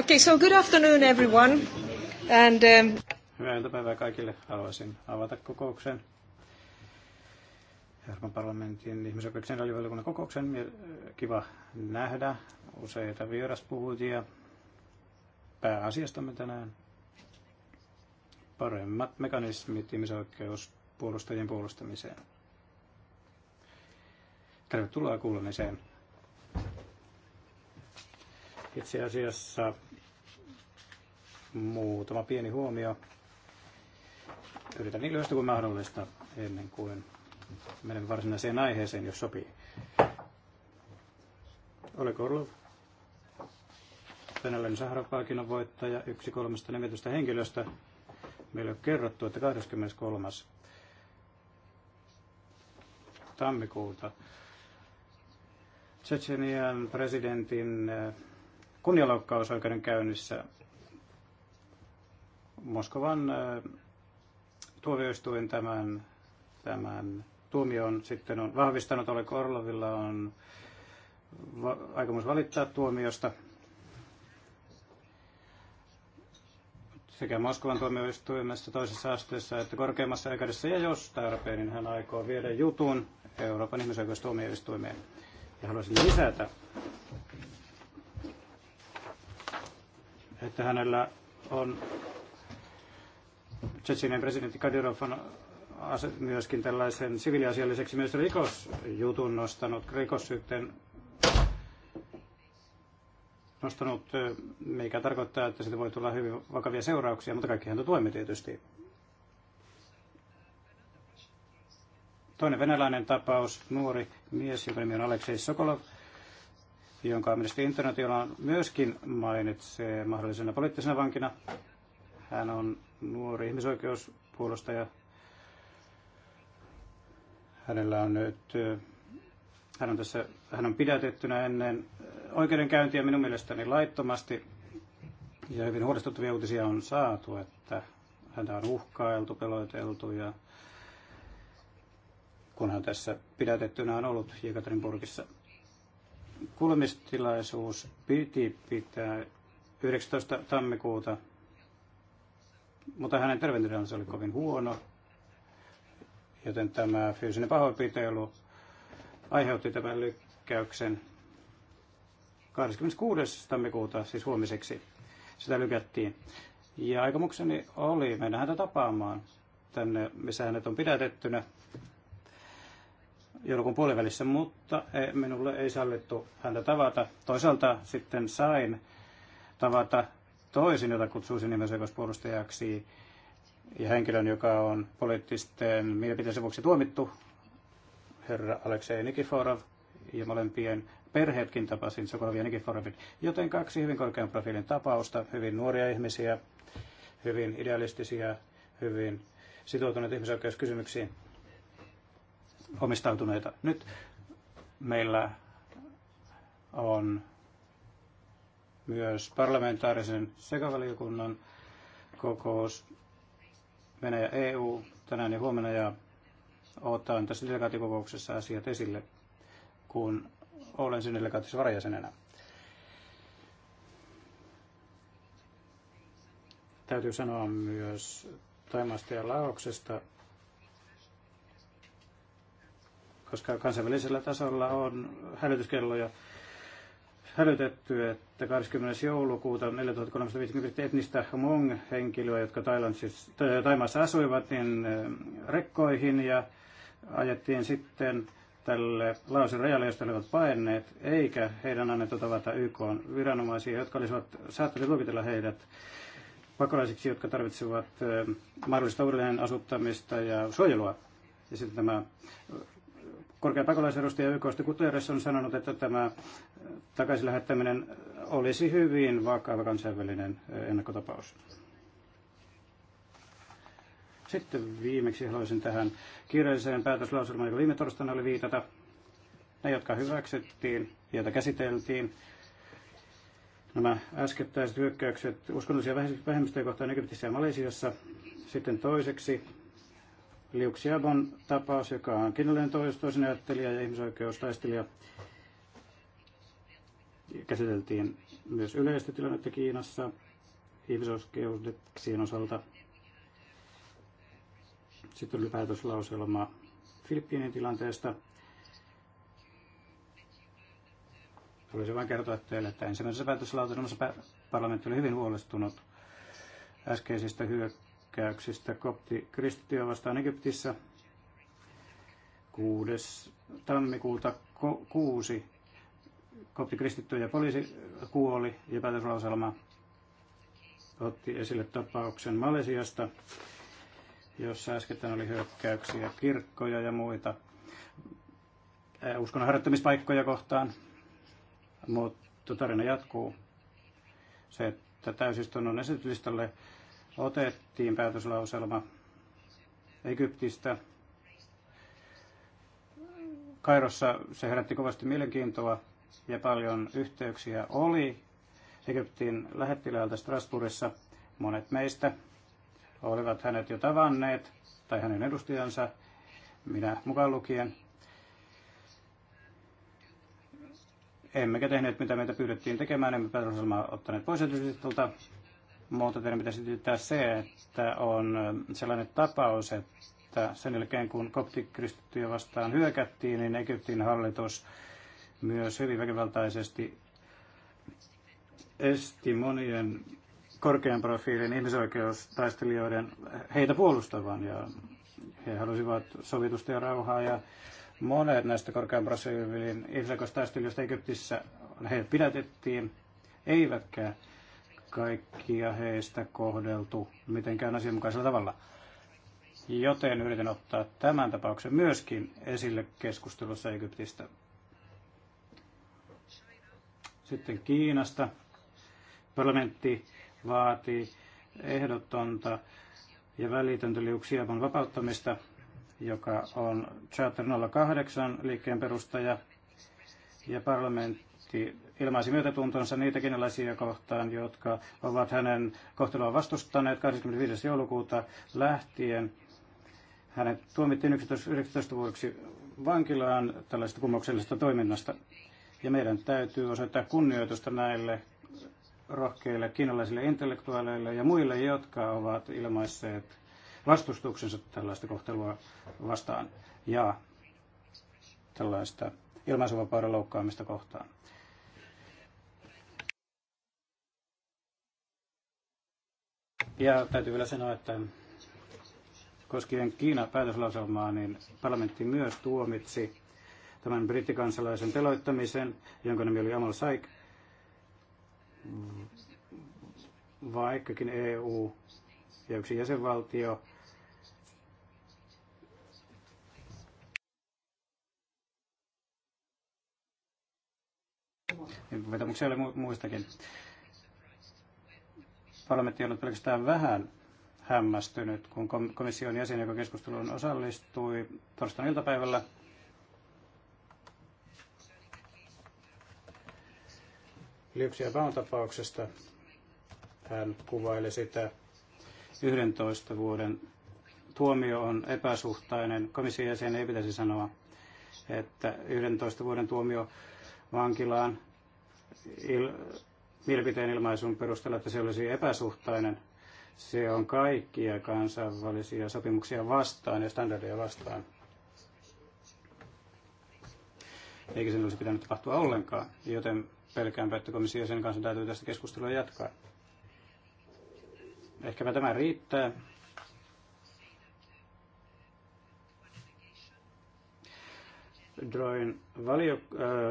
Okay, good afternoon everyone. Um, Hyvää iltapäivää kaikille. Haluaisin avata kokouksen. Euroopan parlamentin ihmisoikeuksien alivaliokunnan kokouksen. Kiva nähdä useita vieraspuhujia pääasiastamme tänään. Paremmat mekanismit ihmisoikeuspuolustajien puolustamiseen. Tervetuloa kuulemiseen. Itse asiassa muutama pieni huomio. Yritän niin lyhyesti kuin mahdollista ennen kuin menen varsinaiseen aiheeseen, jos sopii. Oliko ollut Venäläinen Saharov-palkinnon voittaja, yksi kolmesta nimetystä henkilöstä. Meille on kerrottu, että 23. tammikuuta Tsetsenian presidentin kunnianloukkausoikeuden käynnissä Moskovan tuomioistuin tämän, tämän tuomion sitten on vahvistanut, oli Korlovilla on va- aikomus valittaa tuomiosta. sekä Moskovan tuomioistuimessa toisessa asteessa että korkeimmassa oikeudessa, ja jos tarpeen, niin hän aikoo viedä jutun Euroopan ihmisoikeustuomioistuimeen. Ja haluaisin lisätä, että hänellä on Tsetsinen presidentti Kadyrov on myöskin tällaisen siviiliasialliseksi myös rikosjutun nostanut, rikossyytteen nostanut, mikä tarkoittaa, että siitä voi tulla hyvin vakavia seurauksia, mutta kaikki häntä tuemme tietysti. Toinen venäläinen tapaus, nuori mies, joka nimi on Aleksei Sokolov, jonka Amnesty International myöskin mainitsee mahdollisena poliittisena vankina. Hän on nuori ihmisoikeuspuolustaja. Hänellä on nyt, hän on, tässä, hän on pidätettynä ennen oikeudenkäyntiä minun mielestäni laittomasti. Ja hyvin huolestuttavia uutisia on saatu, että häntä on uhkailtu, peloiteltu ja kun hän tässä pidätettynä on ollut Jekaterinburgissa kuulemistilaisuus piti pitää 19. tammikuuta, mutta hänen terveydentilansa oli kovin huono, joten tämä fyysinen pahoinpitely aiheutti tämän lykkäyksen 26. tammikuuta, siis huomiseksi, sitä lykättiin. Ja aikomukseni oli mennä häntä tapaamaan tänne, missä hänet on pidätettynä joulukuun puolivälissä, mutta eh, minulle ei sallittu häntä tavata. Toisaalta sitten sain tavata toisin, jota kutsuisin nimensäköispuolustajaksi, ja henkilön, joka on poliittisten mielipiteensä vuoksi tuomittu, herra Aleksei Nikiforov, ja molempien perheetkin tapasin Sokolov ja Nikiforovin. Joten kaksi hyvin korkean profiilin tapausta, hyvin nuoria ihmisiä, hyvin idealistisia, hyvin sitoutuneet ihmisoikeuskysymyksiin omistautuneita. Nyt meillä on myös parlamentaarisen sekavaliokunnan kokous Venäjä EU tänään ja huomenna ja otan tässä delegaatikokouksessa asiat esille, kun olen sen delegaatissa varajäsenenä. Täytyy sanoa myös Taimasta ja Laoksesta koska kansainvälisellä tasolla on hälytyskelloja hälytetty, että 20. joulukuuta on 4350 etnistä Hmong-henkilöä, jotka Taimaassa asuivat, niin äh, rekkoihin ja ajettiin sitten tälle Laosin rajalle, josta olivat paenneet, eikä heidän annettu tavata YK viranomaisia, jotka olisivat saattaneet luokitella heidät pakolaisiksi, jotka tarvitsevat äh, mahdollista uudelleen asuttamista ja suojelua. Ja sitten tämä Korkea pakolaisedustaja YKsta Kuteres on sanonut, että tämä äh, takaisinlähettäminen olisi hyvin vakava kansainvälinen äh, ennakkotapaus. Sitten viimeksi haluaisin tähän kirjalliseen päätöslauselmaan, joka viime torstaina oli viitata. Ne, jotka hyväksyttiin, joita käsiteltiin, nämä äskettäiset hyökkäykset uskonnollisia vähemmistöjä kohtaan Egyptissä ja Malesiassa. Sitten toiseksi Liu Xiaobon tapaus, joka on kiinalainen toistoisen ajattelija ja ihmisoikeustaistelija, käsiteltiin myös yleistä tilannetta Kiinassa ihmisoikeuksien osalta. Sitten oli päätöslauselma Filippiinien tilanteesta. Haluaisin vain kertoa teille, että ensimmäisessä päätöslauselmassa parlamentti oli hyvin huolestunut äskeisistä hyökkäyksistä hyökkäyksistä kopti kristittyä vastaan Egyptissä 6. tammikuuta 6 kopti kristittyjä poliisi kuoli ja päätöslauselma otti esille tapauksen Malesiasta, jossa äsken oli hyökkäyksiä kirkkoja ja muita uskonnon harjoittamispaikkoja kohtaan. Mutta tota, tarina jatkuu. Se, että täysistunnon esityslistalle otettiin päätöslauselma Egyptistä. Kairossa se herätti kovasti mielenkiintoa ja paljon yhteyksiä oli Egyptin lähettiläältä Strasbourgissa. Monet meistä olivat hänet jo tavanneet, tai hänen edustajansa, minä mukaan lukien. Emmekä tehneet mitä meitä pyydettiin tekemään, emme päätöslauselmaa ottaneet pois etyslistolta. Mutta teidän pitäisi tietää se, että on sellainen tapaus, että sen jälkeen kun koptikristittyjä vastaan hyökättiin, niin Egyptin hallitus myös hyvin väkivaltaisesti esti monien korkean profiilin ihmisoikeustaistelijoiden heitä puolustavan ja he halusivat sovitusta ja rauhaa ja monet näistä korkean profiilin ihmisoikeustaistelijoista Egyptissä heidät pidätettiin eivätkä kaikkia heistä kohdeltu mitenkään asianmukaisella tavalla. Joten yritän ottaa tämän tapauksen myöskin esille keskustelussa Egyptistä. Sitten Kiinasta. Parlamentti vaati ehdotonta ja välitöntä Liu Xiaobon vapauttamista, joka on Charter 08 liikkeen perustaja, ja parlamentti tietysti ilmaisi myötätuntonsa niitä kiinalaisia kohtaan, jotka ovat hänen kohtelua vastustaneet 25. joulukuuta lähtien. Hänet tuomittiin 11, 19 vuodeksi vankilaan tällaista kumouksellisesta toiminnasta. Ja meidän täytyy osoittaa kunnioitusta näille rohkeille kiinalaisille intellektuaaleille ja muille, jotka ovat ilmaisseet vastustuksensa tällaista kohtelua vastaan ja tällaista ilmaisuvapauden loukkaamista kohtaan. Ja täytyy vielä sanoa, että koskien Kiinan päätöslauselmaa, niin parlamentti myös tuomitsi tämän brittikansalaisen teloittamisen, jonka nimi oli Amal Saik, vaikkakin EU ja yksi jäsenvaltio Vetämuksia oli muistakin parlamentti on ollut pelkästään vähän hämmästynyt, kun komission jäsen, joka keskusteluun osallistui torstain iltapäivällä, Lypsi ja Baun tapauksesta hän kuvaili sitä 11 vuoden tuomio on epäsuhtainen. Komission jäsen ei pitäisi sanoa, että 11 vuoden tuomio vankilaan il- mielipiteen ilmaisun perusteella, että se olisi epäsuhtainen. Se on kaikkia kansainvälisiä sopimuksia vastaan ja standardeja vastaan. Eikä sen olisi pitänyt tapahtua ollenkaan, joten pelkäänpä, että komissio sen kanssa täytyy tästä keskustelua jatkaa. Ehkäpä tämä riittää. Droin valio, äh,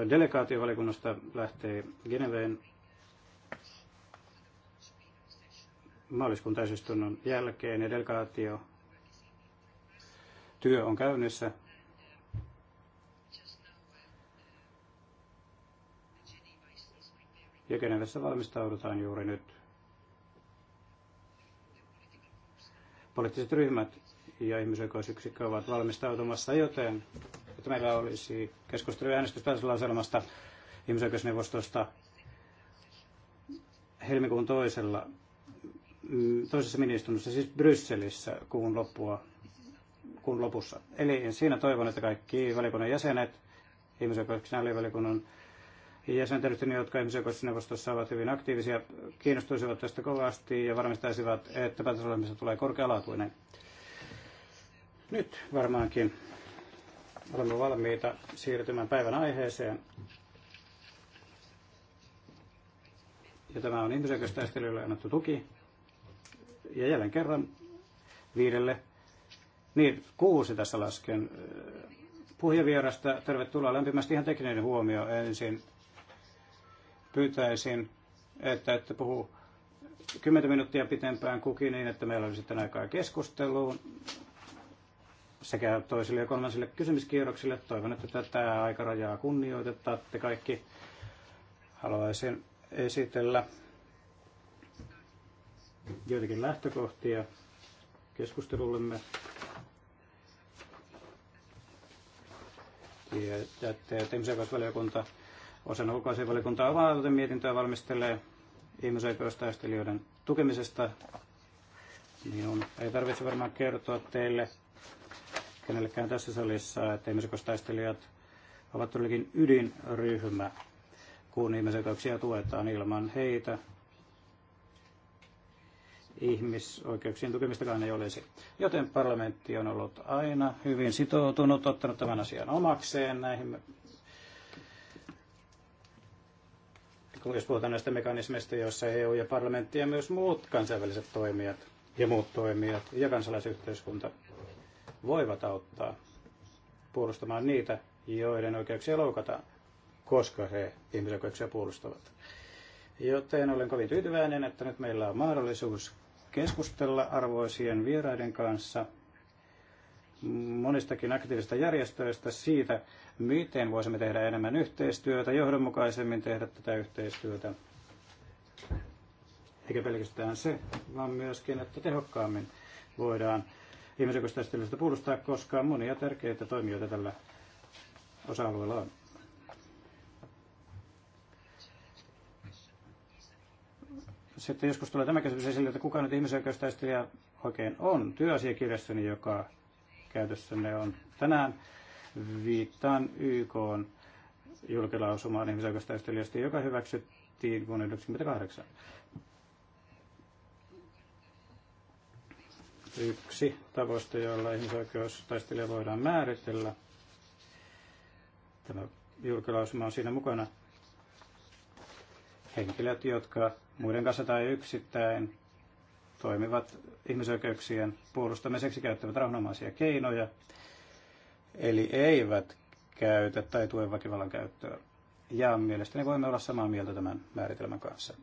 delegaatiovalikunnasta lähtee Geneveen maaliskuun täysistunnon jälkeen ja delegaatio työ on käynnissä. Ja Genevessä valmistaudutaan juuri nyt. Poliittiset ryhmät ja ihmisoikeusyksikkö ovat valmistautumassa, joten että meillä olisi keskustelu äänestyspäätöslauselmasta ihmisoikeusneuvostosta helmikuun toisella Mm, toisessa ministeriössä, siis Brysselissä kuun, loppua, kuun lopussa. Eli siinä toivon, että kaikki valikunnan jäsenet, ihmisoikeuksien alivaliokunnan jäsenet, jotka ihmisoikeusneuvostossa ovat hyvin aktiivisia, kiinnostuisivat tästä kovasti ja varmistaisivat, että päätösolemissa tulee korkealaatuinen. Nyt varmaankin olemme valmiita siirtymään päivän aiheeseen. Ja tämä on ihmisoikeustaistelijoille annettu tuki. Ja jälleen kerran viidelle, niin kuusi tässä lasken. Puhjevierasta tervetuloa lämpimästi ihan tekninen huomio ensin. Pyytäisin, että että puhu 10 minuuttia pitempään kukin niin, että meillä olisi sitten aikaa keskusteluun sekä toisille ja kolmansille kysymyskierroksille. Toivon, että tätä aikarajaa kunnioitetaan te kaikki. Haluaisin esitellä joitakin lähtökohtia keskustelullemme. Tiedätte, että ihmisoikeusvaliokunta osana ulkoasianvaliokuntaa avaa mietintöä valmistelee ihmisoikeustaistelijoiden tukemisesta. Minun ei tarvitse varmaan kertoa teille kenellekään tässä salissa, että ihmisoikeustaistelijat ovat todellakin ydinryhmä, kun ihmisoikeuksia tuetaan ilman heitä ihmisoikeuksien tukemistakaan ei olisi. Joten parlamentti on ollut aina hyvin sitoutunut, ottanut tämän asian omakseen näihin jos puhutaan näistä mekanismeista, joissa EU ja parlamentti ja myös muut kansainväliset toimijat ja muut toimijat ja kansalaisyhteiskunta voivat auttaa puolustamaan niitä, joiden oikeuksia loukataan, koska he ihmisoikeuksia puolustavat. Joten olen kovin tyytyväinen, että nyt meillä on mahdollisuus keskustella arvoisien vieraiden kanssa monistakin aktiivisista järjestöistä siitä, miten voisimme tehdä enemmän yhteistyötä, johdonmukaisemmin tehdä tätä yhteistyötä. Eikä pelkästään se, vaan myöskin, että tehokkaammin voidaan ihmisoikeustaistelijoista puolustaa, koska monia tärkeitä toimijoita tällä osa-alueella on. sitten joskus tulee tämä kysymys esille, että kuka nyt ihmisoikeustaistelija oikein on työasiakirjassani, joka käytössänne on tänään. Viittaan YK julkilausumaan ihmisoikeustaistelijasta, joka hyväksyttiin vuonna 1998. Yksi tavoista, jolla ihmisoikeustaistelija voidaan määritellä, tämä julkilausuma on siinä mukana, henkilöt, jotka muiden kanssa tai yksittäin toimivat ihmisoikeuksien puolustamiseksi, käyttävät rauhanomaisia keinoja, eli eivät käytä tai tue väkivallan käyttöä. Ja mielestäni voimme olla samaa mieltä tämän määritelmän kanssa.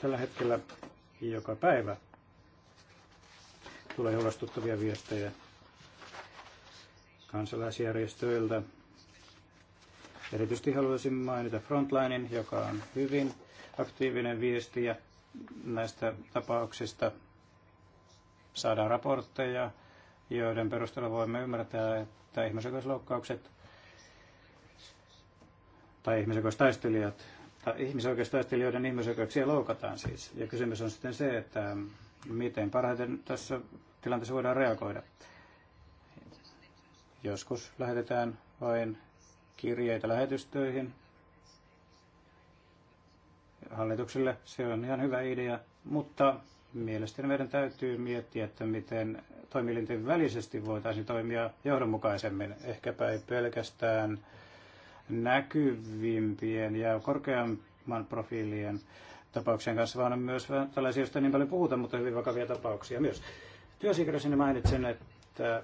Tällä hetkellä joka päivä tulee huolestuttavia viestejä kansalaisjärjestöiltä. Erityisesti haluaisin mainita Frontlinein, joka on hyvin aktiivinen viestiä näistä tapauksista. Saadaan raportteja, joiden perusteella voimme ymmärtää, että ihmisoikeusloukkaukset tai ihmisoikeustaistelijat tai ihmisoikeustaistelijoiden ihmisoikeuksia loukataan siis. Ja kysymys on sitten se, että miten parhaiten tässä tilanteessa voidaan reagoida. Joskus lähetetään vain kirjeitä lähetystöihin hallitukselle. Se on ihan hyvä idea, mutta mielestäni meidän täytyy miettiä, että miten toimielinten välisesti voitaisiin toimia johdonmukaisemmin. Ehkäpä ei pelkästään näkyvimpien ja korkeamman profiilien tapauksien kanssa, vaan on myös tällaisia, joista niin paljon puhuta, mutta hyvin vakavia tapauksia myös. Työsikrosina niin mainitsen, että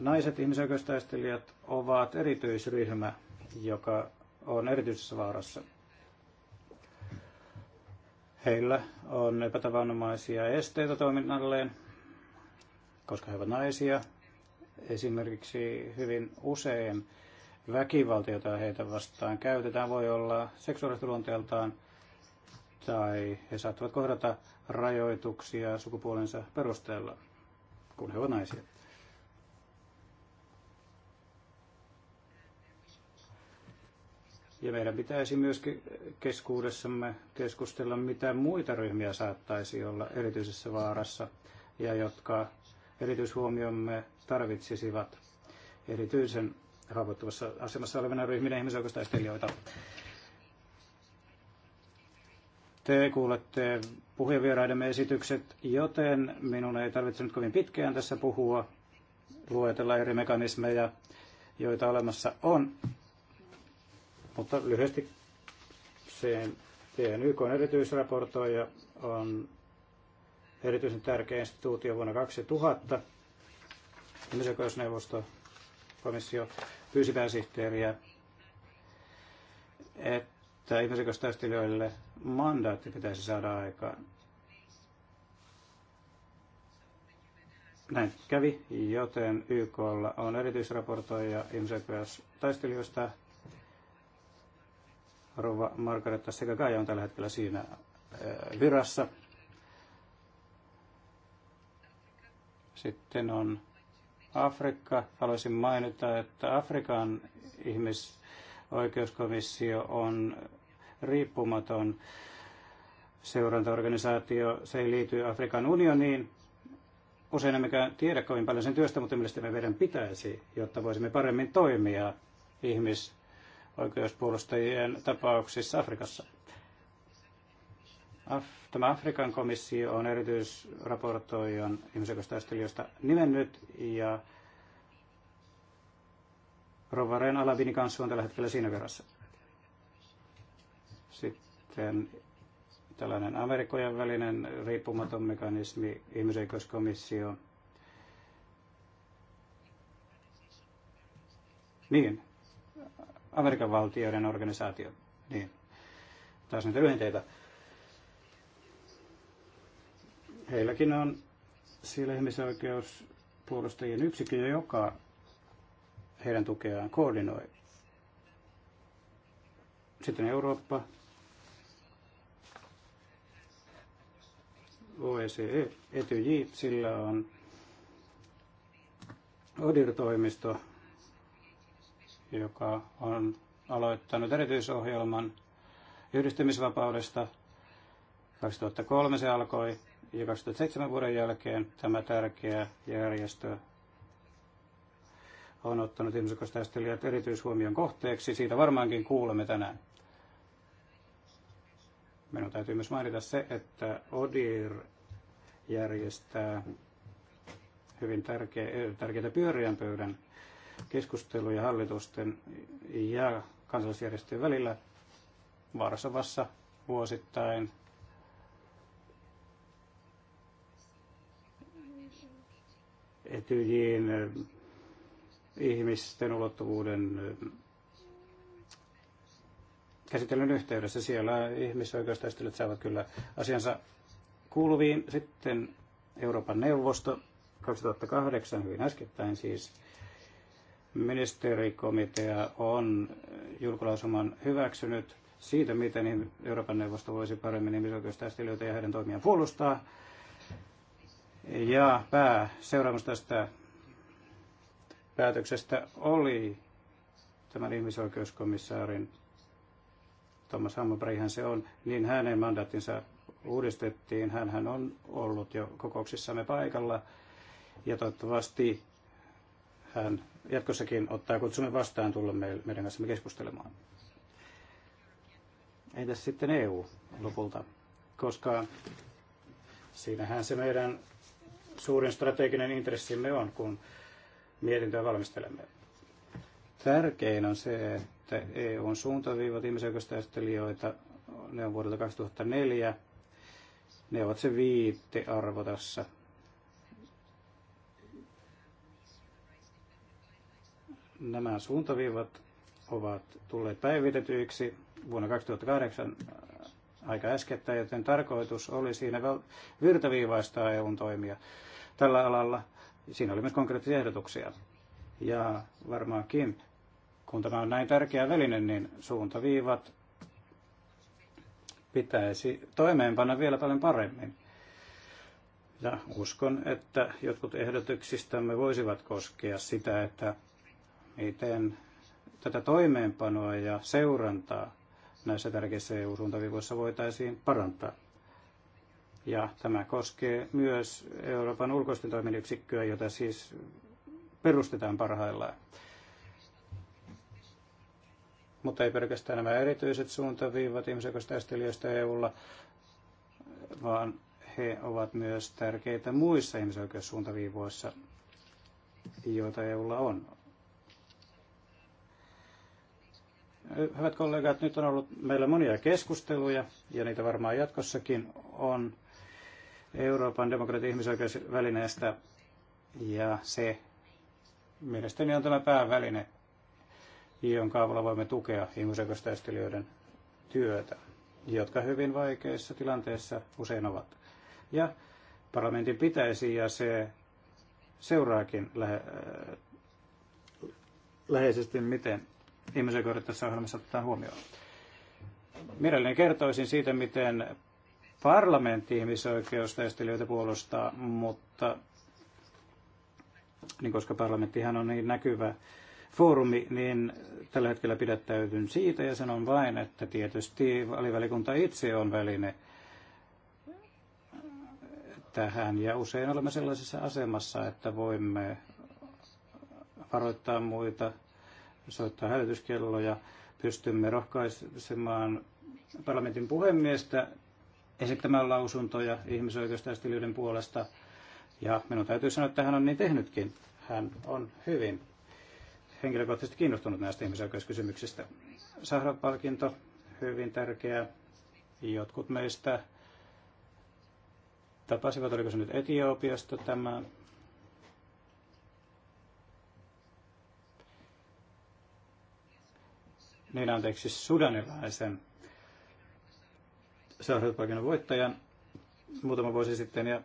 Naiset ihmisoikeustaistelijat ovat erityisryhmä, joka on erityisessä vaarassa. Heillä on epätavanomaisia esteitä toiminnalleen, koska he ovat naisia. Esimerkiksi hyvin usein väkivalta, jota heitä vastaan käytetään, voi olla seksuaalista luonteeltaan tai he saattavat kohdata rajoituksia sukupuolensa perusteella, kun he ovat naisia. Ja meidän pitäisi myös keskuudessamme keskustella, mitä muita ryhmiä saattaisi olla erityisessä vaarassa ja jotka erityishuomiomme tarvitsisivat erityisen haavoittuvassa asemassa olevina ryhminä ihmisoikeustaistelijoita. Te kuulette puhujavieraidemme esitykset, joten minun ei tarvitse nyt kovin pitkään tässä puhua, luetella eri mekanismeja, joita olemassa on mutta lyhyesti sen teen YK on erityisraportoija on erityisen tärkeä instituutio vuonna 2000. Ihmisoikeusneuvosto, komissio pyysi pääsihteeriä, että ihmisoikeustaistelijoille mandaatti pitäisi saada aikaan. näin kävi, joten YKlla on erityisraportoija ihmisoikeustaistelijoista rouva Margareta Segagaja on tällä hetkellä siinä äh, virassa. Sitten on Afrikka. Haluaisin mainita, että Afrikan ihmisoikeuskomissio on riippumaton seurantaorganisaatio. Se ei liity Afrikan unioniin. Usein emmekä tiedä kovin paljon sen työstä, mutta mielestäni meidän pitäisi, jotta voisimme paremmin toimia ihmis- oikeuspuolustajien tapauksissa Afrikassa. Af- tämä Afrikan komissio on erityisraportoijan ihmisoikeustaistelijoista nimennyt ja Rovaren Alabini kanssa on tällä hetkellä siinä virassa. Sitten tällainen Amerikojen välinen riippumaton mekanismi, ihmisoikeuskomissio. Niin, Amerikan valtioiden organisaatio. Niin. Taas näitä lyhenteitä. Heilläkin on siellä ihmisoikeuspuolustajien yksikkö, joka heidän tukeaan koordinoi. Sitten Eurooppa, OECD, e, Etyj, sillä on ODIR-toimisto, joka on aloittanut erityisohjelman yhdistymisvapaudesta. 2003 se alkoi ja 2007 vuoden jälkeen tämä tärkeä järjestö on ottanut ihmisoikeustaistelijat erityishuomion kohteeksi. Siitä varmaankin kuulemme tänään. Minun täytyy myös mainita se, että ODIR järjestää hyvin tärkeä, tärkeitä pyöriän pöydän keskusteluja hallitusten ja kansalaisjärjestöjen välillä Varsovassa vuosittain. Etyjiin ihmisten ulottuvuuden käsittelyn yhteydessä. Siellä ihmisoikeustaistelut saavat kyllä asiansa kuuluviin. Sitten Euroopan neuvosto 2008, hyvin äskettäin siis, ministerikomitea on julkilausuman hyväksynyt siitä, miten Euroopan neuvosto voisi paremmin ihmisoikeustaistelijoita ja heidän toimiaan puolustaa. Ja pää seuraamus tästä päätöksestä oli tämän ihmisoikeuskomissaarin Thomas Hammarberghän se on, niin hänen mandaattinsa uudistettiin. hän on ollut jo kokouksissamme paikalla ja toivottavasti hän jatkossakin ottaa kutsumme vastaan tulla meidän kanssamme keskustelemaan. Entäs sitten EU lopulta? Koska siinähän se meidän suurin strateginen intressimme on, kun mietintöä valmistelemme. Tärkein on se, että EUn suuntaviivat ihmisoikeustaistelijoita, ne on vuodelta 2004. Ne ovat se arvo tässä Nämä suuntaviivat ovat tulleet päivitetyiksi vuonna 2008 äh, aika äskettäin, joten tarkoitus oli siinä virtaviivaistaa EUn toimia tällä alalla. Siinä oli myös konkreettisia ehdotuksia. Ja varmaankin, kun tämä on näin tärkeä väline, niin suuntaviivat pitäisi toimeenpanna vielä paljon paremmin. Ja uskon, että jotkut ehdotuksistamme voisivat koskea sitä, että miten tätä toimeenpanoa ja seurantaa näissä tärkeissä EU-suuntaviivoissa voitaisiin parantaa. Ja tämä koskee myös Euroopan ulkoisten toimien yksikköä, jota siis perustetaan parhaillaan. Mutta ei pelkästään nämä erityiset suuntaviivat ihmisoikeustaistelijoista EUlla, vaan he ovat myös tärkeitä muissa ihmisoikeussuuntaviivoissa, joita EUlla on. Hyvät kollegat, nyt on ollut meillä monia keskusteluja, ja niitä varmaan jatkossakin on Euroopan demokratia- ja ihmisoikeusvälineestä, ja se mielestäni on tämä pääväline, jonka avulla voimme tukea ihmisoikeustaistelijoiden työtä, jotka hyvin vaikeissa tilanteissa usein ovat. Ja parlamentin pitäisi, ja se seuraakin lähe, äh, läheisesti, miten ihmisoikeudet tässä ohjelmassa otetaan huomioon. Mielelläni kertoisin siitä, miten parlamentti ihmisoikeustaistelijoita puolustaa, mutta niin koska parlamenttihan on niin näkyvä foorumi, niin tällä hetkellä pidättäytyn siitä ja sanon vain, että tietysti alivälikunta itse on väline tähän ja usein olemme sellaisessa asemassa, että voimme varoittaa muita soittaa hälytyskelloja, pystymme rohkaisemaan parlamentin puhemiestä esittämään lausuntoja ihmisoikeustaistelijoiden puolesta. Ja minun täytyy sanoa, että hän on niin tehnytkin. Hän on hyvin henkilökohtaisesti kiinnostunut näistä ihmisoikeuskysymyksistä. Sahra-palkinto, hyvin tärkeä. Jotkut meistä tapasivat, oliko se nyt Etiopiasta tämä niin anteeksi, sudanilaisen seurauspalkinnon voittajan muutama vuosi sitten ja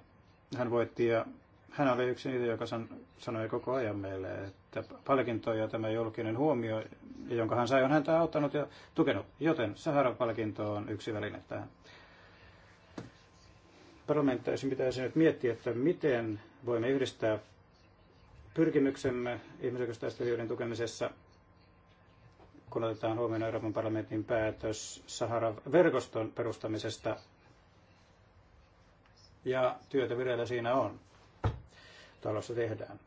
hän voitti ja hän oli yksi niitä, joka san, sanoi koko ajan meille, että palkinto ja tämä julkinen huomio, jonka hän sai, on häntä auttanut ja tukenut. Joten Sahara-palkinto on yksi väline tähän. Parlamenttaisin pitäisi nyt miettiä, että miten voimme yhdistää pyrkimyksemme ihmisoikeustaistelijoiden tukemisessa – kun otetaan huomioon Euroopan parlamentin päätös Sahara-verkoston perustamisesta ja työtä vireillä siinä on. Talossa tehdään.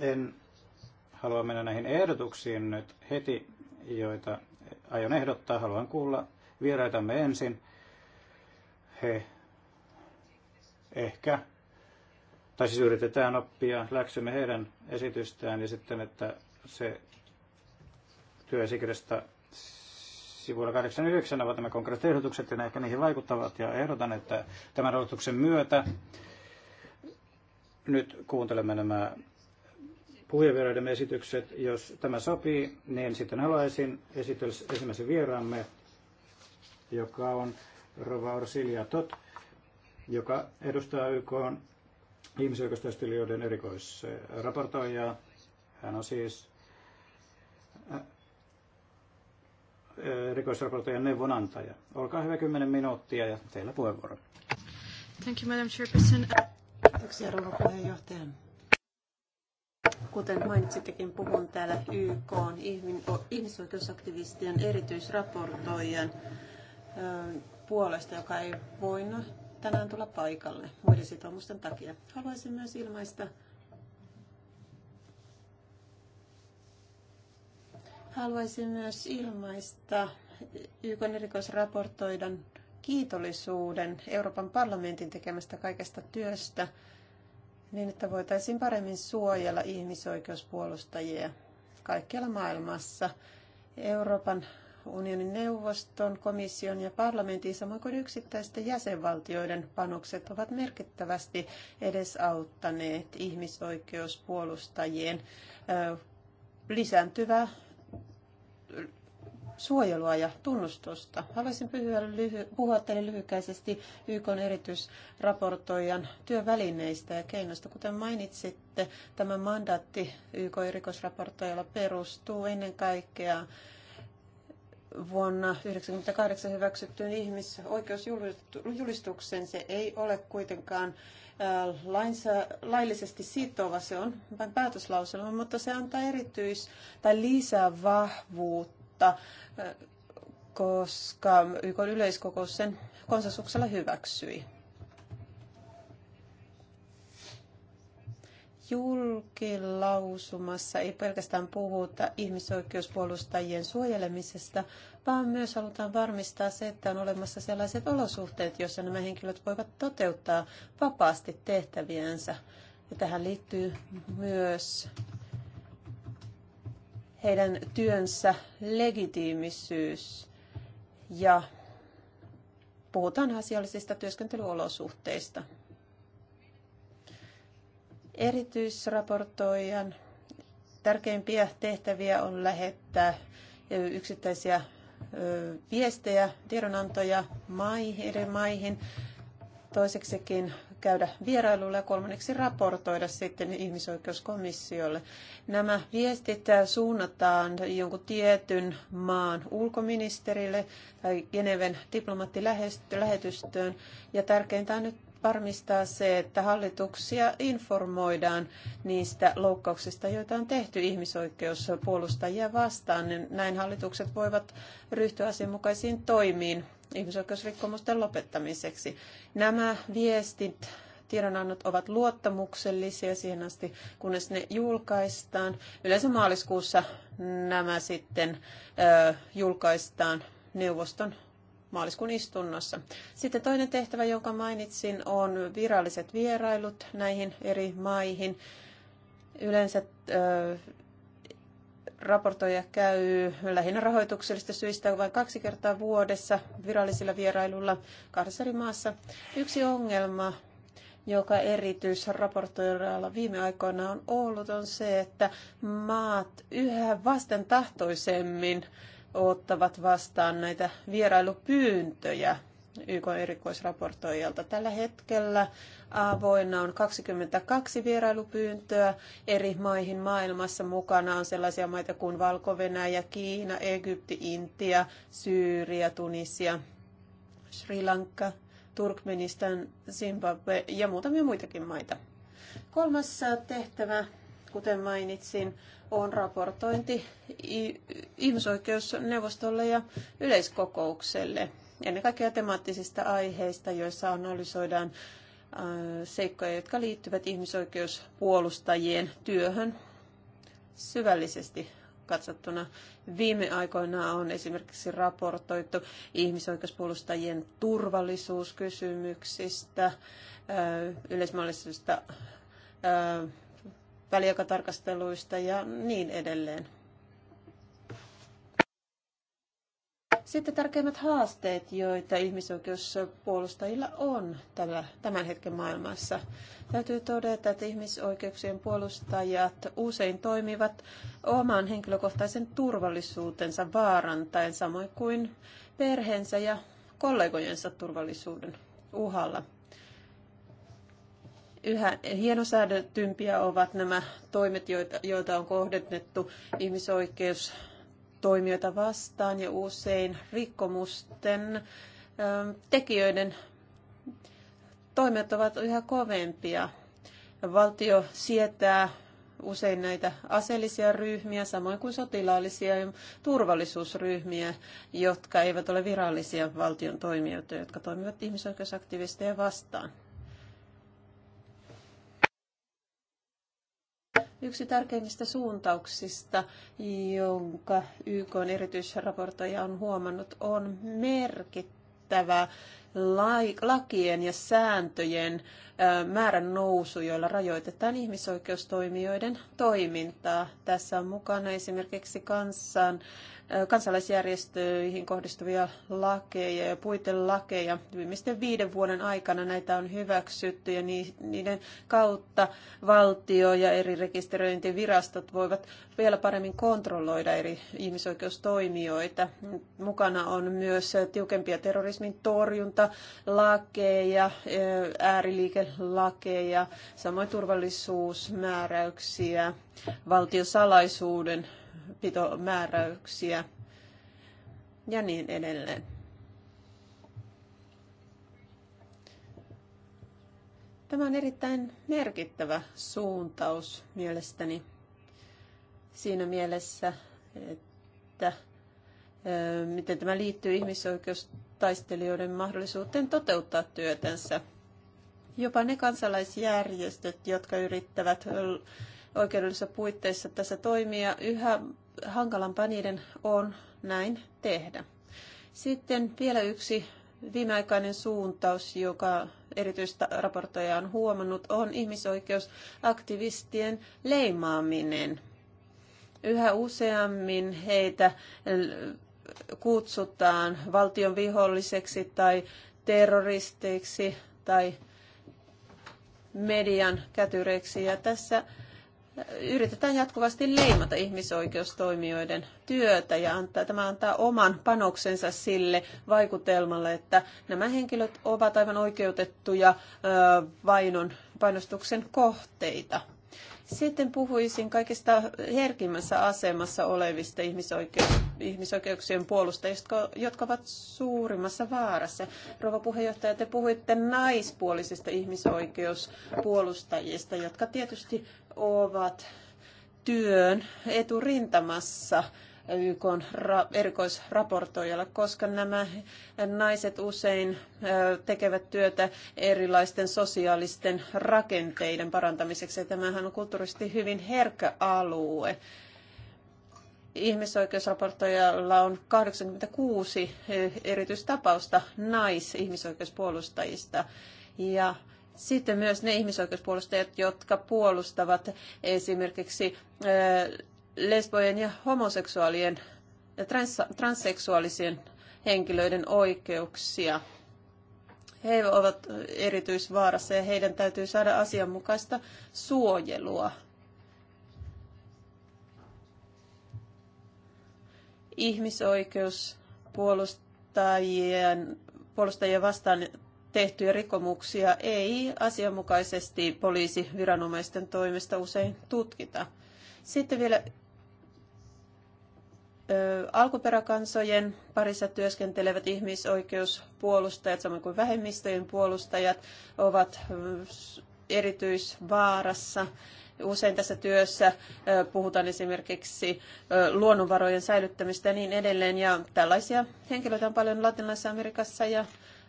En halua mennä näihin ehdotuksiin nyt heti, joita aion ehdottaa. Haluan kuulla vieraitamme ensin. He ehkä tai siis yritetään oppia läksymme heidän esitystään ja sitten, että se työesikirjasta sivuilla 89 ovat nämä konkreettiset ehdotukset ja ne ehkä niihin vaikuttavat. Ja ehdotan, että tämän rahoituksen myötä nyt kuuntelemme nämä puhujavieraidemme esitykset. Jos tämä sopii, niin sitten haluaisin esitellä ensimmäisen vieraamme, joka on Rova Orsilia Tot, joka edustaa YK ihmisoikeustaistelijoiden erikoisraportoija. Hän on siis äh, erikoisraportoijan neuvonantaja. Olkaa hyvä 10 minuuttia ja teillä puheenvuoro. Thank you, Madam Chairperson. Kiitoksia, rouva puheenjohtaja. Kuten mainitsittekin, puhun täällä YK ihmisoikeusaktivistien erityisraportoijan puolesta, joka ei voinut tänään tulla paikalle muiden sitoumusten takia. Haluaisin myös ilmaista Haluaisin myös ilmaista YK erikoisraportoidan kiitollisuuden Euroopan parlamentin tekemästä kaikesta työstä niin, että voitaisiin paremmin suojella ihmisoikeuspuolustajia kaikkialla maailmassa. Euroopan unionin neuvoston, komission ja parlamentin samoin kuin yksittäisten jäsenvaltioiden panokset ovat merkittävästi edesauttaneet ihmisoikeuspuolustajien lisääntyvää suojelua ja tunnustusta. Haluaisin puhua, teille lyhykäisesti YK erityisraportoijan työvälineistä ja keinoista. Kuten mainitsitte, tämä mandaatti YK erikoisraportoijalla perustuu ennen kaikkea vuonna 1998 hyväksyttyyn ihmisoikeusjulistukseen. Se ei ole kuitenkaan lainsä, laillisesti sitova, se on vain päätöslauselma, mutta se antaa erityis- tai lisää vahvuutta, koska YK yleiskokous sen konsensuksella hyväksyi. julkilausumassa ei pelkästään puhuta ihmisoikeuspuolustajien suojelemisesta, vaan myös halutaan varmistaa se, että on olemassa sellaiset olosuhteet, joissa nämä henkilöt voivat toteuttaa vapaasti tehtäviänsä. Ja tähän liittyy myös heidän työnsä legitiimisyys ja puhutaan asiallisista työskentelyolosuhteista. Erityisraportoijan tärkeimpiä tehtäviä on lähettää yksittäisiä viestejä, tiedonantoja maihin, eri maihin, toiseksikin käydä vierailulla ja kolmanneksi raportoida sitten ihmisoikeuskomissiolle. Nämä viestit suunnataan jonkun tietyn maan ulkoministerille tai Geneven diplomaattilähetystöön. Ja tärkeintä on nyt varmistaa se, että hallituksia informoidaan niistä loukkauksista, joita on tehty ihmisoikeuspuolustajia vastaan. Niin näin hallitukset voivat ryhtyä asianmukaisiin toimiin ihmisoikeusrikkomusten lopettamiseksi. Nämä viestit tiedonannot ovat luottamuksellisia siihen asti, kunnes ne julkaistaan. Yleensä maaliskuussa nämä sitten ö, julkaistaan neuvoston maaliskuun istunnossa. Sitten toinen tehtävä, jonka mainitsin, on viralliset vierailut näihin eri maihin. Yleensä ö, raportoija käy lähinnä rahoituksellista syistä vain kaksi kertaa vuodessa virallisilla vierailulla kahdessa eri maassa. Yksi ongelma joka erityisraportoijalla viime aikoina on ollut, on se, että maat yhä vastentahtoisemmin tahtoisemmin ottavat vastaan näitä vierailupyyntöjä YK erikoisraportoijalta. Tällä hetkellä avoinna on 22 vierailupyyntöä eri maihin maailmassa. Mukana on sellaisia maita kuin Valko-Venäjä, Kiina, Egypti, Intia, Syyria, Tunisia, Sri Lanka, Turkmenistan, Zimbabwe ja muutamia muitakin maita. Kolmas tehtävä kuten mainitsin, on raportointi ihmisoikeusneuvostolle ja yleiskokoukselle. Ennen kaikkea temaattisista aiheista, joissa analysoidaan äh, seikkoja, jotka liittyvät ihmisoikeuspuolustajien työhön syvällisesti katsottuna. Viime aikoina on esimerkiksi raportoitu ihmisoikeuspuolustajien turvallisuuskysymyksistä, äh, yleismallisista äh, väliaikatarkasteluista ja niin edelleen. Sitten tärkeimmät haasteet, joita ihmisoikeuspuolustajilla on tämän hetken maailmassa. Täytyy todeta, että ihmisoikeuksien puolustajat usein toimivat oman henkilökohtaisen turvallisuutensa vaarantaen, samoin kuin perheensä ja kollegojensa turvallisuuden uhalla. Yhä hienosäädetympiä ovat nämä toimet, joita, joita on kohdennettu ihmisoikeustoimijoita vastaan ja usein rikkomusten ähm, tekijöiden toimet ovat yhä kovempia. Valtio sietää usein näitä aseellisia ryhmiä, samoin kuin sotilaallisia ja turvallisuusryhmiä, jotka eivät ole virallisia valtion toimijoita, jotka toimivat ihmisoikeusaktivisteja vastaan. yksi tärkeimmistä suuntauksista, jonka YK on erityisraportoija on huomannut, on merkittävä lakien ja sääntöjen määrän nousu, joilla rajoitetaan ihmisoikeustoimijoiden toimintaa. Tässä on mukana esimerkiksi kansan kansalaisjärjestöihin kohdistuvia lakeja ja puitelakeja. Viimeisten viiden vuoden aikana näitä on hyväksytty ja niiden kautta valtio ja eri rekisteröintivirastot voivat vielä paremmin kontrolloida eri ihmisoikeustoimijoita. Mukana on myös tiukempia terrorismin torjuntalakeja, ääriliikelakeja, samoin turvallisuusmääräyksiä, valtiosalaisuuden pitomääräyksiä ja niin edelleen. Tämä on erittäin merkittävä suuntaus mielestäni siinä mielessä, että miten tämä liittyy ihmisoikeustaistelijoiden mahdollisuuteen toteuttaa työtänsä. Jopa ne kansalaisjärjestöt, jotka yrittävät oikeudellisissa puitteissa tässä toimia, yhä hankalampaa niiden on näin tehdä. Sitten vielä yksi viimeaikainen suuntaus, joka erityistä raportoja on huomannut, on ihmisoikeusaktivistien leimaaminen. Yhä useammin heitä kutsutaan valtion viholliseksi tai terroristeiksi tai median kätyreiksi. Ja tässä yritetään jatkuvasti leimata ihmisoikeustoimijoiden työtä ja antaa, tämä antaa oman panoksensa sille vaikutelmalle, että nämä henkilöt ovat aivan oikeutettuja vainon, painostuksen kohteita. Sitten puhuisin kaikista herkimmässä asemassa olevista ihmisoikeus ihmisoikeuksien puolustajista, jotka ovat suurimmassa vaarassa. Rouva puheenjohtaja, te puhuitte naispuolisista ihmisoikeuspuolustajista, jotka tietysti ovat työn eturintamassa YK erikoisraportoijalla, koska nämä naiset usein tekevät työtä erilaisten sosiaalisten rakenteiden parantamiseksi. Ja tämähän on kulttuurisesti hyvin herkkä alue ihmisoikeusraportoijalla on 86 eh, erityistapausta naisihmisoikeuspuolustajista. Ja sitten myös ne ihmisoikeuspuolustajat, jotka puolustavat esimerkiksi eh, lesbojen ja homoseksuaalien ja trans, transseksuaalisien henkilöiden oikeuksia. He ovat erityisvaarassa ja heidän täytyy saada asianmukaista suojelua. ihmisoikeuspuolustajien puolustajia vastaan tehtyjä rikomuksia ei asianmukaisesti poliisiviranomaisten toimesta usein tutkita. Sitten vielä ö, alkuperäkansojen parissa työskentelevät ihmisoikeuspuolustajat, samoin kuin vähemmistöjen puolustajat, ovat erityisvaarassa Usein tässä työssä puhutaan esimerkiksi luonnonvarojen säilyttämistä ja niin edelleen. Ja tällaisia henkilöitä on paljon Latinalaisessa Amerikassa ja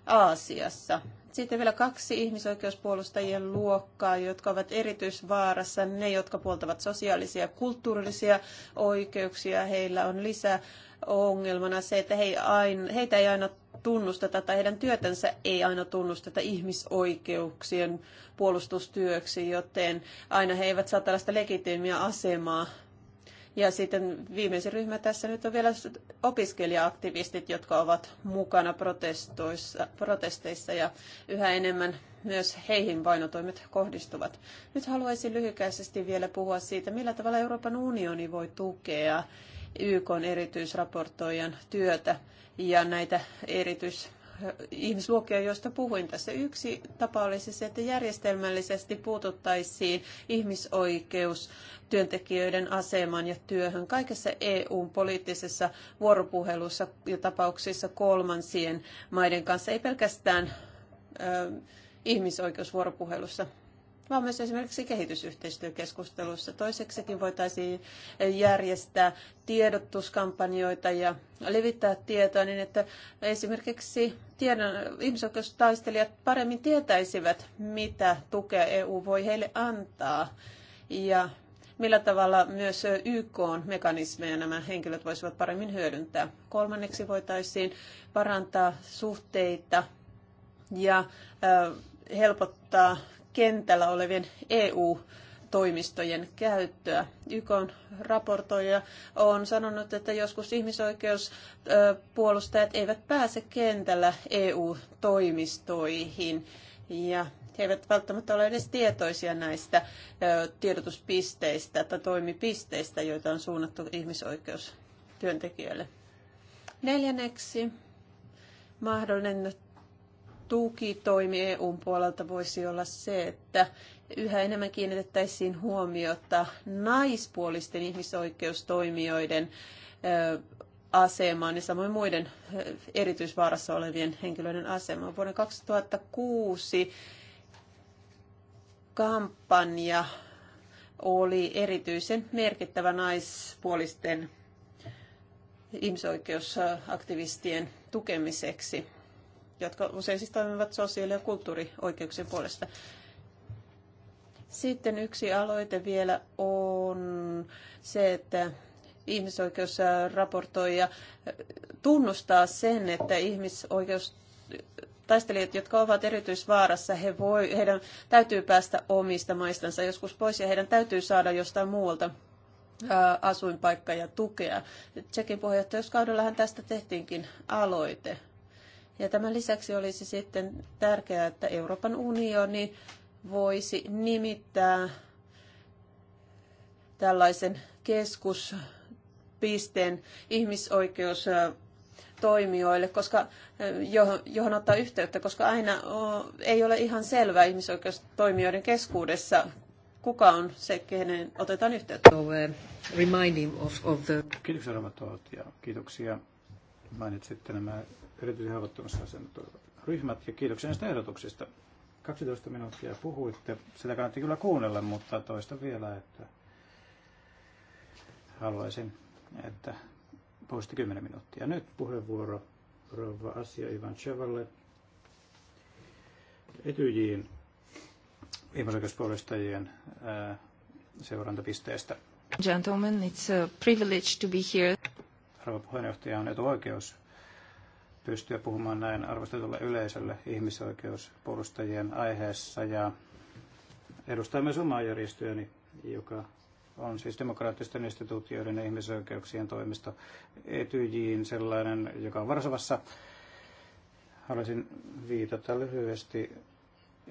Aasiassa. Sitten vielä kaksi ihmisoikeuspuolustajien luokkaa, jotka ovat erityisvaarassa. Ne, jotka puoltavat sosiaalisia ja kulttuurillisia oikeuksia, heillä on lisää ongelmana se, että he aina, heitä ei aina tunnusteta tai heidän työtänsä ei aina tunnusteta ihmisoikeuksien puolustustyöksi, joten aina he eivät saa tällaista legitiimiä asemaa. Ja sitten viimeisin ryhmä tässä nyt on vielä opiskelijaaktivistit, jotka ovat mukana protestoissa, protesteissa ja yhä enemmän myös heihin vainotoimet kohdistuvat. Nyt haluaisin lyhykäisesti vielä puhua siitä, millä tavalla Euroopan unioni voi tukea YK on erityisraportoijan työtä ja näitä erityis ihmisluokkia, joista puhuin tässä. Yksi tapa olisi se, että järjestelmällisesti puututtaisiin ihmisoikeus työntekijöiden asemaan ja työhön kaikessa EUn poliittisessa vuoropuhelussa ja tapauksissa kolmansien maiden kanssa, ei pelkästään ö, ihmisoikeusvuoropuhelussa vaan myös esimerkiksi kehitysyhteistyökeskustelussa. Toiseksikin voitaisiin järjestää tiedotuskampanjoita ja levittää tietoa niin, että esimerkiksi tiedon, ihmisoikeustaistelijat paremmin tietäisivät, mitä tukea EU voi heille antaa ja millä tavalla myös YK mekanismeja nämä henkilöt voisivat paremmin hyödyntää. Kolmanneksi voitaisiin parantaa suhteita ja helpottaa kentällä olevien EU toimistojen käyttöä. YKn raportoija on sanonut, että joskus ihmisoikeuspuolustajat eivät pääse kentällä EU-toimistoihin ja he eivät välttämättä ole edes tietoisia näistä tiedotuspisteistä tai toimipisteistä, joita on suunnattu ihmisoikeustyöntekijöille. Neljänneksi mahdollinen tukitoimi EUn puolelta voisi olla se, että yhä enemmän kiinnitettäisiin huomiota naispuolisten ihmisoikeustoimijoiden asemaan ja samoin muiden erityisvaarassa olevien henkilöiden asemaan. Vuonna 2006 kampanja oli erityisen merkittävä naispuolisten ihmisoikeusaktivistien tukemiseksi jotka usein siis toimivat sosiaali- ja kulttuurioikeuksien puolesta. Sitten yksi aloite vielä on se, että ihmisoikeusraportoija äh, tunnustaa sen, että ihmisoikeus taistelijat, jotka ovat erityisvaarassa, he voi, heidän täytyy päästä omista maistansa joskus pois ja heidän täytyy saada jostain muualta äh, asuinpaikka ja tukea. Tsekin puheenjohtajuuskaudellahan tästä tehtiinkin aloite. Ja tämän lisäksi olisi sitten tärkeää, että Euroopan unioni voisi nimittää tällaisen keskuspisteen ihmisoikeustoimijoille, koska, johon ottaa yhteyttä, koska aina ei ole ihan selvää ihmisoikeustoimijoiden keskuudessa, kuka on se, kenen otetaan yhteyttä. So, uh, of, of the... Kiitoksia ja Kiitoksia. Mainitsitte nämä erityisen haavoittuvassa asemassa ryhmät ja kiitoksia näistä ehdotuksista. 12 minuuttia puhuitte. Sitä kannatti kyllä kuunnella, mutta toista vielä, että haluaisin, että poisti 10 minuuttia. Nyt puheenvuoro Rova Asia Ivan Chevalle Etyjiin ihmisoikeuspuolustajien seurantapisteestä. Gentlemen, it's a privilege to be here. Rouva puheenjohtaja, on etuoikeus pystyä puhumaan näin arvostetulle yleisölle ihmisoikeuspuolustajien aiheessa ja edustaa myös omaa järjestöäni, joka on siis demokraattisten instituutioiden ja ihmisoikeuksien toimisto Etyjiin sellainen, joka on Varsovassa. Haluaisin viitata lyhyesti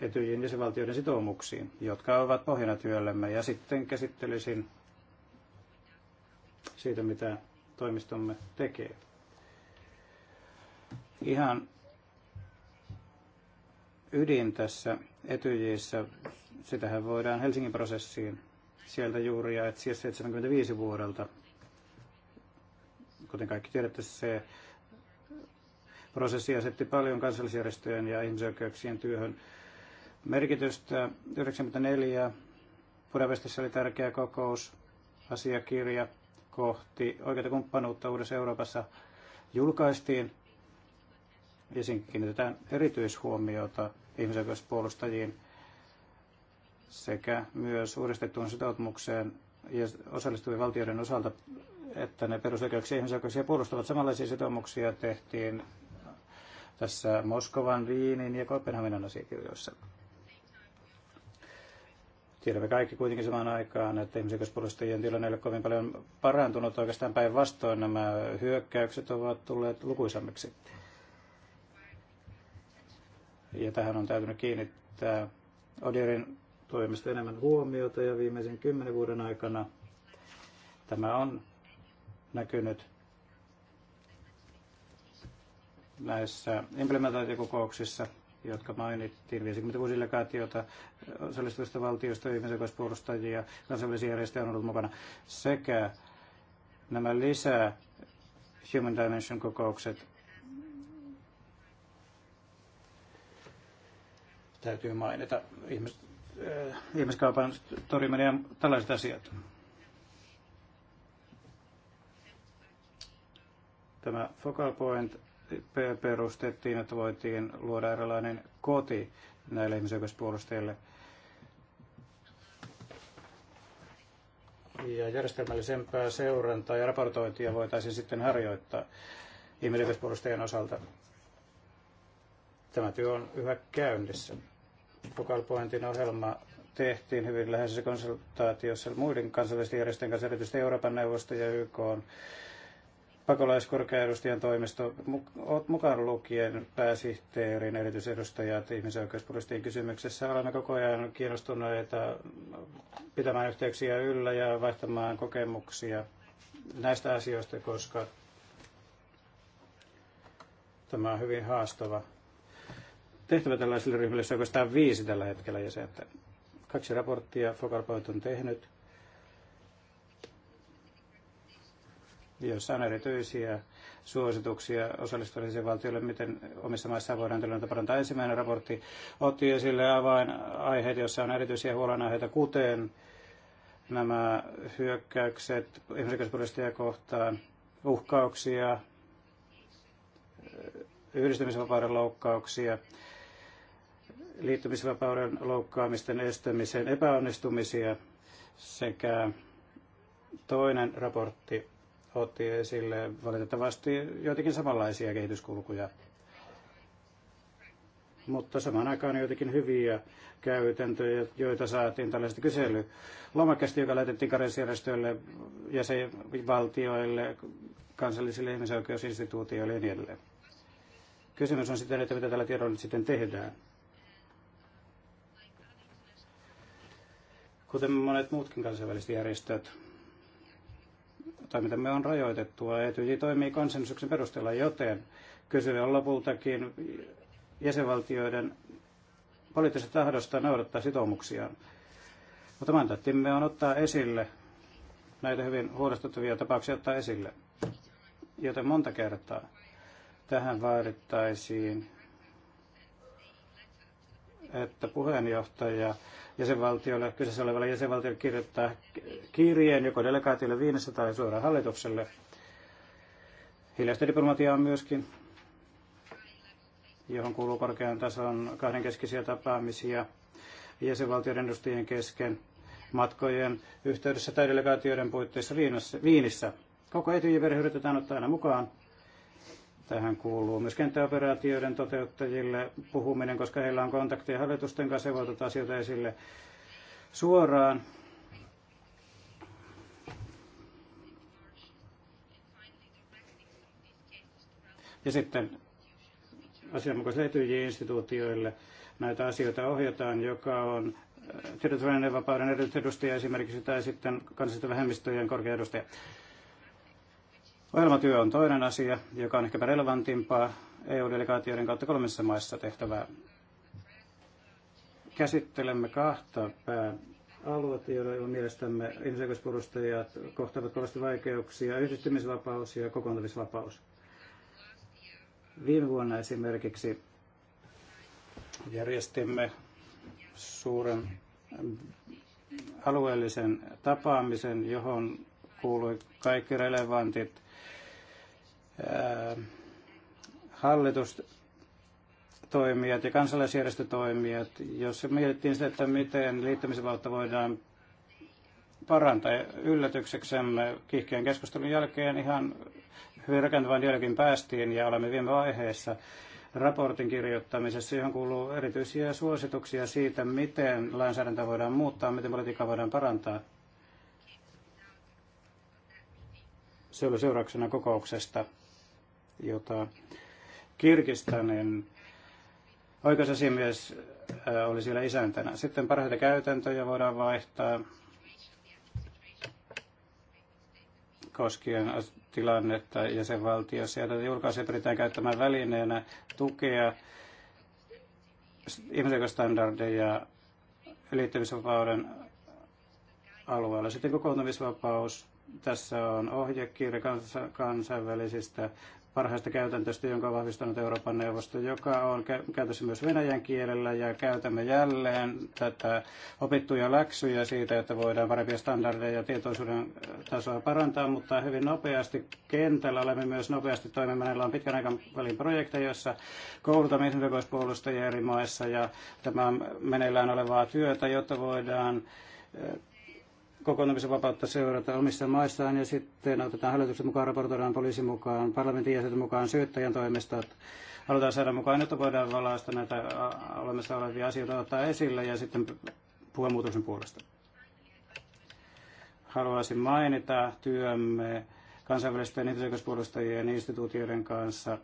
Etyjin jäsenvaltioiden sitoumuksiin, jotka ovat pohjana työllemme. Ja sitten käsittelisin siitä, mitä toimistomme tekee. Ihan ydin tässä etyjissä, sitähän voidaan Helsingin prosessiin sieltä juuri ja etsiä 75 vuodelta. Kuten kaikki tiedätte, se prosessi asetti paljon kansallisjärjestöjen ja ihmisoikeuksien työhön merkitystä. 94 Budapestissa oli tärkeä kokous, asiakirja kohti oikeita kumppanuutta Uudessa Euroopassa julkaistiin ensin kiinnitetään erityishuomiota ihmisoikeuspuolustajiin sekä myös uudistettuun sitoutumukseen ja osallistuvien valtioiden osalta, että ne perusoikeuksia ja ihmisoikeuksia puolustavat. Samanlaisia sitoumuksia tehtiin tässä Moskovan, Viinin ja Kopenhaminan asiakirjoissa. Tiedämme kaikki kuitenkin samaan aikaan, että ihmisoikeuspuolustajien tilanne ei ole kovin paljon parantunut. Oikeastaan päinvastoin nämä hyökkäykset ovat tulleet lukuisammiksi ja tähän on täytynyt kiinnittää Odierin toimesta enemmän huomiota ja viimeisen kymmenen vuoden aikana tämä on näkynyt näissä implementaatiokokouksissa, jotka mainittiin, 50 vuosilegaatiota osallistuvista valtioista, ihmisoikeuspuolustajia, kansainvälisiä järjestöjä on ollut mukana, sekä nämä lisää Human Dimension-kokoukset täytyy mainita. Ihmis, äh, ihmiskaupan torjuminen ja tällaiset asiat. Tämä focal point perustettiin, että voitiin luoda erilainen koti näille ihmisoikeuspuolustajille. Ja järjestelmällisempää seurantaa ja raportointia voitaisiin sitten harjoittaa ihmisoikeuspuolustajien osalta. Tämä työ on yhä käynnissä fokalpointin ohjelma tehtiin hyvin läheisessä konsultaatiossa muiden kansallisten järjestöjen kanssa, erityisesti Euroopan neuvosto ja YK on pakolaiskorkeaedustajan toimisto, mukaan lukien pääsihteerin erityisedustajat ihmisoikeuspoliittisiin kysymyksessä. Olemme koko ajan kiinnostuneita pitämään yhteyksiä yllä ja vaihtamaan kokemuksia näistä asioista, koska tämä on hyvin haastava tehtävä tällaiselle ryhmälle, se on oikeastaan viisi tällä hetkellä että Kaksi raporttia Fokalpoint on tehnyt, jossa on erityisiä suosituksia osallistuvallisille valtioille, miten omissa maissa voidaan tilannetta parantaa. Ensimmäinen raportti otti esille avainaiheet, joissa on erityisiä huolenaiheita, kuten nämä hyökkäykset ihmisoikeuspuolustajia kohtaan, uhkauksia, yhdistymisvapauden loukkauksia, liittymisvapauden loukkaamisten estämiseen epäonnistumisia sekä toinen raportti otti esille valitettavasti joitakin samanlaisia kehityskulkuja, mutta samaan aikaan joitakin hyviä käytäntöjä, joita saatiin tällaista kysely lomakkeesta, joka lähetettiin karenssijärjestöille, jäsenvaltioille, kansallisille ihmisoikeusinstituutioille ja niin edelleen. Kysymys on sitten, että mitä tällä tiedolla nyt sitten tehdään. kuten monet muutkin kansainväliset järjestöt. Toimintamme on rajoitettua. Etyj toimii konsensuksen perusteella, joten kyse on lopultakin jäsenvaltioiden poliittisesta tahdosta noudattaa sitoumuksiaan. Mutta mandaattimme on ottaa esille näitä hyvin huolestuttavia tapauksia ottaa esille. Joten monta kertaa tähän vaadittaisiin että puheenjohtaja jäsenvaltiolle, kyseessä olevalle jäsenvaltiolle kirjoittaa kirjeen joko delegaatiolle Viinissä tai suoraan hallitukselle. Hiljaista diplomatiaa on myöskin, johon kuuluu korkean tason kahdenkeskisiä tapaamisia jäsenvaltioiden edustajien kesken matkojen yhteydessä tai delegaatioiden puitteissa Viinissä. Koko etyjiveri yritetään ottaa aina mukaan Tähän kuuluu myös kenttäoperaatioiden toteuttajille puhuminen, koska heillä on kontakteja hallitusten kanssa, ja voi ottaa asioita esille suoraan. Ja sitten asianmukaisille etyj-instituutioille näitä asioita ohjataan, joka on äh, tiedotusvälineen vapauden edustaja esimerkiksi tai sitten kansallisten vähemmistöjen korkea edustaja. Ohjelmatyö on toinen asia, joka on ehkäpä relevantimpaa EU-delegaatioiden kautta kolmessa maissa tehtävää. Käsittelemme kahta pääaluetta, aluetta, joilla mielestämme ihmisoikeuspuolustajat kohtaavat kovasti vaikeuksia, yhdistymisvapaus ja kokoontumisvapaus. Viime vuonna esimerkiksi järjestimme suuren alueellisen tapaamisen, johon kuului kaikki relevantit hallitustoimijat ja kansalaisjärjestötoimijat, jos mietittiin sitä, että miten liittymisvautta voidaan parantaa. Yllätykseksemme kihkeän keskustelun jälkeen ihan hyvin rakentavan dialogin päästiin ja olemme viime vaiheessa raportin kirjoittamisessa, johon kuuluu erityisiä suosituksia siitä, miten lainsäädäntöä voidaan muuttaa, miten politiikkaa voidaan parantaa. Se oli seurauksena kokouksesta jota Kirkistanin oikeusasiamies äh, oli siellä isäntänä. Sitten parhaita käytäntöjä voidaan vaihtaa koskien tilannetta jäsenvaltiossa. Ja tätä pyritään käyttämään välineenä tukea ihmisoikeusstandardeja liittymisvapauden alueella. Sitten kokoontumisvapaus. Tässä on ohjekirja kansainvälisistä parhaista käytäntöistä, jonka on vahvistanut Euroopan neuvosto, joka on käytössä myös venäjän kielellä ja käytämme jälleen tätä opittuja läksyjä siitä, että voidaan parempia standardeja ja tietoisuuden tasoa parantaa, mutta hyvin nopeasti kentällä olemme myös nopeasti toimimaan. Meillä on pitkän aikavälin projekteja, joissa koulutamme ihmisoikeuspuolustajia eri maissa ja tämä on meneillään olevaa työtä, jotta voidaan vapautta seurata omissa maissaan ja sitten otetaan hallituksen mukaan, raportoidaan poliisin mukaan, parlamentin jäsenten mukaan, syyttäjän toimesta. Halutaan saada mukaan, että voidaan valaista näitä olemassa olevia asioita ottaa esille ja sitten puhua muutoksen puolesta. Haluaisin mainita työmme kansainvälisten ihmisoikeuspuolustajien instituutioiden kanssa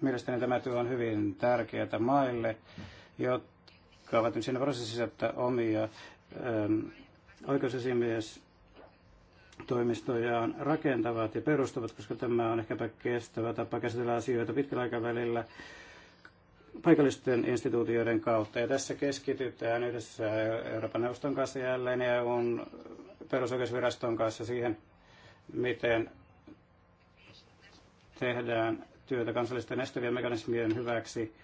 Mielestäni tämä työ on hyvin tärkeää maille, jotka ovat nyt siinä prosessissa, että omia ähm, oikeusasiamies toimistojaan rakentavat ja perustavat, koska tämä on ehkäpä kestävä tapa käsitellä asioita pitkällä aikavälillä paikallisten instituutioiden kautta. Ja tässä keskitytään yhdessä Euroopan neuvoston kanssa jälleen ja EUn perusoikeusviraston kanssa siihen, miten tehdään työtä kansallisten estävien mekanismien hyväksi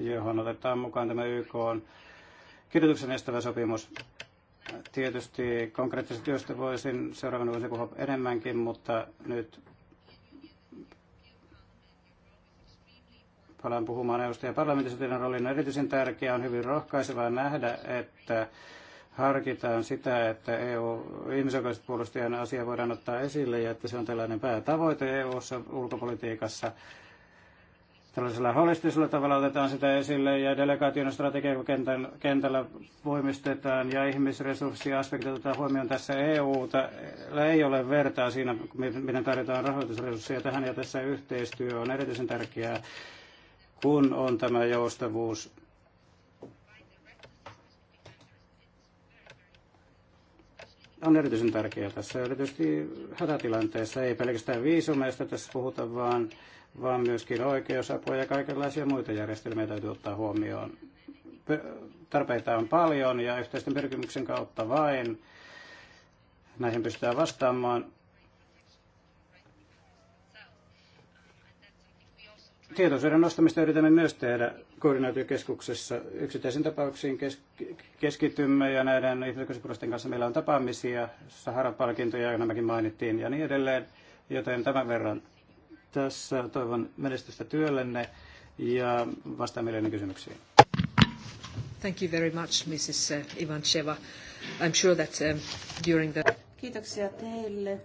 johon otetaan mukaan tämä YK on kirjoituksen estävä sopimus. Tietysti konkreettisesti työstä voisin seuraavana vuosina puhua enemmänkin, mutta nyt palaan puhumaan ja parlamentissa. Teidän roolin on erityisen tärkeää. On hyvin rohkaisevaa nähdä, että harkitaan sitä, että EU-ihmisoikeuspuolustajan asia voidaan ottaa esille ja että se on tällainen päätavoite EU-ulkopolitiikassa tällaisella holistisella tavalla otetaan sitä esille ja delegaation strategiakentällä voimistetaan ja ihmisresurssiaspekti otetaan huomioon tässä eu Ei ole vertaa siinä, miten tarjotaan rahoitusresursseja tähän ja tässä yhteistyö on erityisen tärkeää, kun on tämä joustavuus on erityisen tärkeää tässä, erityisesti hätätilanteessa, ei pelkästään viisumeista tässä puhuta, vaan vaan myöskin oikeusapua ja kaikenlaisia muita järjestelmiä täytyy ottaa huomioon. Tarpeita on paljon ja yhteisten pyrkimyksen kautta vain näihin pystytään vastaamaan. Tietoisuuden nostamista yritämme myös tehdä koordinaatiokeskuksessa. Yksittäisiin tapauksiin keskitymme ja näiden ihmisoikeuspuolusten kanssa meillä on tapaamisia, sahara palkintoja, nämäkin mainittiin ja niin edelleen, joten tämän verran tässä. Toivon menestystä työllenne ja vastaan mielelläni kysymyksiin. Thank you very much, Mrs. Uh, Ivancheva. I'm sure that um, during the... Kiitoksia teille.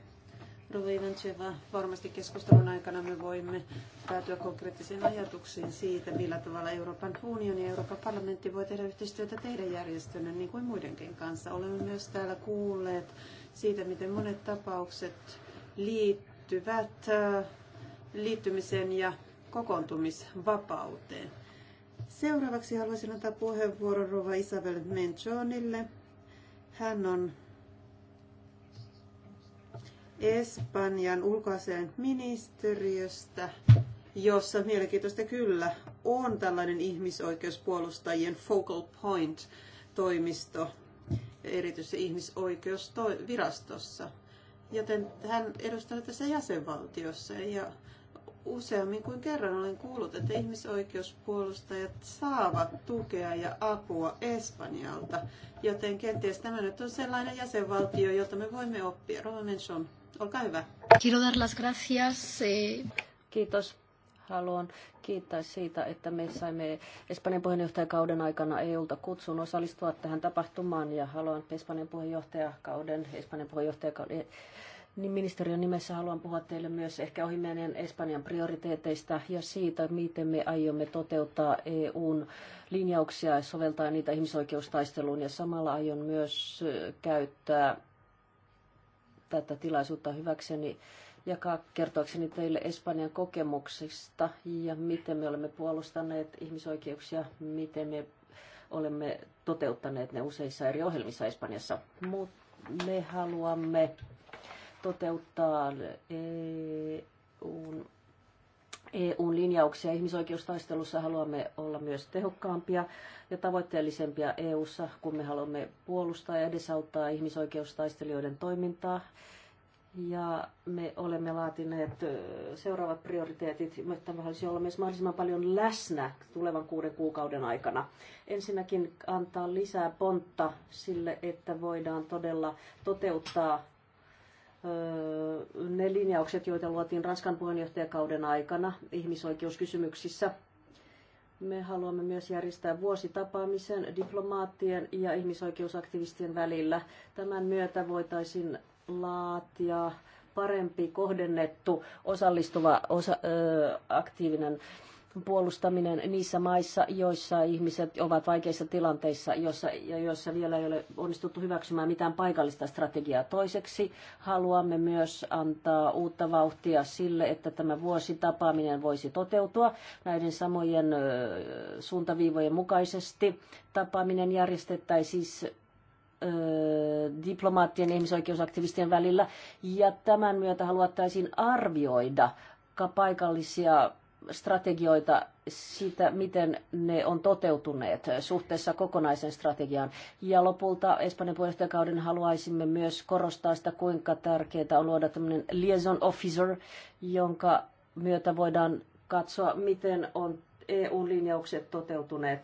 Rova Ivancheva, varmasti keskustelun aikana me voimme päätyä konkreettisiin ajatuksiin siitä, millä tavalla Euroopan unioni ja Euroopan parlamentti voi tehdä yhteistyötä teidän järjestönne niin kuin muidenkin kanssa. Olemme myös täällä kuulleet siitä, miten monet tapaukset liittyvät liittymiseen ja kokoontumisvapauteen. Seuraavaksi haluaisin antaa puheenvuoron Rova Isabel Menchonille. Hän on Espanjan ulkoasian ministeriöstä, jossa mielenkiintoista kyllä on tällainen ihmisoikeuspuolustajien focal point toimisto, erityisesti ihmisoikeusvirastossa. Joten hän edustaa tässä jäsenvaltiossa ja useammin kuin kerran olen kuullut, että ihmisoikeuspuolustajat saavat tukea ja apua Espanjalta, joten kenties tämä nyt on sellainen jäsenvaltio, jota me voimme oppia. Rova olkaa hyvä. Quiero dar las gracias. Eh. Kiitos. Haluan kiittää siitä, että me saimme Espanjan puheenjohtajakauden aikana EUlta kutsun osallistua tähän tapahtumaan ja haluan Espanjan puheenjohtajakauden, Espanjan puheenjohtajakauden niin ministeriön nimessä haluan puhua teille myös ehkä meidän Espanjan prioriteeteista ja siitä, miten me aiomme toteuttaa EUn linjauksia ja soveltaa niitä ihmisoikeustaisteluun. Ja samalla aion myös käyttää tätä tilaisuutta hyväkseni jakaa kertoakseni teille Espanjan kokemuksista ja miten me olemme puolustaneet ihmisoikeuksia, miten me olemme toteuttaneet ne useissa eri ohjelmissa Espanjassa. Mutta me haluamme toteuttaa EUn, EUn linjauksia. Ihmisoikeustaistelussa haluamme olla myös tehokkaampia ja tavoitteellisempia EUssa, kun me haluamme puolustaa ja edesauttaa ihmisoikeustaistelijoiden toimintaa. Ja me olemme laatineet seuraavat prioriteetit, että me haluaisimme olla myös mahdollisimman paljon läsnä tulevan kuuden kuukauden aikana. Ensinnäkin antaa lisää pontta sille, että voidaan todella toteuttaa ne linjaukset, joita luotiin Ranskan puheenjohtajakauden aikana ihmisoikeuskysymyksissä. Me haluamme myös järjestää vuositapaamisen diplomaattien ja ihmisoikeusaktivistien välillä. Tämän myötä voitaisiin laatia parempi kohdennettu osallistuva osa, ö, aktiivinen puolustaminen niissä maissa, joissa ihmiset ovat vaikeissa tilanteissa joissa, ja joissa vielä ei ole onnistuttu hyväksymään mitään paikallista strategiaa. Toiseksi haluamme myös antaa uutta vauhtia sille, että tämä vuositapaaminen voisi toteutua näiden samojen suuntaviivojen mukaisesti. Tapaaminen järjestettäisiin siis diplomaattien ja ihmisoikeusaktivistien välillä. Ja tämän myötä haluattaisiin arvioida paikallisia strategioita siitä, miten ne on toteutuneet suhteessa kokonaisen strategiaan. Ja lopulta Espanjan puheenjohtajakauden haluaisimme myös korostaa sitä, kuinka tärkeää on luoda tämmöinen liaison officer, jonka myötä voidaan katsoa, miten on EU-linjaukset toteutuneet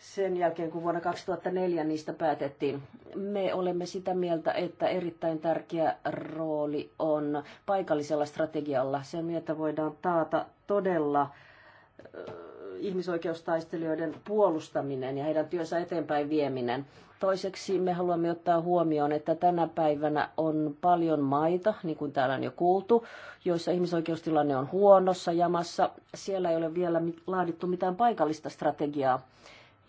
sen jälkeen, kun vuonna 2004 niistä päätettiin. Me olemme sitä mieltä, että erittäin tärkeä rooli on paikallisella strategialla. Sen myötä voidaan taata todella ihmisoikeustaistelijoiden puolustaminen ja heidän työnsä eteenpäin vieminen. Toiseksi me haluamme ottaa huomioon, että tänä päivänä on paljon maita, niin kuin täällä on jo kuultu, joissa ihmisoikeustilanne on huonossa jamassa. Siellä ei ole vielä laadittu mitään paikallista strategiaa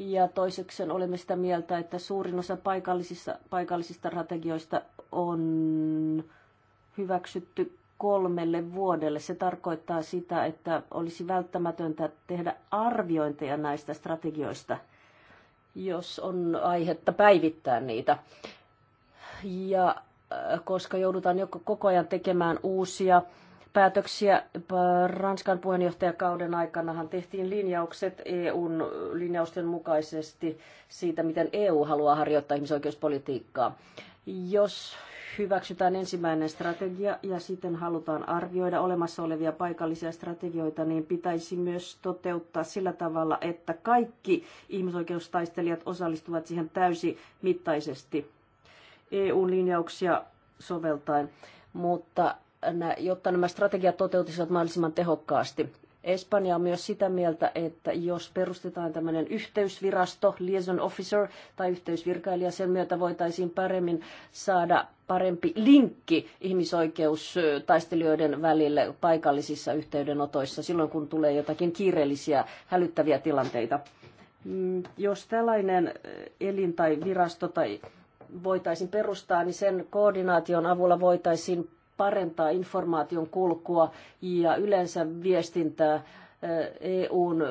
ja toiseksi olemme sitä mieltä, että suurin osa paikallisista, paikallisista strategioista on hyväksytty kolmelle vuodelle. Se tarkoittaa sitä, että olisi välttämätöntä tehdä arviointeja näistä strategioista, jos on aihetta päivittää niitä. Ja äh, koska joudutaan joko koko ajan tekemään uusia päätöksiä. Ranskan puheenjohtajakauden aikanahan tehtiin linjaukset EUn linjausten mukaisesti siitä, miten EU haluaa harjoittaa ihmisoikeuspolitiikkaa. Jos hyväksytään ensimmäinen strategia ja sitten halutaan arvioida olemassa olevia paikallisia strategioita, niin pitäisi myös toteuttaa sillä tavalla, että kaikki ihmisoikeustaistelijat osallistuvat siihen täysimittaisesti EUn linjauksia soveltaen. Mutta jotta nämä strategiat toteutuisivat mahdollisimman tehokkaasti. Espanja on myös sitä mieltä, että jos perustetaan tämmöinen yhteysvirasto, liaison officer tai yhteysvirkailija, sen myötä voitaisiin paremmin saada parempi linkki ihmisoikeustaistelijoiden välille paikallisissa yhteydenotoissa silloin, kun tulee jotakin kiireellisiä hälyttäviä tilanteita. Mm, jos tällainen eh, elin tai virasto tai voitaisiin perustaa, niin sen koordinaation avulla voitaisiin parentaa informaation kulkua ja yleensä viestintää EUn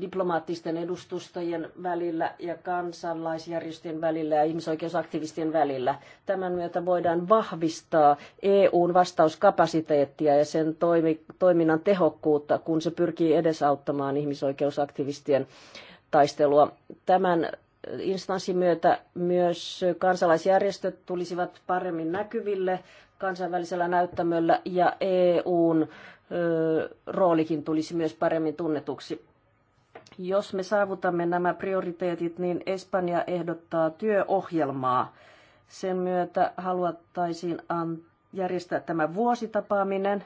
diplomaattisten edustustojen välillä ja kansalaisjärjestöjen välillä ja ihmisoikeusaktivistien välillä. Tämän myötä voidaan vahvistaa EUn vastauskapasiteettia ja sen toimi, toiminnan tehokkuutta, kun se pyrkii edesauttamaan ihmisoikeusaktivistien taistelua. Tämän instanssin myötä myös kansalaisjärjestöt tulisivat paremmin näkyville, kansainvälisellä näyttämöllä ja EUn roolikin tulisi myös paremmin tunnetuksi. Jos me saavutamme nämä prioriteetit, niin Espanja ehdottaa työohjelmaa. Sen myötä haluattaisiin järjestää tämä vuositapaaminen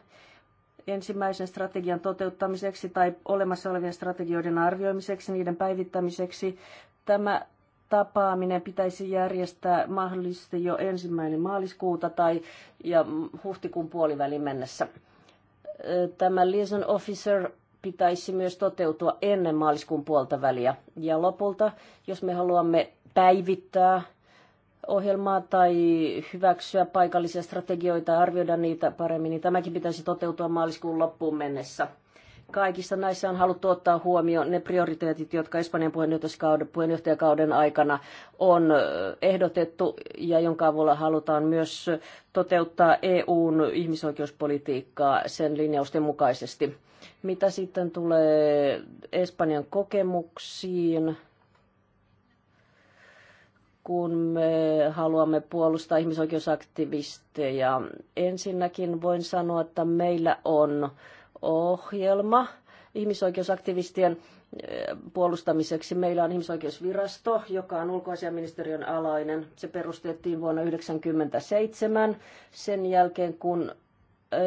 ensimmäisen strategian toteuttamiseksi tai olemassa olevien strategioiden arvioimiseksi, niiden päivittämiseksi. Tämä tapaaminen pitäisi järjestää mahdollisesti jo ensimmäinen maaliskuuta tai ja huhtikuun puolivälin mennessä. Tämä liaison officer pitäisi myös toteutua ennen maaliskuun puolta väliä. Ja lopulta, jos me haluamme päivittää ohjelmaa tai hyväksyä paikallisia strategioita ja arvioida niitä paremmin, niin tämäkin pitäisi toteutua maaliskuun loppuun mennessä. Kaikissa näissä on haluttu ottaa huomioon ne prioriteetit, jotka Espanjan puheenjohtajakauden aikana on ehdotettu ja jonka avulla halutaan myös toteuttaa EUn ihmisoikeuspolitiikkaa sen linjausten mukaisesti. Mitä sitten tulee Espanjan kokemuksiin, kun me haluamme puolustaa ihmisoikeusaktivisteja. Ensinnäkin voin sanoa, että meillä on ohjelma ihmisoikeusaktivistien eh, puolustamiseksi. Meillä on ihmisoikeusvirasto, joka on ulkoasiaministeriön alainen. Se perustettiin vuonna 1997 sen jälkeen, kun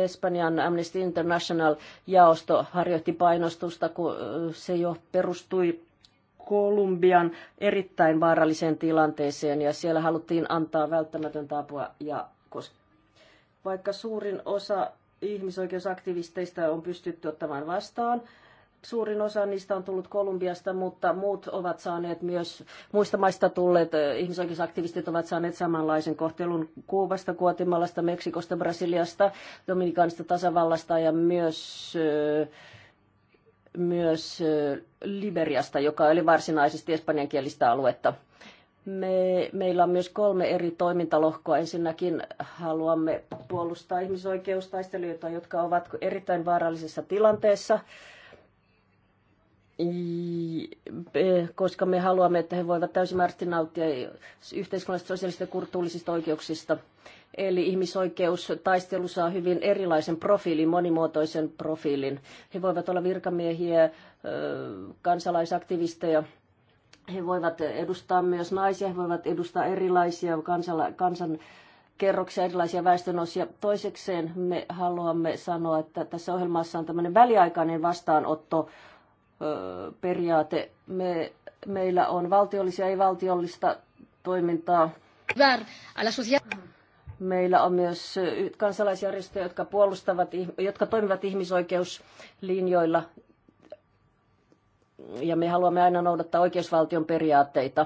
Espanjan Amnesty International jaosto harjoitti painostusta, kun eh, se jo perustui Kolumbian erittäin vaaralliseen tilanteeseen ja siellä haluttiin antaa välttämätöntä apua ja vaikka suurin osa ihmisoikeusaktivisteista on pystytty ottamaan vastaan. Suurin osa niistä on tullut Kolumbiasta, mutta muut ovat saaneet myös, muista maista tulleet ihmisoikeusaktivistit ovat saaneet samanlaisen kohtelun Kuubasta, Kuotimalasta, Meksikosta, Brasiliasta, Dominikaanista tasavallasta ja myös myös Liberiasta, joka oli varsinaisesti espanjankielistä aluetta. Me, meillä on myös kolme eri toimintalohkoa. Ensinnäkin haluamme puolustaa ihmisoikeustaistelijoita, jotka ovat erittäin vaarallisessa tilanteessa, e, koska me haluamme, että he voivat täysimääräisesti nauttia yhteiskunnallisista, sosiaalisista ja kulttuurisista oikeuksista. Eli ihmisoikeustaistelu saa hyvin erilaisen profiilin, monimuotoisen profiilin. He voivat olla virkamiehiä, kansalaisaktivisteja, he voivat edustaa myös naisia, he voivat edustaa erilaisia kansala, kansan kerroksia, erilaisia väestönosia. Toisekseen me haluamme sanoa, että tässä ohjelmassa on tämmöinen väliaikainen vastaanotto periaate. Me, meillä on valtiollisia ja ei-valtiollista toimintaa. Meillä on myös kansalaisjärjestöjä, jotka puolustavat, jotka toimivat ihmisoikeuslinjoilla ja me haluamme aina noudattaa oikeusvaltion periaatteita.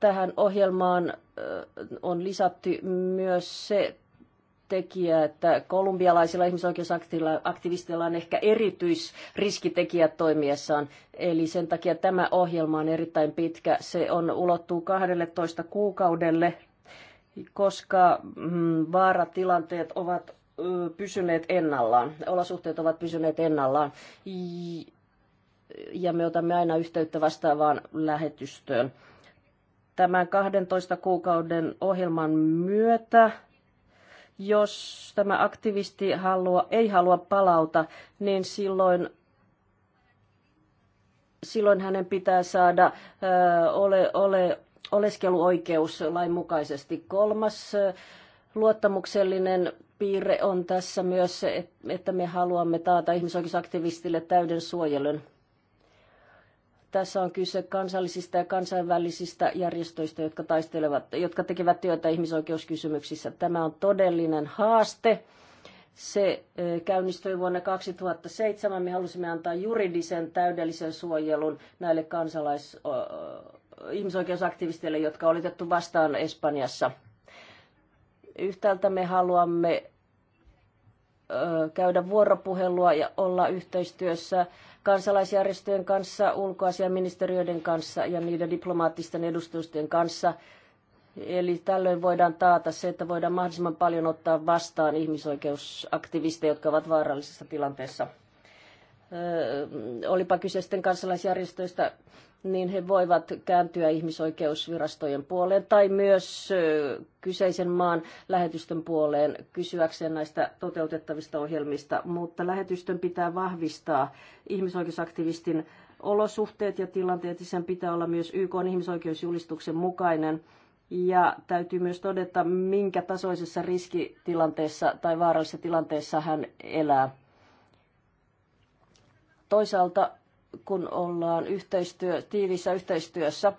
Tähän ohjelmaan on lisätty myös se tekijä, että kolumbialaisilla ihmisoikeusaktivisteilla on ehkä erityisriskitekijät toimiessaan. Eli sen takia tämä ohjelma on erittäin pitkä. Se on ulottuu 12 kuukaudelle, koska mm, vaaratilanteet ovat pysyneet ennallaan, olosuhteet ovat pysyneet ennallaan ja me otamme aina yhteyttä vastaavaan lähetystöön. Tämän 12 kuukauden ohjelman myötä jos tämä aktivisti halua, ei halua palauta, niin silloin, silloin hänen pitää saada ö, ole, ole, oleskeluoikeus lain mukaisesti. Kolmas ö, luottamuksellinen piirre on tässä myös se, että me haluamme taata ihmisoikeusaktivistille täyden suojelun. Tässä on kyse kansallisista ja kansainvälisistä järjestöistä, jotka, taistelevat, jotka tekevät työtä ihmisoikeuskysymyksissä. Tämä on todellinen haaste. Se eh, käynnistyi vuonna 2007. Me halusimme antaa juridisen täydellisen suojelun näille kansalais- ihmisoikeusaktivisteille, jotka oli otettu vastaan Espanjassa. Yhtäältä me haluamme käydä vuoropuhelua ja olla yhteistyössä kansalaisjärjestöjen kanssa, ulkoasiaministeriöiden kanssa ja niiden diplomaattisten edustustojen kanssa. Eli tällöin voidaan taata se, että voidaan mahdollisimman paljon ottaa vastaan ihmisoikeusaktivisteja, jotka ovat vaarallisessa tilanteessa. Öö, olipa kyse sitten kansalaisjärjestöistä niin he voivat kääntyä ihmisoikeusvirastojen puoleen tai myös kyseisen maan lähetystön puoleen kysyäkseen näistä toteutettavista ohjelmista. Mutta lähetystön pitää vahvistaa ihmisoikeusaktivistin olosuhteet ja tilanteet, ja sen pitää olla myös YK ihmisoikeusjulistuksen mukainen. Ja täytyy myös todeta, minkä tasoisessa riskitilanteessa tai vaarallisessa tilanteessa hän elää. Toisaalta kun ollaan yhteistyö, tiivissä yhteistyössä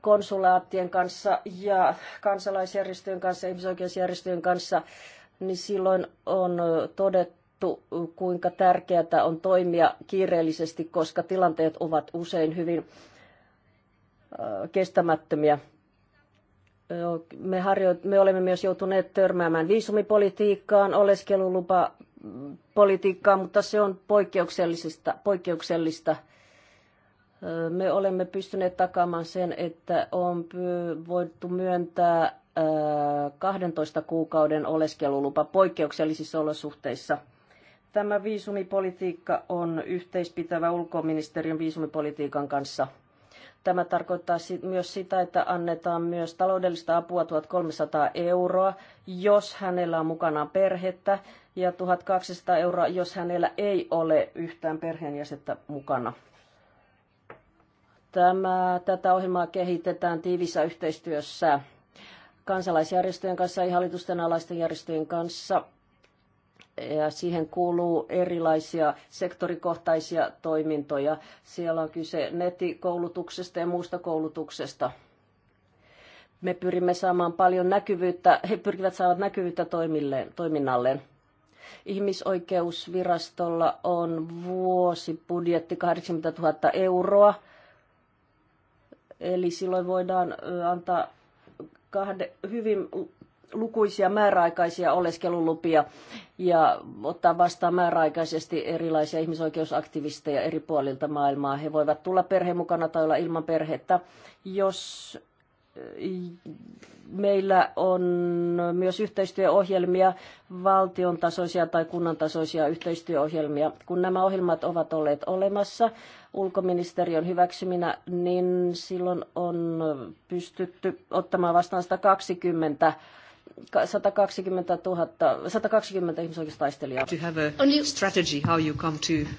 konsulaattien kanssa ja kansalaisjärjestöjen kanssa, ihmisoikeusjärjestöjen kanssa, niin silloin on todettu, kuinka tärkeää on toimia kiireellisesti, koska tilanteet ovat usein hyvin kestämättömiä. Me, harjo- me olemme myös joutuneet törmäämään viisumipolitiikkaan, oleskelulupa mutta se on poikkeuksellista, poikkeuksellista me olemme pystyneet takaamaan sen, että on voitu myöntää 12 kuukauden oleskelulupa poikkeuksellisissa olosuhteissa. Tämä viisumipolitiikka on yhteispitävä ulkoministeriön viisumipolitiikan kanssa. Tämä tarkoittaa myös sitä, että annetaan myös taloudellista apua 1300 euroa, jos hänellä on mukanaan perhettä, ja 1200 euroa, jos hänellä ei ole yhtään perheenjäsentä mukana. Tämä, tätä ohjelmaa kehitetään tiivissä yhteistyössä kansalaisjärjestöjen kanssa ja hallitusten alaisten järjestöjen kanssa. Ja siihen kuuluu erilaisia sektorikohtaisia toimintoja. Siellä on kyse netikoulutuksesta ja muusta koulutuksesta me pyrimme saamaan paljon näkyvyyttä, he pyrkivät saamaan näkyvyyttä toimilleen, toiminnalleen. Ihmisoikeusvirastolla on vuosibudjetti 80 000 euroa Eli silloin voidaan antaa kahde, hyvin lukuisia määräaikaisia oleskelulupia ja ottaa vastaan määräaikaisesti erilaisia ihmisoikeusaktivisteja eri puolilta maailmaa. He voivat tulla perheen mukana tai olla ilman perhettä. Jos meillä on myös yhteistyöohjelmia, valtion tasoisia tai kunnan tasoisia yhteistyöohjelmia. Kun nämä ohjelmat ovat olleet olemassa ulkoministeriön hyväksyminä, niin silloin on pystytty ottamaan vastaan 120 120 000, 120 ihmisoikeustaistelijaa. To have a strategy how you come to...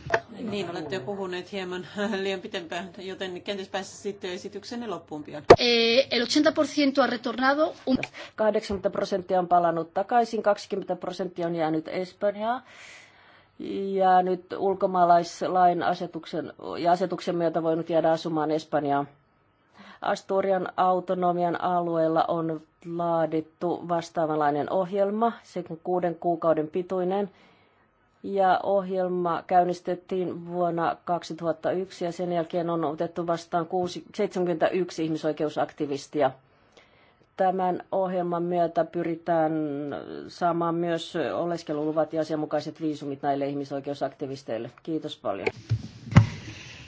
Niin, olette jo puhuneet hieman liian pitempään, joten kenties pääsisi sitten esityksenne loppuun pian. Eh, el 80% on retornado. 80 prosenttia on palannut takaisin, 20 prosenttia on jäänyt Espanjaan. Ja nyt ulkomaalaislain asetuksen ja asetuksen myötä voinut jäädä asumaan Espanjaan. Asturian autonomian alueella on laadittu vastaavanlainen ohjelma, sekin kuuden kuukauden pituinen, ja ohjelma käynnistettiin vuonna 2001 ja sen jälkeen on otettu vastaan 71 ihmisoikeusaktivistia. Tämän ohjelman myötä pyritään saamaan myös oleskeluluvat ja asianmukaiset viisumit näille ihmisoikeusaktivisteille. Kiitos paljon.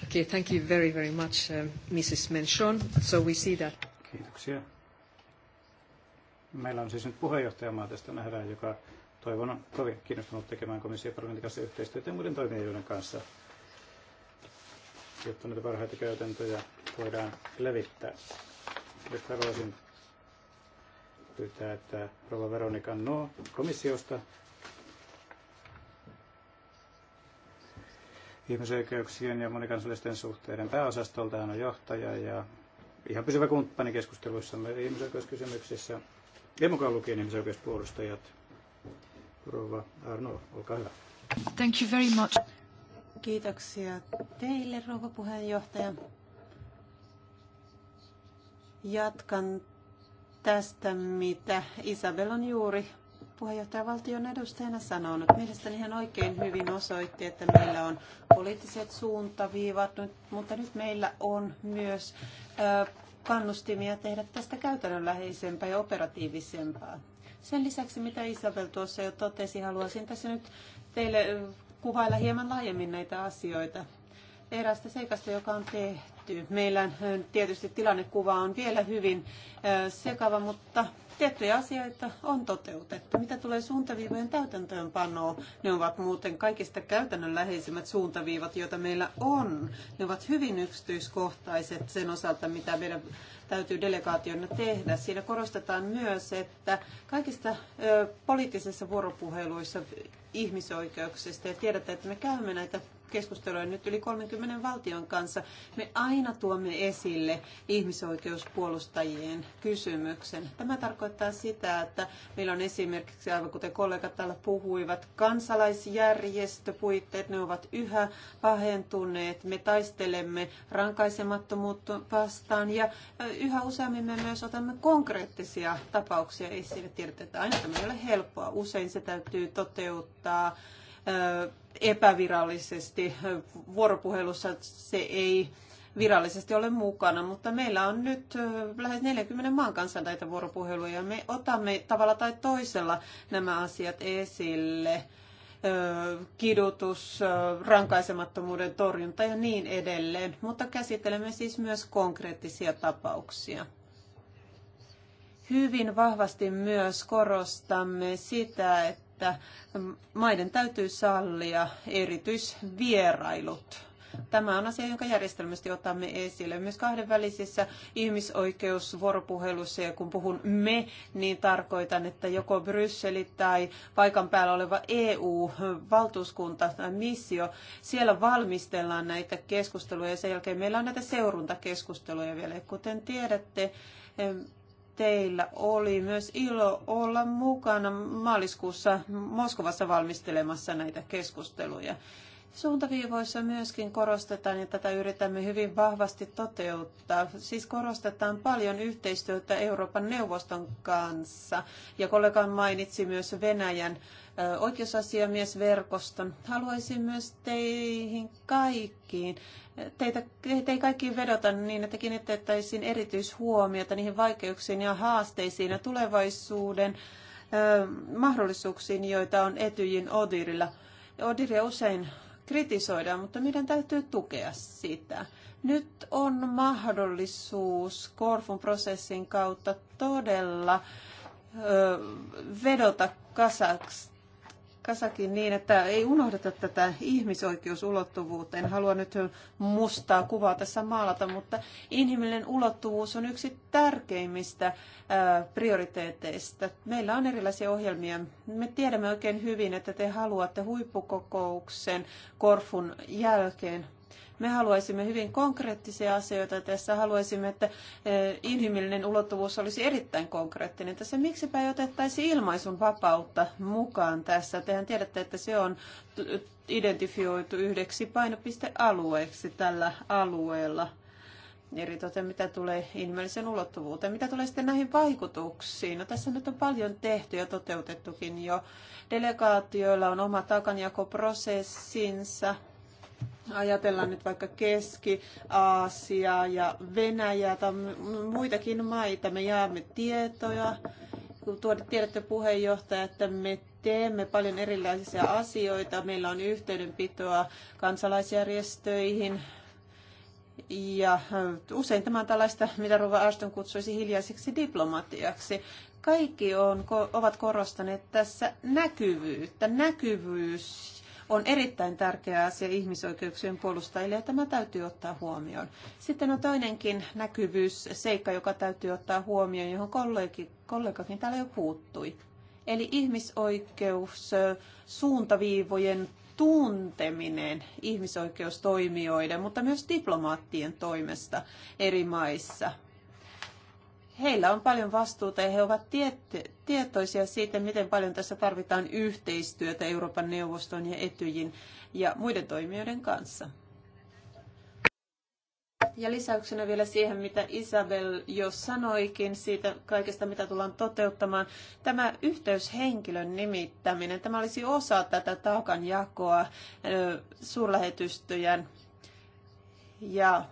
Okay, thank you very, very much, uh, Mrs. Menchon. So we see that. Kiitoksia. Meillä on siis nyt puheenjohtajamaa tästä nähdään, joka toivon on kovin kiinnostunut tekemään komission parlamentin kanssa yhteistyötä ja muiden toimijoiden kanssa, jotta näitä parhaita käytäntöjä voidaan levittää. Nyt haluaisin pyytää, että Rova Veronika No komissiosta ihmisoikeuksien ja monikansallisten suhteiden pääosastolta hän on johtaja ja ihan pysyvä kumppani keskusteluissamme ihmisoikeuskysymyksissä ei mukaan lukien ihmisoikeuspuolustajat. Rova Arno, olkaa hyvä. Thank you very much. Kiitoksia teille, rouva puheenjohtaja. Jatkan tästä, mitä Isabel on juuri puheenjohtajavaltion edustajana sanonut. Mielestäni hän oikein hyvin osoitti, että meillä on poliittiset suuntaviivat, mutta nyt meillä on myös kannustimia tehdä tästä käytännönläheisempää ja operatiivisempaa. Sen lisäksi, mitä Isabel tuossa jo totesi, haluaisin tässä nyt teille kuvailla hieman laajemmin näitä asioita. Eräästä seikasta, joka on tehty päätyy. Meillä tietysti tilannekuva on vielä hyvin sekava, mutta tiettyjä asioita on toteutettu. Mitä tulee suuntaviivojen täytäntöönpanoon, ne ovat muuten kaikista käytännönläheisimmät suuntaviivat, joita meillä on. Ne ovat hyvin yksityiskohtaiset sen osalta, mitä meidän täytyy delegaationa tehdä. Siinä korostetaan myös, että kaikista poliittisissa vuoropuheluissa ihmisoikeuksista ja tiedätte, että me käymme näitä keskusteluja nyt yli 30 valtion kanssa. Me aina tuomme esille ihmisoikeuspuolustajien kysymyksen. Tämä tarkoittaa sitä, että meillä on esimerkiksi, aivan kuten kollegat täällä puhuivat, kansalaisjärjestöpuitteet, ne ovat yhä pahentuneet. Me taistelemme rankaisemattomuutta vastaan ja yhä useammin me myös otamme konkreettisia tapauksia esille. Tiedetään, että aina tämä ei ole helppoa. Usein se täytyy toteuttaa epävirallisesti vuoropuhelussa. Se ei virallisesti ole mukana, mutta meillä on nyt lähes 40 maan kanssa näitä vuoropuheluja ja me otamme tavalla tai toisella nämä asiat esille kidutus, rankaisemattomuuden torjunta ja niin edelleen, mutta käsittelemme siis myös konkreettisia tapauksia. Hyvin vahvasti myös korostamme sitä, että että maiden täytyy sallia erityisvierailut. Tämä on asia, jonka järjestelmästi otamme esille. Myös kahdenvälisissä ihmisoikeusvuoropuheluissa, ja kun puhun me, niin tarkoitan, että joko Brysseli tai paikan päällä oleva EU-valtuuskunta tai missio, siellä valmistellaan näitä keskusteluja, ja sen jälkeen meillä on näitä seurantakeskusteluja vielä. Kuten tiedätte, teillä oli myös ilo olla mukana maaliskuussa Moskovassa valmistelemassa näitä keskusteluja. Suuntaviivoissa myöskin korostetaan, ja tätä yritämme hyvin vahvasti toteuttaa, siis korostetaan paljon yhteistyötä Euroopan neuvoston kanssa. Ja kollega mainitsi myös Venäjän oikeusasiamiesverkoston. Haluaisin myös teihin kaikkiin teitä, teitä ei kaikkiin vedota niin, että kiinnitettäisiin erityishuomiota niihin vaikeuksiin ja haasteisiin ja tulevaisuuden ö, mahdollisuuksiin, joita on Etyjin Odirilla. Odiria usein kritisoidaan, mutta meidän täytyy tukea sitä. Nyt on mahdollisuus Korfun prosessin kautta todella ö, vedota Kasakstaniin Kasakin niin, että ei unohdeta tätä ihmisoikeusulottuvuutta. En halua nyt mustaa kuvaa tässä maalata, mutta inhimillinen ulottuvuus on yksi tärkeimmistä prioriteeteista. Meillä on erilaisia ohjelmia. Me tiedämme oikein hyvin, että te haluatte huippukokouksen Korfun jälkeen me haluaisimme hyvin konkreettisia asioita tässä. Haluaisimme, että e, inhimillinen ulottuvuus olisi erittäin konkreettinen tässä. Miksipä ei otettaisi ilmaisun vapautta mukaan tässä? Tehän tiedätte, että se on identifioitu yhdeksi painopistealueeksi tällä alueella eritoten mitä tulee inhimillisen ulottuvuuteen. Mitä tulee sitten näihin vaikutuksiin? No, tässä nyt on paljon tehty ja toteutettukin jo. Delegaatioilla on oma takanjakoprosessinsa ajatellaan nyt vaikka Keski-Aasiaa ja Venäjää tai muitakin maita, me jaamme tietoja. Kun tiedätte puheenjohtaja, että me teemme paljon erilaisia asioita, meillä on yhteydenpitoa kansalaisjärjestöihin, ja äh, usein tämä on tällaista, mitä Ruva Aston kutsuisi hiljaiseksi diplomatiaksi. Kaikki on, ovat korostaneet tässä näkyvyyttä. Näkyvyys on erittäin tärkeä asia ihmisoikeuksien puolustajille ja tämä täytyy ottaa huomioon. Sitten on toinenkin näkyvyys, seikka, joka täytyy ottaa huomioon, johon kollegi, kollegakin täällä jo puuttui. Eli ihmisoikeus suuntaviivojen tunteminen ihmisoikeustoimijoiden, mutta myös diplomaattien toimesta eri maissa – heillä on paljon vastuuta ja he ovat tietoisia siitä, miten paljon tässä tarvitaan yhteistyötä Euroopan neuvoston ja Etyjin ja muiden toimijoiden kanssa. Ja lisäyksenä vielä siihen, mitä Isabel jo sanoikin siitä kaikesta, mitä tullaan toteuttamaan. Tämä yhteyshenkilön nimittäminen, tämä olisi osa tätä taakanjakoa suurlähetystöjen ja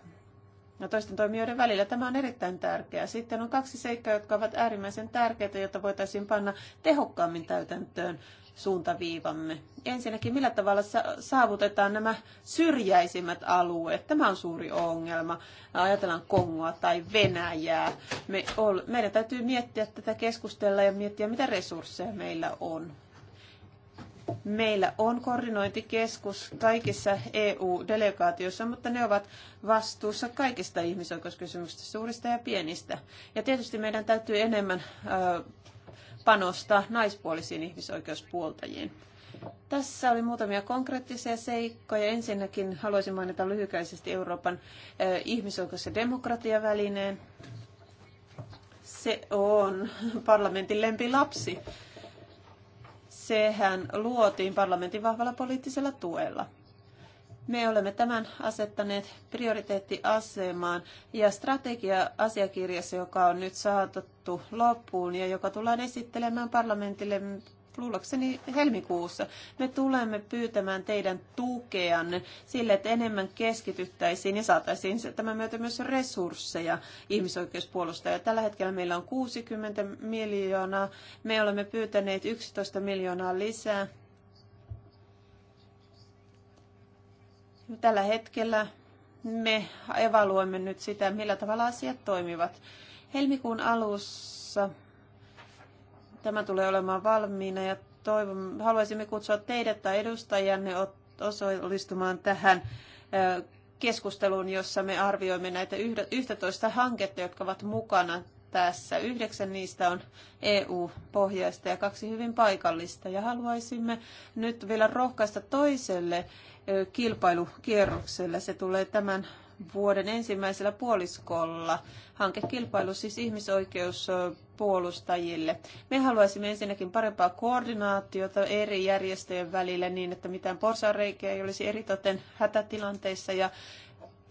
ja no, toisten toimijoiden välillä. Tämä on erittäin tärkeää. Sitten on kaksi seikkaa, jotka ovat äärimmäisen tärkeitä, jotta voitaisiin panna tehokkaammin täytäntöön suuntaviivamme. Ensinnäkin, millä tavalla saavutetaan nämä syrjäisimmät alueet? Tämä on suuri ongelma. Ajatellaan Kongoa tai Venäjää. Me ol, meidän täytyy miettiä tätä keskustella ja miettiä, mitä resursseja meillä on. Meillä on koordinointikeskus kaikissa EU-delegaatioissa, mutta ne ovat vastuussa kaikista ihmisoikeuskysymyksistä, suurista ja pienistä. Ja tietysti meidän täytyy enemmän panostaa naispuolisiin ihmisoikeuspuoltajiin. Tässä oli muutamia konkreettisia seikkoja. Ensinnäkin haluaisin mainita lyhykäisesti Euroopan ihmisoikeus- ja demokratiavälineen. Se on parlamentin lempilapsi. lapsi sehän luotiin parlamentin vahvalla poliittisella tuella. Me olemme tämän asettaneet prioriteettiasemaan ja strategia-asiakirjassa, joka on nyt saatettu loppuun ja joka tullaan esittelemään parlamentille luulakseni helmikuussa. Me tulemme pyytämään teidän tukeanne sille, että enemmän keskityttäisiin ja saataisiin tämän myötä myös resursseja ihmisoikeuspuolustajia. Tällä hetkellä meillä on 60 miljoonaa. Me olemme pyytäneet 11 miljoonaa lisää. Tällä hetkellä me evaluoimme nyt sitä, millä tavalla asiat toimivat. Helmikuun alussa Tämä tulee olemaan valmiina ja toivon, haluaisimme kutsua teidät tai edustajanne osallistumaan tähän keskusteluun, jossa me arvioimme näitä 11 hanketta, jotka ovat mukana tässä. Yhdeksän niistä on EU-pohjaista ja kaksi hyvin paikallista. Ja haluaisimme nyt vielä rohkaista toiselle kilpailukierrokselle. Se tulee tämän vuoden ensimmäisellä puoliskolla. Hankekilpailu siis ihmisoikeus puolustajille. Me haluaisimme ensinnäkin parempaa koordinaatiota eri järjestöjen välillä niin, että mitään porsareikiä ei olisi eritoten hätätilanteissa ja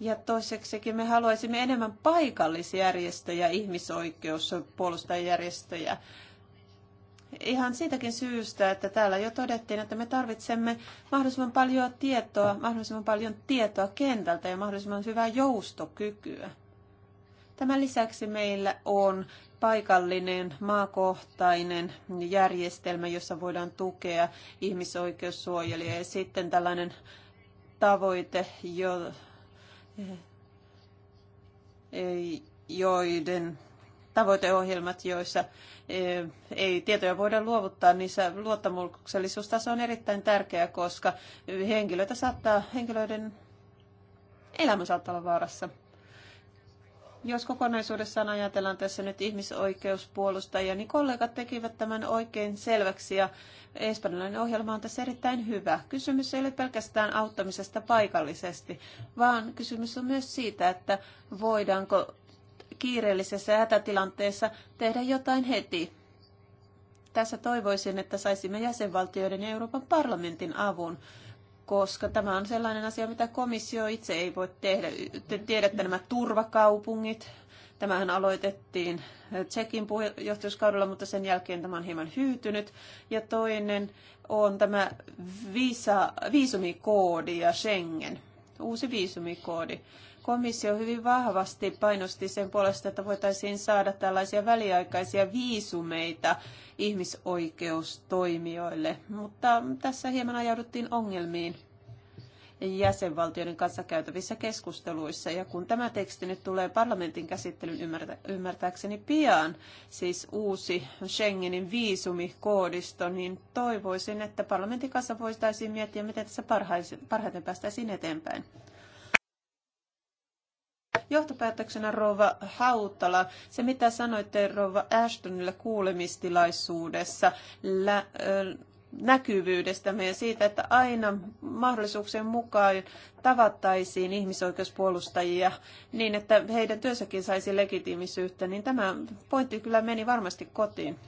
ja toiseksikin me haluaisimme enemmän paikallisjärjestöjä, ihmisoikeuspuolustajajärjestöjä. Ihan siitäkin syystä, että täällä jo todettiin, että me tarvitsemme mahdollisimman paljon tietoa, mahdollisimman paljon tietoa kentältä ja mahdollisimman hyvää joustokykyä. Tämän lisäksi meillä on paikallinen, maakohtainen järjestelmä, jossa voidaan tukea ihmisoikeussuojelijaa ja sitten tällainen tavoite, jo, joiden tavoiteohjelmat, joissa e, ei tietoja voida luovuttaa, niin se luottamuksellisuustaso on erittäin tärkeä, koska henkilöitä saattaa, henkilöiden elämä saattaa olla vaarassa. Jos kokonaisuudessaan ajatellaan tässä nyt ihmisoikeuspuolustajia, niin kollegat tekivät tämän oikein selväksi ja espanjalainen ohjelma on tässä erittäin hyvä. Kysymys ei ole pelkästään auttamisesta paikallisesti, vaan kysymys on myös siitä, että voidaanko kiireellisessä hätätilanteessa tehdä jotain heti. Tässä toivoisin, että saisimme jäsenvaltioiden ja Euroopan parlamentin avun koska tämä on sellainen asia, mitä komissio itse ei voi tehdä. Te tiedätte nämä turvakaupungit. Tämähän aloitettiin Tsekin puheenjohtajuuskaudella, mutta sen jälkeen tämä on hieman hyytynyt. Ja toinen on tämä visa, viisumikoodi ja Schengen, uusi viisumikoodi komissio hyvin vahvasti painosti sen puolesta, että voitaisiin saada tällaisia väliaikaisia viisumeita ihmisoikeustoimijoille. Mutta tässä hieman ajauduttiin ongelmiin jäsenvaltioiden kanssa käytävissä keskusteluissa. Ja kun tämä teksti nyt tulee parlamentin käsittelyn ymmärtä, ymmärtääkseni pian, siis uusi Schengenin viisumikoodisto, niin toivoisin, että parlamentin kanssa voitaisiin miettiä, miten tässä parhaiten päästäisiin eteenpäin. Johtopäätöksenä Rova Hautala, se mitä sanoitte Rova Ashtonille kuulemistilaisuudessa lä- näkyvyydestämme ja siitä, että aina mahdollisuuksien mukaan tavattaisiin ihmisoikeuspuolustajia niin, että heidän työssäkin saisi legitiimisyyttä, niin tämä pointti kyllä meni varmasti kotiin.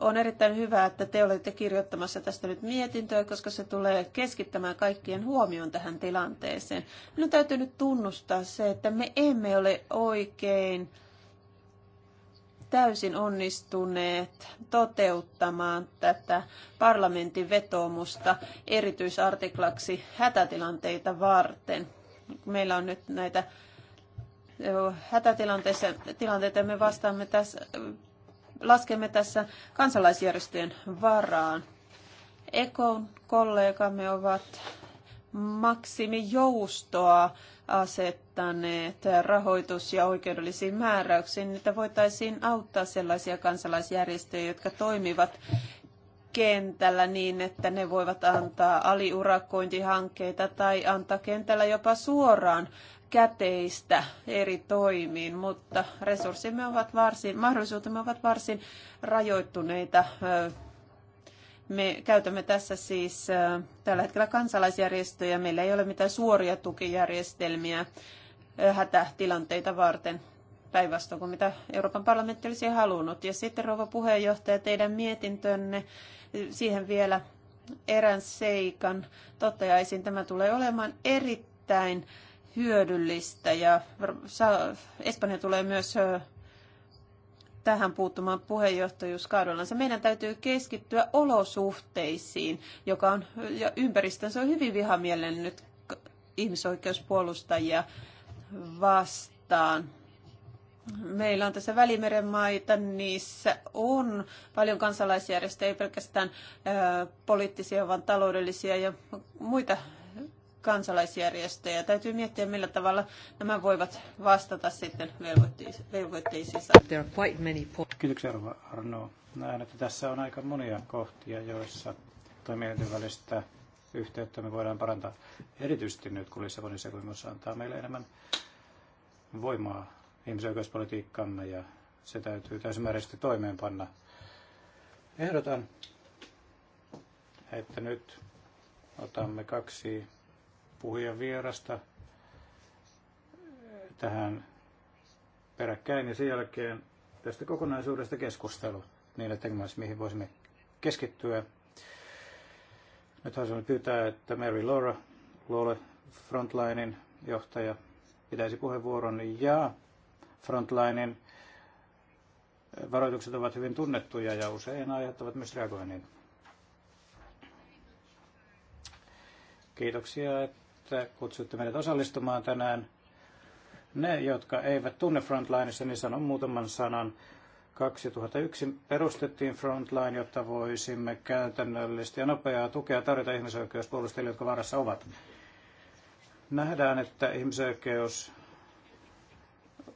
On erittäin hyvä, että te olette kirjoittamassa tästä nyt mietintöä, koska se tulee keskittämään kaikkien huomioon tähän tilanteeseen. Minun täytyy nyt tunnustaa se, että me emme ole oikein täysin onnistuneet toteuttamaan tätä parlamentin vetoomusta erityisartiklaksi hätätilanteita varten. Meillä on nyt näitä hätätilanteita, me vastaamme tässä laskemme tässä kansalaisjärjestöjen varaan. Ekon kollegamme ovat maksimijoustoa asettaneet rahoitus- ja oikeudellisiin määräyksiin, niin että voitaisiin auttaa sellaisia kansalaisjärjestöjä, jotka toimivat kentällä niin, että ne voivat antaa aliurakointihankkeita tai antaa kentällä jopa suoraan käteistä eri toimiin, mutta resurssimme ovat varsin, mahdollisuutemme ovat varsin rajoittuneita. Me käytämme tässä siis tällä hetkellä kansalaisjärjestöjä. Meillä ei ole mitään suoria tukijärjestelmiä hätätilanteita varten päinvastoin kuin mitä Euroopan parlamentti olisi halunnut. Ja sitten rouva puheenjohtaja, teidän mietintönne, siihen vielä erään seikan toteaisin. Tämä tulee olemaan erittäin hyödyllistä ja Espanja tulee myös tähän puuttumaan puheenjohtajuuskaudellansa. Meidän täytyy keskittyä olosuhteisiin, joka on, ja ympäristön se on hyvin vihamielinen nyt ihmisoikeuspuolustajia vastaan. Meillä on tässä Välimeren maita, niissä on paljon kansalaisjärjestöjä, ei pelkästään ää, poliittisia, vaan taloudellisia ja muita kansalaisjärjestöjä. Täytyy miettiä, millä tavalla nämä voivat vastata sitten velvoitteisiinsa. There Kiitoksia Arno. Näen, että tässä on aika monia kohtia, joissa toimijoiden välistä yhteyttä me voidaan parantaa. Erityisesti nyt, kun Lissabonin sopimus antaa meille enemmän voimaa ihmisoikeuspolitiikkamme ja se täytyy täysimääräisesti toimeenpanna. Ehdotan, että nyt otamme kaksi puhujan vierasta tähän peräkkäin ja sen jälkeen tästä kokonaisuudesta keskustelu niille tekemässä mihin voisimme keskittyä. Nyt haluaisin pyytää, että Mary Laura, Lole, Frontlinein johtaja, pitäisi puheenvuoron ja Frontlinein varoitukset ovat hyvin tunnettuja ja usein aiheuttavat myös reagoinnin. Kiitoksia, että että kutsuitte meidät osallistumaan tänään. Ne, jotka eivät tunne frontlineissa niin sanon muutaman sanan. 2001 perustettiin Frontline, jotta voisimme käytännöllisesti ja nopeaa tukea tarjota ihmisoikeuspuolustajille, jotka vaarassa ovat. Nähdään, että ihmisoikeus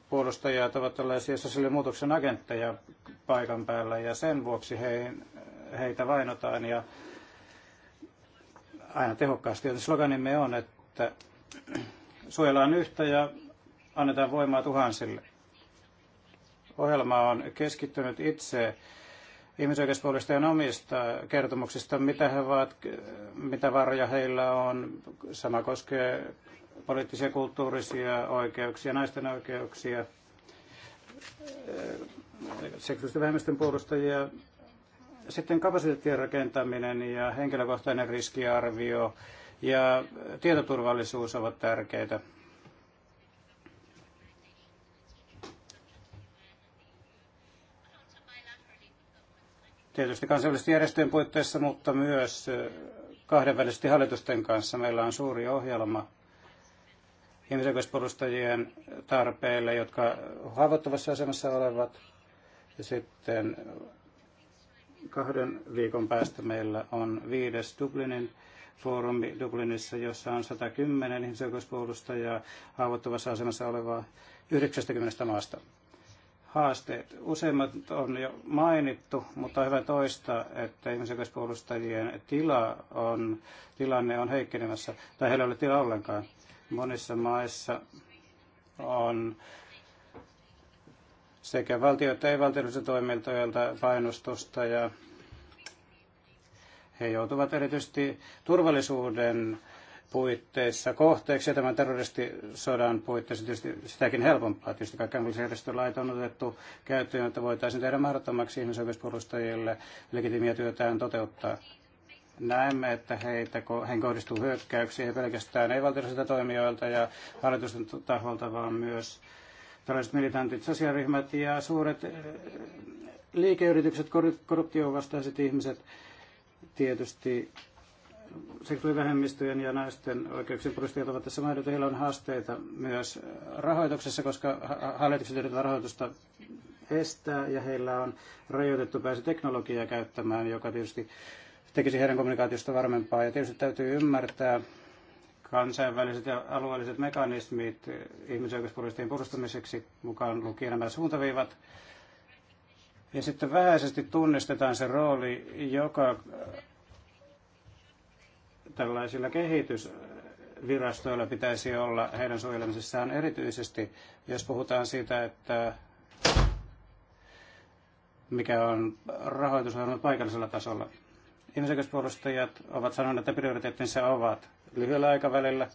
puolustajat ovat tällaisia muutoksen agentteja paikan päällä ja sen vuoksi he, heitä vainotaan ja aina tehokkaasti. sloganimme on, että että suojellaan yhtä ja annetaan voimaa tuhansille. Ohjelma on keskittynyt itse ihmisoikeuspuolustajien omista kertomuksista, mitä, he ovat, mitä varja heillä on. Sama koskee poliittisia kulttuurisia oikeuksia, naisten oikeuksia, seksuaalisten vähemmistön puolustajia. Sitten kapasiteettien rakentaminen ja henkilökohtainen riskiarvio, ja tietoturvallisuus ovat tärkeitä. Tietysti kansainvälisten järjestöjen puitteissa, mutta myös kahdenvälisesti hallitusten kanssa. Meillä on suuri ohjelma ihmisoikeuspuolustajien tarpeille, jotka haavoittuvassa asemassa olevat. Ja sitten kahden viikon päästä meillä on viides Dublinin foorumi Dublinissa, jossa on 110 ihmisoikeuspuolustajaa haavoittuvassa asemassa olevaa 90 maasta. Haasteet. Useimmat on jo mainittu, mutta on hyvä toistaa, että ihmisoikeuspuolustajien tila on, tilanne on heikkenemässä, tai heillä ei ole tila ollenkaan. Monissa maissa on sekä valtio- että ei-valtiollisilta toimintoilta painostusta ja he joutuvat erityisesti turvallisuuden puitteissa kohteeksi ja tämän terroristisodan puitteissa tietysti sitäkin helpompaa. Tietysti kaikki anglisjärjestölait on otettu käyttöön, että voitaisiin tehdä mahdottomaksi ihmisoikeuspuolustajille legitimiä työtään toteuttaa. Näemme, että heitä, heihin kohdistuu hyökkäyksiä pelkästään ei-valtiollisilta toimijoilta ja hallitusten taholta, vaan myös tällaiset militantit sosiaaliryhmät ja suuret eh, liikeyritykset, korruptiovastaiset ihmiset, Tietysti seksuaalivähemmistöjen ja naisten oikeuksien puolustajat ovat tässä mainittu. Heillä on haasteita myös rahoituksessa, koska hallitukset yritetään rahoitusta estää ja heillä on rajoitettu pääsy teknologiaa käyttämään, joka tietysti tekisi heidän kommunikaatiosta varmempaa. Ja tietysti täytyy ymmärtää kansainväliset ja alueelliset mekanismit ihmisoikeuspuolustajien puolustamiseksi, mukaan lukien nämä suuntaviivat, ja niin sitten vähäisesti tunnistetaan se rooli, joka äh, tällaisilla kehitysvirastoilla pitäisi olla heidän suojelemisessaan erityisesti, jos puhutaan siitä, että mikä on rahoitusohjelma paikallisella tasolla. Ihmisoikeuspuolustajat ovat sanoneet, että prioriteettinsa ovat lyhyellä aikavälillä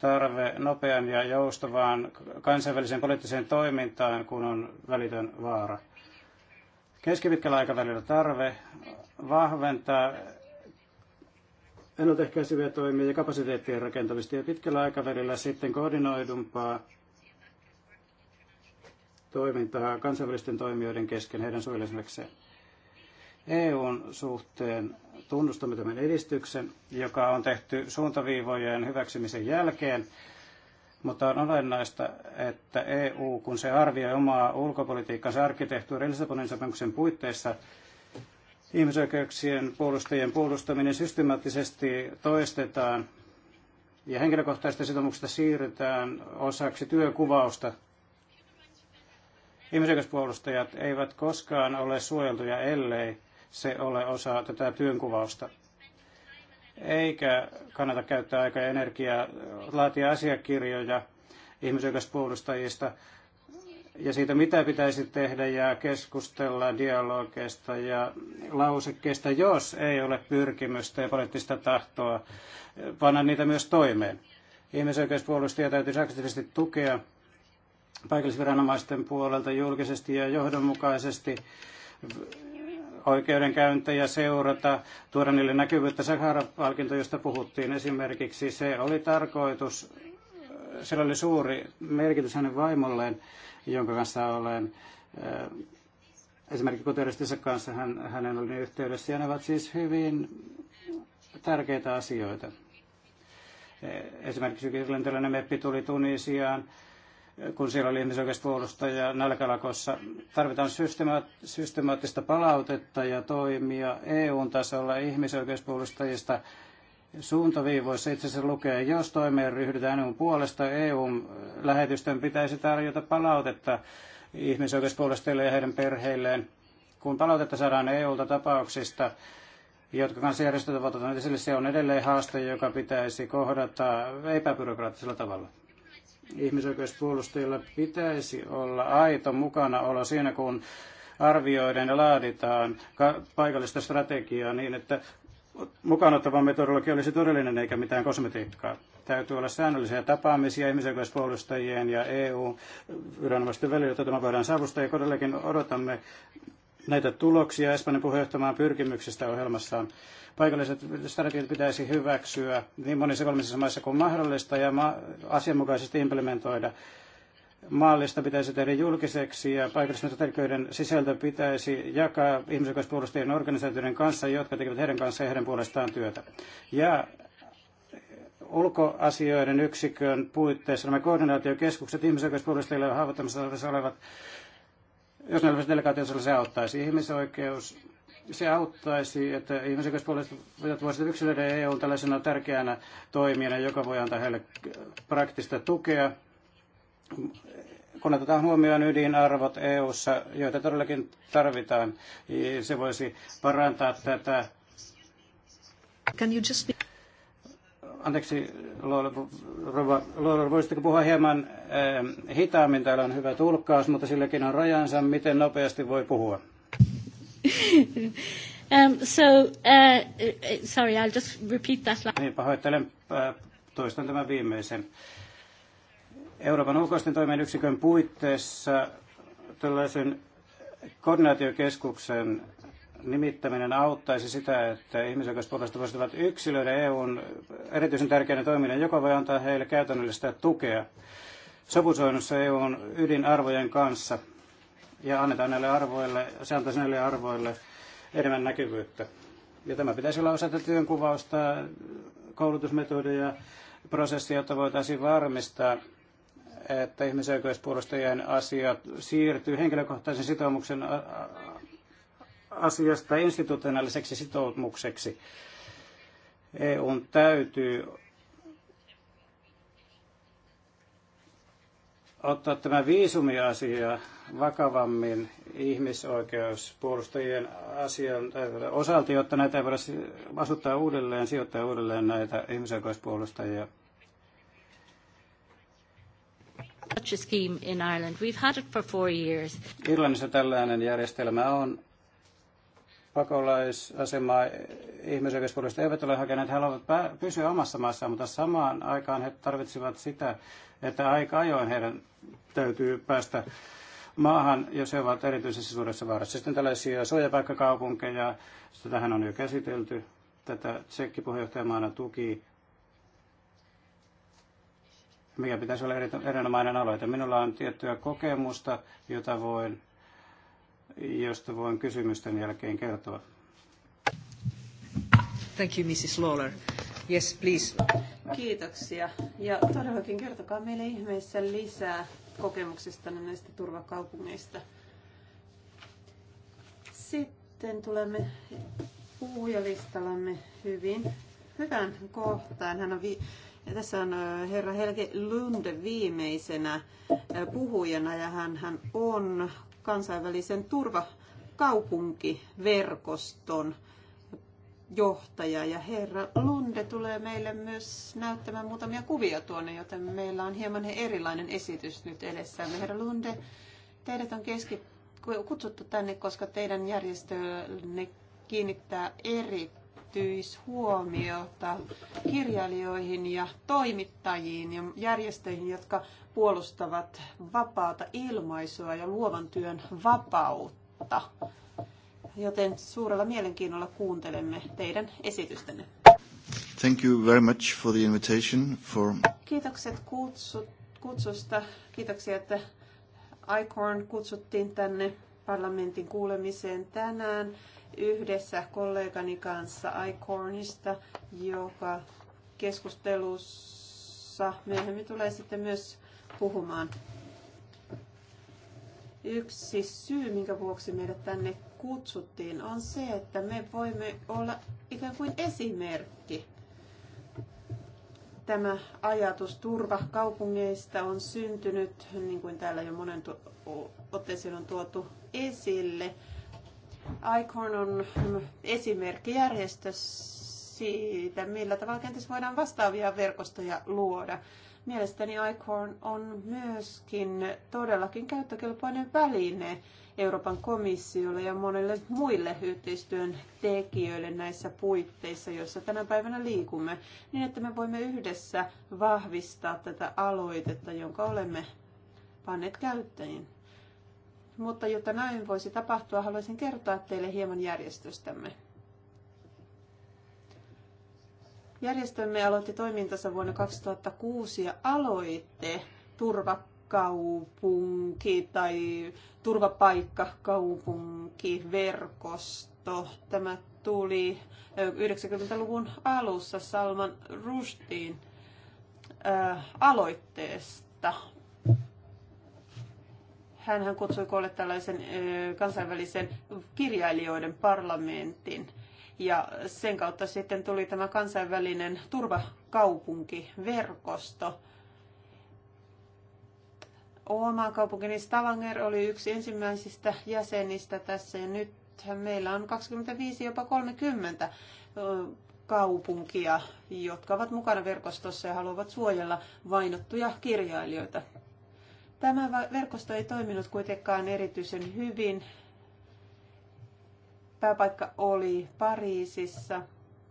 tarve nopean ja joustavaan kansainväliseen poliittiseen toimintaan, kun on välitön vaara – Keskipitkällä aikavälillä tarve vahventaa ennaltaehkäiseviä toimia ja kapasiteettien rakentamista ja pitkällä aikavälillä sitten koordinoidumpaa toimintaa kansainvälisten toimijoiden kesken heidän suojelemisekseen. EUn suhteen tunnustamme tämän edistyksen, joka on tehty suuntaviivojen hyväksymisen jälkeen, mutta on olennaista, että EU, kun se arvioi omaa ulkopolitiikkansa arkkitehtuuri Lissabonin sopimuksen puitteissa, ihmisoikeuksien puolustajien puolustaminen systemaattisesti toistetaan ja henkilökohtaisista sitoumuksista siirrytään osaksi työkuvausta. Ihmisoikeuspuolustajat eivät koskaan ole suojeltuja, ellei se ole osa tätä työnkuvausta eikä kannata käyttää aika energiaa laatia asiakirjoja ihmisoikeuspuolustajista ja siitä, mitä pitäisi tehdä ja keskustella dialogeista ja lausekkeista, jos ei ole pyrkimystä ja poliittista tahtoa panna niitä myös toimeen. Ihmisoikeuspuolustajia täytyy aktiivisesti tukea paikallisviranomaisten puolelta julkisesti ja johdonmukaisesti oikeudenkäyntejä seurata, tuoda niille näkyvyyttä. Sakharov-palkinto, josta puhuttiin esimerkiksi, se oli tarkoitus, sillä oli suuri merkitys hänen vaimolleen, jonka kanssa olen eh, esimerkiksi kotiaristinsa kanssa hän, hänen oli yhteydessä. Ja ne ovat siis hyvin tärkeitä asioita. Eh, esimerkiksi irlantilainen meppi tuli Tunisiaan kun siellä oli ja nälkälakossa. Tarvitaan systemaattista palautetta ja toimia EU-tasolla ihmisoikeuspuolustajista suuntaviivoissa itse asiassa lukee, jos toimeen ryhdytään EUn puolesta, eu lähetystön pitäisi tarjota palautetta ihmisoikeuspuolustajille ja heidän perheilleen. Kun palautetta saadaan EUlta tapauksista, jotka kansajärjestöt ovat ottaneet esille, se on edelleen haaste, joka pitäisi kohdata epäbyrokraattisella tavalla. Ihmisoikeuspuolustajilla pitäisi olla aito mukanaolo siinä, kun arvioiden ja laaditaan paikallista strategiaa niin, että mukaanottava metodologia olisi todellinen eikä mitään kosmetiikkaa. Täytyy olla säännöllisiä tapaamisia ihmisoikeuspuolustajien ja EU-viranomaisten välillä, jotta tämä voidaan saavuttaa. Ja todellakin odotamme näitä tuloksia Espanjan puheenjohtamaan pyrkimyksistä ohjelmassaan. Paikalliset strategiat pitäisi hyväksyä niin monissa kolmessa maissa kuin mahdollista ja ma- asianmukaisesti implementoida. Maallista pitäisi tehdä julkiseksi ja paikallisten strategioiden sisältö pitäisi jakaa ihmisoikeuspuolustajien organisaatioiden kanssa, jotka tekevät heidän kanssaan ja heidän puolestaan työtä. Ja ulkoasioiden yksikön puitteissa nämä koordinaatiokeskukset ihmisoikeuspuolustajille ja haavoittamassa olevat jos ne olisivat se auttaisi. Ihmisoikeus, se auttaisi, että ihmisoikeuspuolustajat voisivat yksilöiden EU tällaisena tärkeänä toimijana, joka voi antaa heille praktista tukea. Kun otetaan huomioon ydinarvot EU:ssa, joita todellakin tarvitaan, niin se voisi parantaa tätä. Can you just be... Anteeksi, Lola, voisitteko puhua hieman eh, hitaammin? Täällä on hyvä tulkkaus, mutta silläkin on rajansa. Miten nopeasti voi puhua? um, so, uh, uh, sorry, I'll just repeat that. Niin, pahoittelen, äh, toistan tämän viimeisen. Euroopan ulkoisten toimien yksikön puitteissa tällaisen koordinaatiokeskuksen nimittäminen auttaisi sitä, että ihmisoikeuspuolesta voisivat yksilöiden EUn erityisen tärkeänä toiminnan, joka voi antaa heille käytännöllistä tukea sopusoinnussa EUn ydinarvojen kanssa ja annetaan näille arvoille, se antaisi näille arvoille enemmän näkyvyyttä. Ja tämä pitäisi olla osa työnkuvausta, koulutusmetodeja, prosessia, jotta voitaisiin varmistaa, että ihmisoikeuspuolustajien asiat siirtyy henkilökohtaisen sitoumuksen asiasta institutionaaliseksi sitoumukseksi. EUn täytyy ottaa tämä viisumiasia vakavammin ihmisoikeuspuolustajien asian äh, osalta, jotta näitä ei voida asuttaa uudelleen, sijoittaa uudelleen näitä ihmisoikeuspuolustajia. Irlannissa tällainen järjestelmä on pakolaisasemaa ihmisoikeuspuolesta eivät ole hakeneet. He haluavat pysyä omassa maassaan, mutta samaan aikaan he tarvitsevat sitä, että aika ajoin heidän täytyy päästä maahan, jos he ovat erityisessä suuressa vaarassa. Sitten tällaisia suojapaikkakaupunkeja, tähän on jo käsitelty. Tätä Tsekki puheenjohtajamaana tuki mikä pitäisi olla erinomainen aloite. Minulla on tiettyä kokemusta, jota voin josta voin kysymysten jälkeen kertoa. Thank you, Mrs. Lawler. Yes, please. Kiitoksia. Ja todellakin kertokaa meille ihmeessä lisää kokemuksista näistä turvakaupungeista. Sitten tulemme puhujalistallamme hyvin hyvän kohtaan. Hän on vi- ja tässä on herra Helge Lunde viimeisenä puhujana ja hän, hän on kansainvälisen turvakaupunkiverkoston johtaja ja herra Lunde tulee meille myös näyttämään muutamia kuvia tuonne, joten meillä on hieman erilainen esitys nyt edessämme. Herra Lunde, teidät on keski... kutsuttu tänne, koska teidän järjestönne kiinnittää eri erityishuomiota kirjailijoihin ja toimittajiin ja järjestöihin, jotka puolustavat vapaata ilmaisua ja luovan työn vapautta. Joten suurella mielenkiinnolla kuuntelemme teidän esitystänne. Thank you very much for the invitation for... Kiitokset kutsu, kutsusta. Kiitoksia, että ICORN kutsuttiin tänne parlamentin kuulemiseen tänään yhdessä kollegani kanssa iCornista, joka keskustelussa myöhemmin tulee sitten myös puhumaan. Yksi syy, minkä vuoksi meidät tänne kutsuttiin, on se, että me voimme olla ikään kuin esimerkki. Tämä ajatus turvakaupungeista on syntynyt, niin kuin täällä jo monen otteeseen on tuotu esille, ICORN on esimerkki järjestö siitä, millä tavalla kenties voidaan vastaavia verkostoja luoda. Mielestäni ICORN on myöskin todellakin käyttökelpoinen väline Euroopan komissiolle ja monille muille yhteistyön tekijöille näissä puitteissa, joissa tänä päivänä liikumme, niin että me voimme yhdessä vahvistaa tätä aloitetta, jonka olemme panneet käyttäjiin mutta jotta näin voisi tapahtua, haluaisin kertoa teille hieman järjestöstämme. Järjestömme aloitti toimintansa vuonna 2006 ja aloitte turvakaupunki tai verkosto Tämä tuli 90-luvun alussa Salman Rustin aloitteesta hän kutsui koolle tällaisen kansainvälisen kirjailijoiden parlamentin. Ja sen kautta sitten tuli tämä kansainvälinen turvakaupunkiverkosto. Oma kaupunkini Stavanger oli yksi ensimmäisistä jäsenistä tässä ja nyt meillä on 25 jopa 30 kaupunkia, jotka ovat mukana verkostossa ja haluavat suojella vainottuja kirjailijoita Tämä verkosto ei toiminut kuitenkaan erityisen hyvin. Pääpaikka oli Pariisissa,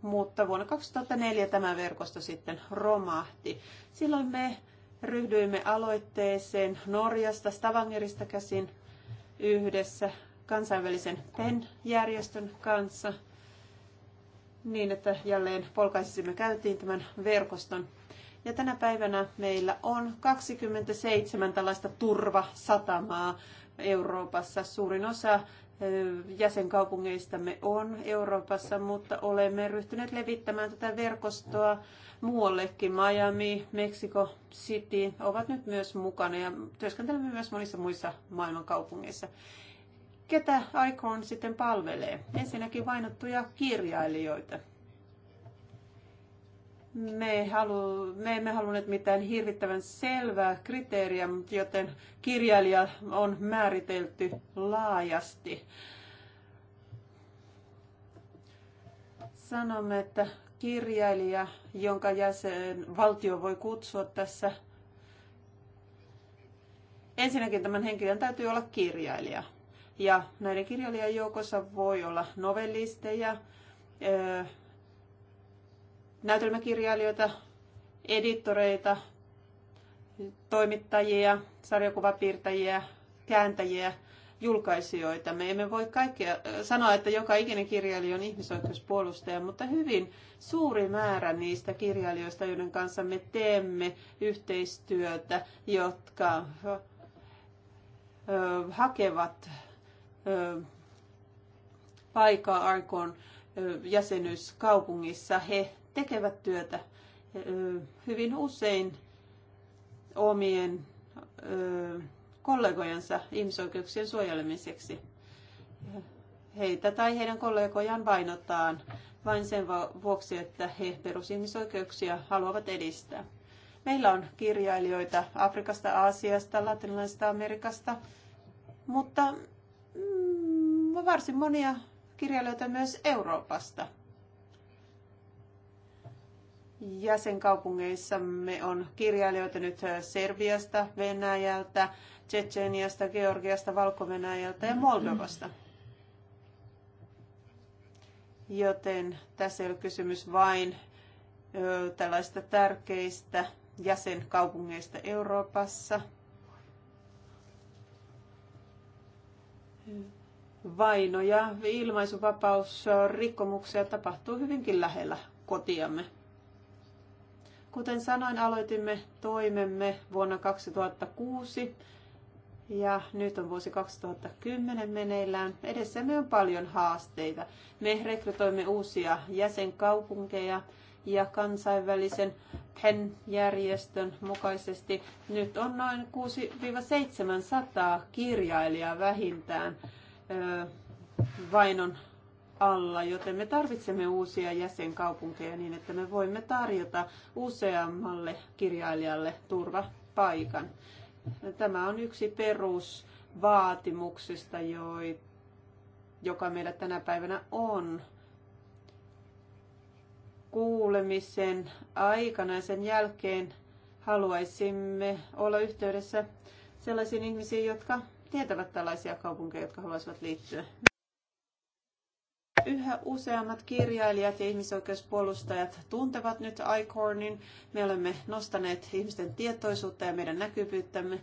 mutta vuonna 2004 tämä verkosto sitten romahti. Silloin me ryhdyimme aloitteeseen Norjasta, Stavangerista käsin yhdessä kansainvälisen PEN-järjestön kanssa niin, että jälleen polkaisimme käytiin tämän verkoston ja tänä päivänä meillä on 27 tällaista turvasatamaa Euroopassa. Suurin osa jäsenkaupungeistamme on Euroopassa, mutta olemme ryhtyneet levittämään tätä verkostoa muuallekin. Miami, Mexico City ovat nyt myös mukana ja työskentelemme myös monissa muissa maailman kaupungeissa. Ketä ICON sitten palvelee? Ensinnäkin vainottuja kirjailijoita me, halu, me emme halunneet mitään hirvittävän selvää kriteeriä, joten kirjailija on määritelty laajasti. Sanomme, että kirjailija, jonka jäsen valtio voi kutsua tässä. Ensinnäkin tämän henkilön täytyy olla kirjailija. Ja näiden kirjailijan joukossa voi olla novellisteja, näytelmäkirjailijoita, editoreita, toimittajia, sarjakuvapiirtäjiä, kääntäjiä, julkaisijoita. Me emme voi kaikkea sanoa, että joka ikinen kirjailija on ihmisoikeuspuolustaja, mutta hyvin suuri määrä niistä kirjailijoista, joiden kanssa me teemme yhteistyötä, jotka hakevat paikaa Arkon jäsenyyskaupungissa he tekevät työtä hyvin usein omien kollegojensa ihmisoikeuksien suojelemiseksi. Heitä tai heidän kollegojaan vainotaan vain sen vuoksi, että he perusihmisoikeuksia haluavat edistää. Meillä on kirjailijoita Afrikasta, Aasiasta, Latinalaisesta Amerikasta, mutta mm, varsin monia kirjailijoita myös Euroopasta – Jäsenkaupungeissamme on kirjailijoita nyt äh, Serbiasta, Venäjältä, Tsetseniasta, Georgiasta, Valko-Venäjältä ja Moldovasta. Joten tässä ei ole kysymys vain tällaista tärkeistä jäsenkaupungeista Euroopassa, vainoja, ilmaisuvapausrikkomuksia tapahtuu hyvinkin lähellä kotiamme. Kuten sanoin, aloitimme toimemme vuonna 2006 ja nyt on vuosi 2010 meneillään. Edessämme on paljon haasteita. Me rekrytoimme uusia jäsenkaupunkeja ja kansainvälisen PEN-järjestön mukaisesti nyt on noin 6-700 kirjailijaa vähintään vainon alla, joten me tarvitsemme uusia jäsenkaupunkeja niin, että me voimme tarjota useammalle kirjailijalle turvapaikan. Tämä on yksi perusvaatimuksista, joka meillä tänä päivänä on kuulemisen aikana ja sen jälkeen haluaisimme olla yhteydessä sellaisiin ihmisiin, jotka tietävät tällaisia kaupunkeja, jotka haluaisivat liittyä. Yhä useammat kirjailijat ja ihmisoikeuspuolustajat tuntevat nyt ICORNin. Me olemme nostaneet ihmisten tietoisuutta ja meidän näkyvyyttämme,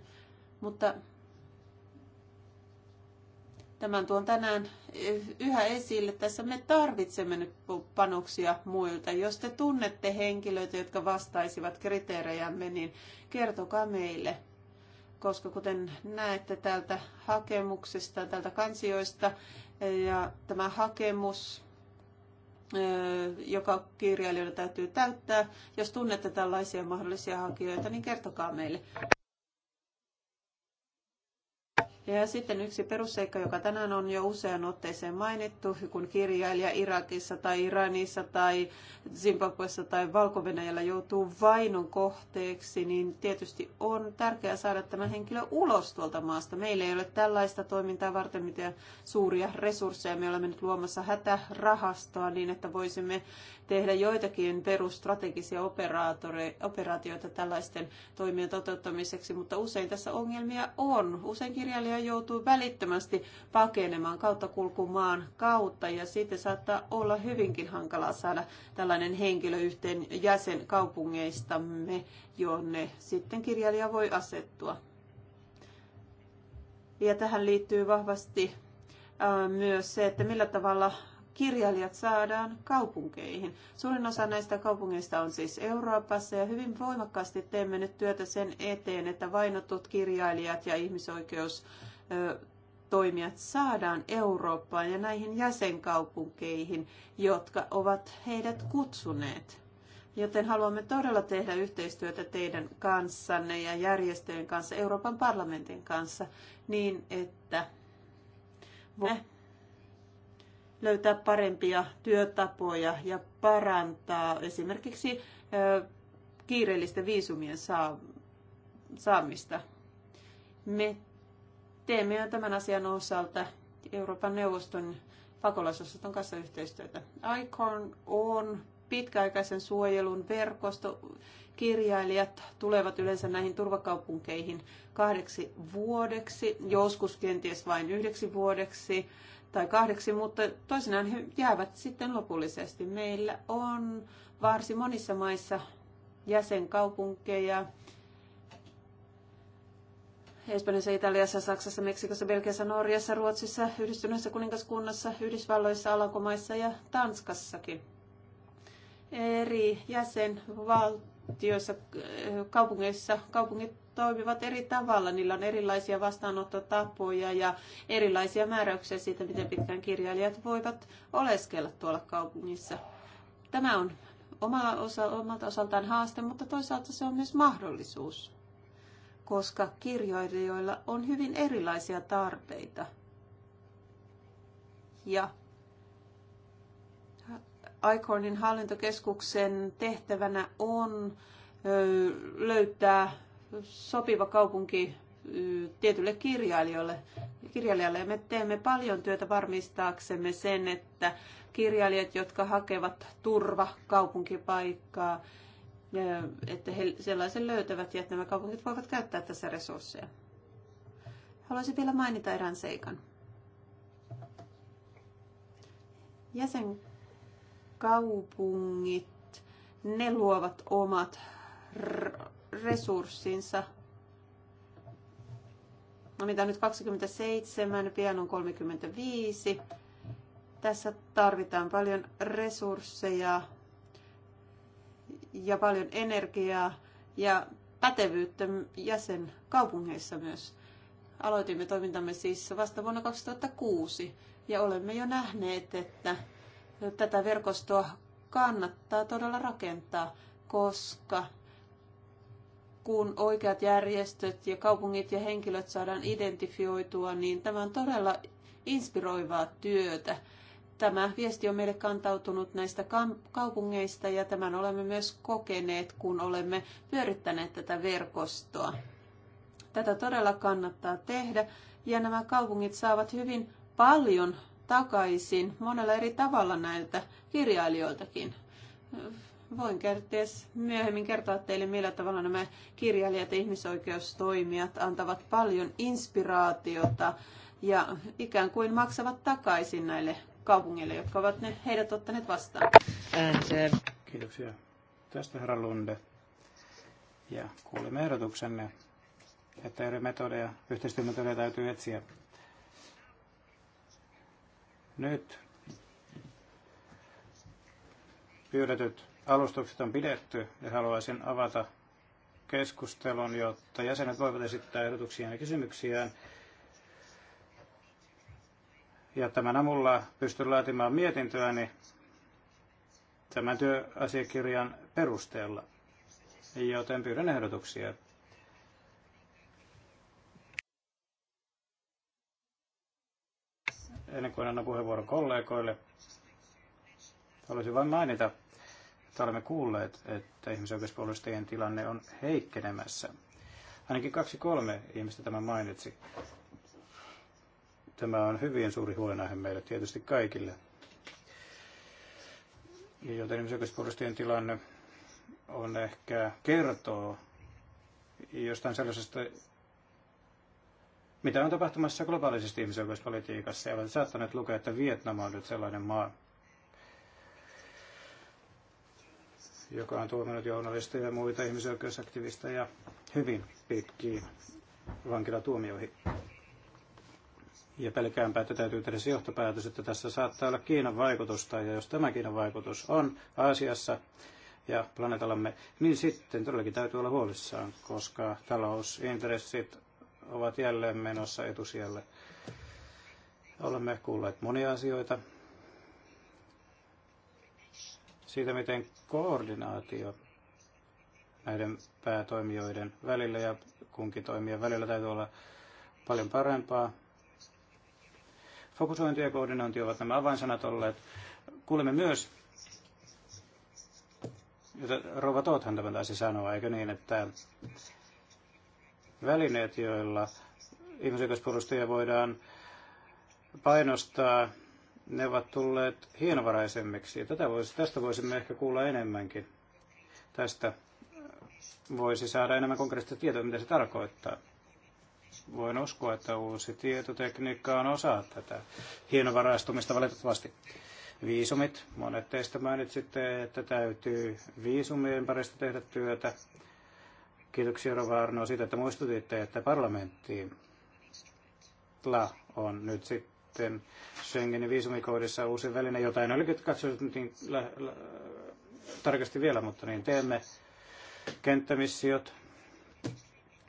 mutta tämän tuon tänään yhä esille. Tässä me tarvitsemme nyt panoksia muilta. Jos te tunnette henkilöitä, jotka vastaisivat kriteerejämme, niin kertokaa meille. Koska kuten näette täältä hakemuksesta, tältä kansioista, ja tämä hakemus, joka kirjailijoilla täytyy täyttää. Jos tunnette tällaisia mahdollisia hakijoita, niin kertokaa meille. Ja sitten yksi perusseikka, joka tänään on jo usean otteeseen mainittu, kun kirjailija Irakissa tai Iranissa tai Zimbabwessa tai valko joutuu vainon kohteeksi, niin tietysti on tärkeää saada tämä henkilö ulos tuolta maasta. Meillä ei ole tällaista toimintaa varten mitään suuria resursseja. Me olemme nyt luomassa hätärahastoa niin, että voisimme tehdä joitakin perustrategisia operaatioita tällaisten toimien toteuttamiseksi, mutta usein tässä ongelmia on. Usein kirjailija joutuu välittömästi pakenemaan kautta kulkumaan kautta ja sitten saattaa olla hyvinkin hankalaa saada tällainen henkilö yhteen jäsen kaupungeistamme, jonne sitten kirjailija voi asettua. Ja tähän liittyy vahvasti myös se, että millä tavalla kirjailijat saadaan kaupunkeihin. Suurin osa näistä kaupungeista on siis Euroopassa ja hyvin voimakkaasti teemme nyt työtä sen eteen, että vainotut kirjailijat ja ihmisoikeus toimijat saadaan Eurooppaan ja näihin jäsenkaupunkeihin, jotka ovat heidät kutsuneet. Joten haluamme todella tehdä yhteistyötä teidän kanssanne ja järjestöjen kanssa, Euroopan parlamentin kanssa, niin että me löytää parempia työtapoja ja parantaa esimerkiksi kiireellisten viisumien saamista. Me teemme jo tämän asian osalta Euroopan neuvoston pakolaisosaston kanssa yhteistyötä. ICORN on pitkäaikaisen suojelun verkosto. Kirjailijat tulevat yleensä näihin turvakaupunkeihin kahdeksi vuodeksi, joskus kenties vain yhdeksi vuodeksi tai kahdeksi, mutta toisinaan he jäävät sitten lopullisesti. Meillä on varsin monissa maissa jäsenkaupunkeja. Espanjassa, Italiassa, Saksassa, Meksikossa, Belgiassa, Norjassa, Ruotsissa, Yhdistyneessä kuningaskunnassa, Yhdysvalloissa, Alankomaissa ja Tanskassakin. Eri jäsenvaltioissa joissa eh, kaupungeissa, kaupungit toimivat eri tavalla. Niillä on erilaisia vastaanottotapoja ja erilaisia määräyksiä siitä, miten pitkään kirjailijat voivat oleskella tuolla kaupungissa. Tämä on oma osa, omalta osaltaan haaste, mutta toisaalta se on myös mahdollisuus, koska kirjailijoilla on hyvin erilaisia tarpeita. Ja ICORNin hallintokeskuksen tehtävänä on löytää sopiva kaupunki tietylle kirjailijoille, kirjailijalle. Me teemme paljon työtä varmistaaksemme sen, että kirjailijat, jotka hakevat turva kaupunkipaikkaa, että he sellaisen löytävät ja että nämä kaupungit voivat käyttää tässä resursseja. Haluaisin vielä mainita erään seikan. Jäsen, kaupungit, ne luovat omat resurssinsa. No mitä nyt 27, pian on 35. Tässä tarvitaan paljon resursseja ja paljon energiaa ja pätevyyttä jäsen kaupungeissa myös. Aloitimme toimintamme siis vasta vuonna 2006 ja olemme jo nähneet, että tätä verkostoa kannattaa todella rakentaa, koska kun oikeat järjestöt ja kaupungit ja henkilöt saadaan identifioitua, niin tämä on todella inspiroivaa työtä. Tämä viesti on meille kantautunut näistä kaupungeista ja tämän olemme myös kokeneet, kun olemme pyörittäneet tätä verkostoa. Tätä todella kannattaa tehdä ja nämä kaupungit saavat hyvin paljon takaisin monella eri tavalla näiltä kirjailijoiltakin. Voin kenties myöhemmin kertoa teille, millä tavalla nämä kirjailijat ja ihmisoikeustoimijat antavat paljon inspiraatiota ja ikään kuin maksavat takaisin näille kaupungeille, jotka ovat ne, heidät ottaneet vastaan. Uh, Kiitoksia tästä herra Lunde. Ja kuulimme ehdotuksenne, että eri metodeja, yhteistyömetodeja täytyy etsiä nyt pyydetyt alustukset on pidetty ja haluaisin avata keskustelun, jotta jäsenet voivat esittää ehdotuksiaan ja kysymyksiään. Ja tämän aamulla pystyn laatimaan mietintöäni tämän työasiakirjan perusteella, joten pyydän ehdotuksia. ennen kuin annan puheenvuoron kollegoille, haluaisin vain mainita, että olemme kuulleet, että ihmisoikeuspuolustajien tilanne on heikkenemässä. Ainakin kaksi kolme ihmistä tämä mainitsi. Tämä on hyvin suuri huolenaihe meille tietysti kaikille. Joten ihmisoikeuspuolustajien tilanne on ehkä kertoo jostain sellaisesta mitä on tapahtumassa globaalisesti ihmisoikeuspolitiikassa? Ja olen saattanut lukea, että Vietnam on nyt sellainen maa, joka on tuominut journalisteja ja muita ihmisoikeusaktivisteja hyvin pitkiin vankilatuomioihin. Ja pelkäänpä, että täytyy tehdä se johtopäätös, että tässä saattaa olla Kiinan vaikutusta, ja jos tämä Kiinan vaikutus on Aasiassa ja planeetallamme, niin sitten todellakin täytyy olla huolissaan, koska talousintressit ovat jälleen menossa etusijalle. Olemme kuulleet monia asioita siitä, miten koordinaatio näiden päätoimijoiden välillä ja kunkin toimijan välillä täytyy olla paljon parempaa. Fokusointi ja koordinointi ovat nämä avainsanat olleet. Kuulemme myös, jota Rova Toothan tämän taisi sanoa, eikö niin, että välineet, joilla ihmisoikeuspuolustajia voidaan painostaa, ne ovat tulleet hienovaraisemmiksi. Tätä voisi, tästä voisimme ehkä kuulla enemmänkin. Tästä voisi saada enemmän konkreettista tietoa, mitä se tarkoittaa. Voin uskoa, että uusi tietotekniikka on osa tätä hienovaraistumista valitettavasti. Viisumit. Monet teistä mainitsitte, että täytyy viisumien parista tehdä työtä. Kiitoksia Rova Arno siitä, että muistutitte, että parlamentilla on nyt sitten Schengenin viisumikoodissa uusi väline, jota en olikin katsonut niin lä- lä- tarkasti vielä, mutta niin teemme kenttämissiot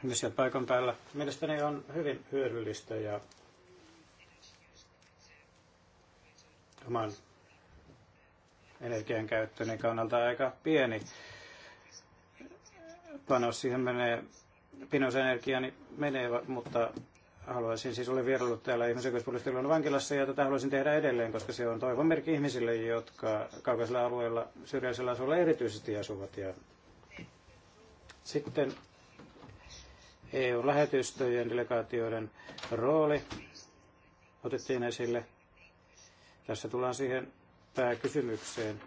myös siellä paikan päällä. Mielestäni on hyvin hyödyllistä ja oman energian käyttöni kannalta aika pieni panos siihen menee, pinosenergia niin menee, mutta haluaisin, siis olen vierailut täällä ihmisoikeuspuolustelun vankilassa ja tätä haluaisin tehdä edelleen, koska se on toivon merkki ihmisille, jotka kaukaisella alueella, syrjäisellä asuilla erityisesti asuvat. Ja sitten EU-lähetystöjen delegaatioiden rooli otettiin esille. Tässä tullaan siihen pääkysymykseen,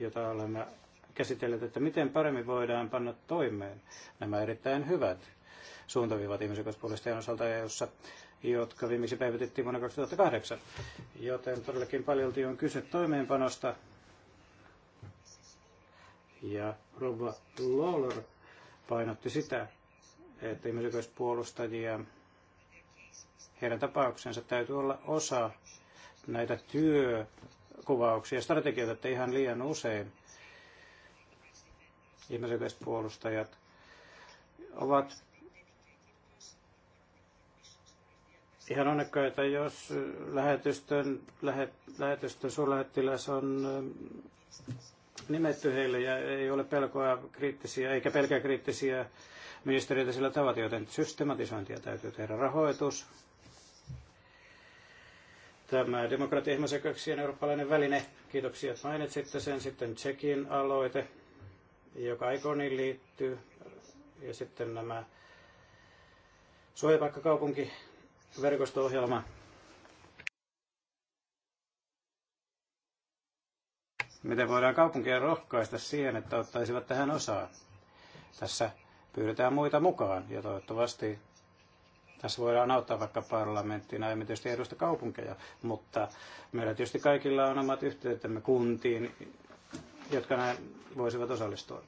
jota olemme käsitelleet, että miten paremmin voidaan panna toimeen nämä erittäin hyvät suuntaviivat ihmisoikeuspuolustajien osalta EU-ssa, jotka viimeksi päivitettiin vuonna 2008. Joten todellakin paljolti on kyse toimeenpanosta. Ja Rova Lawler painotti sitä, että ihmisoikeuspuolustajia, heidän tapauksensa täytyy olla osa näitä työkuvauksia ja strategioita, että ihan liian usein puolustajat ovat ihan onnekkaita, jos lähetystön, lähet, lähetystön suurlähettiläs on ähm, nimetty heille ja ei ole pelkoa kriittisiä, eikä pelkää kriittisiä ministeriöitä sillä tavalla, joten systematisointia täytyy tehdä rahoitus. Tämä demokratia- ja ihmisoikeuksien eurooppalainen väline, kiitoksia, että mainitsitte sen. Sitten Tsekin aloite, joka ikoniin liittyy, ja sitten nämä suojapaikkakaupunki verkosto-ohjelma. Miten voidaan kaupunkia rohkaista siihen, että ottaisivat tähän osaa? Tässä pyydetään muita mukaan ja toivottavasti tässä voidaan auttaa vaikka parlamenttina, emme tietysti edusta kaupunkeja, mutta meillä tietysti kaikilla on omat yhteytemme kuntiin, jotka näin voisivat osallistua.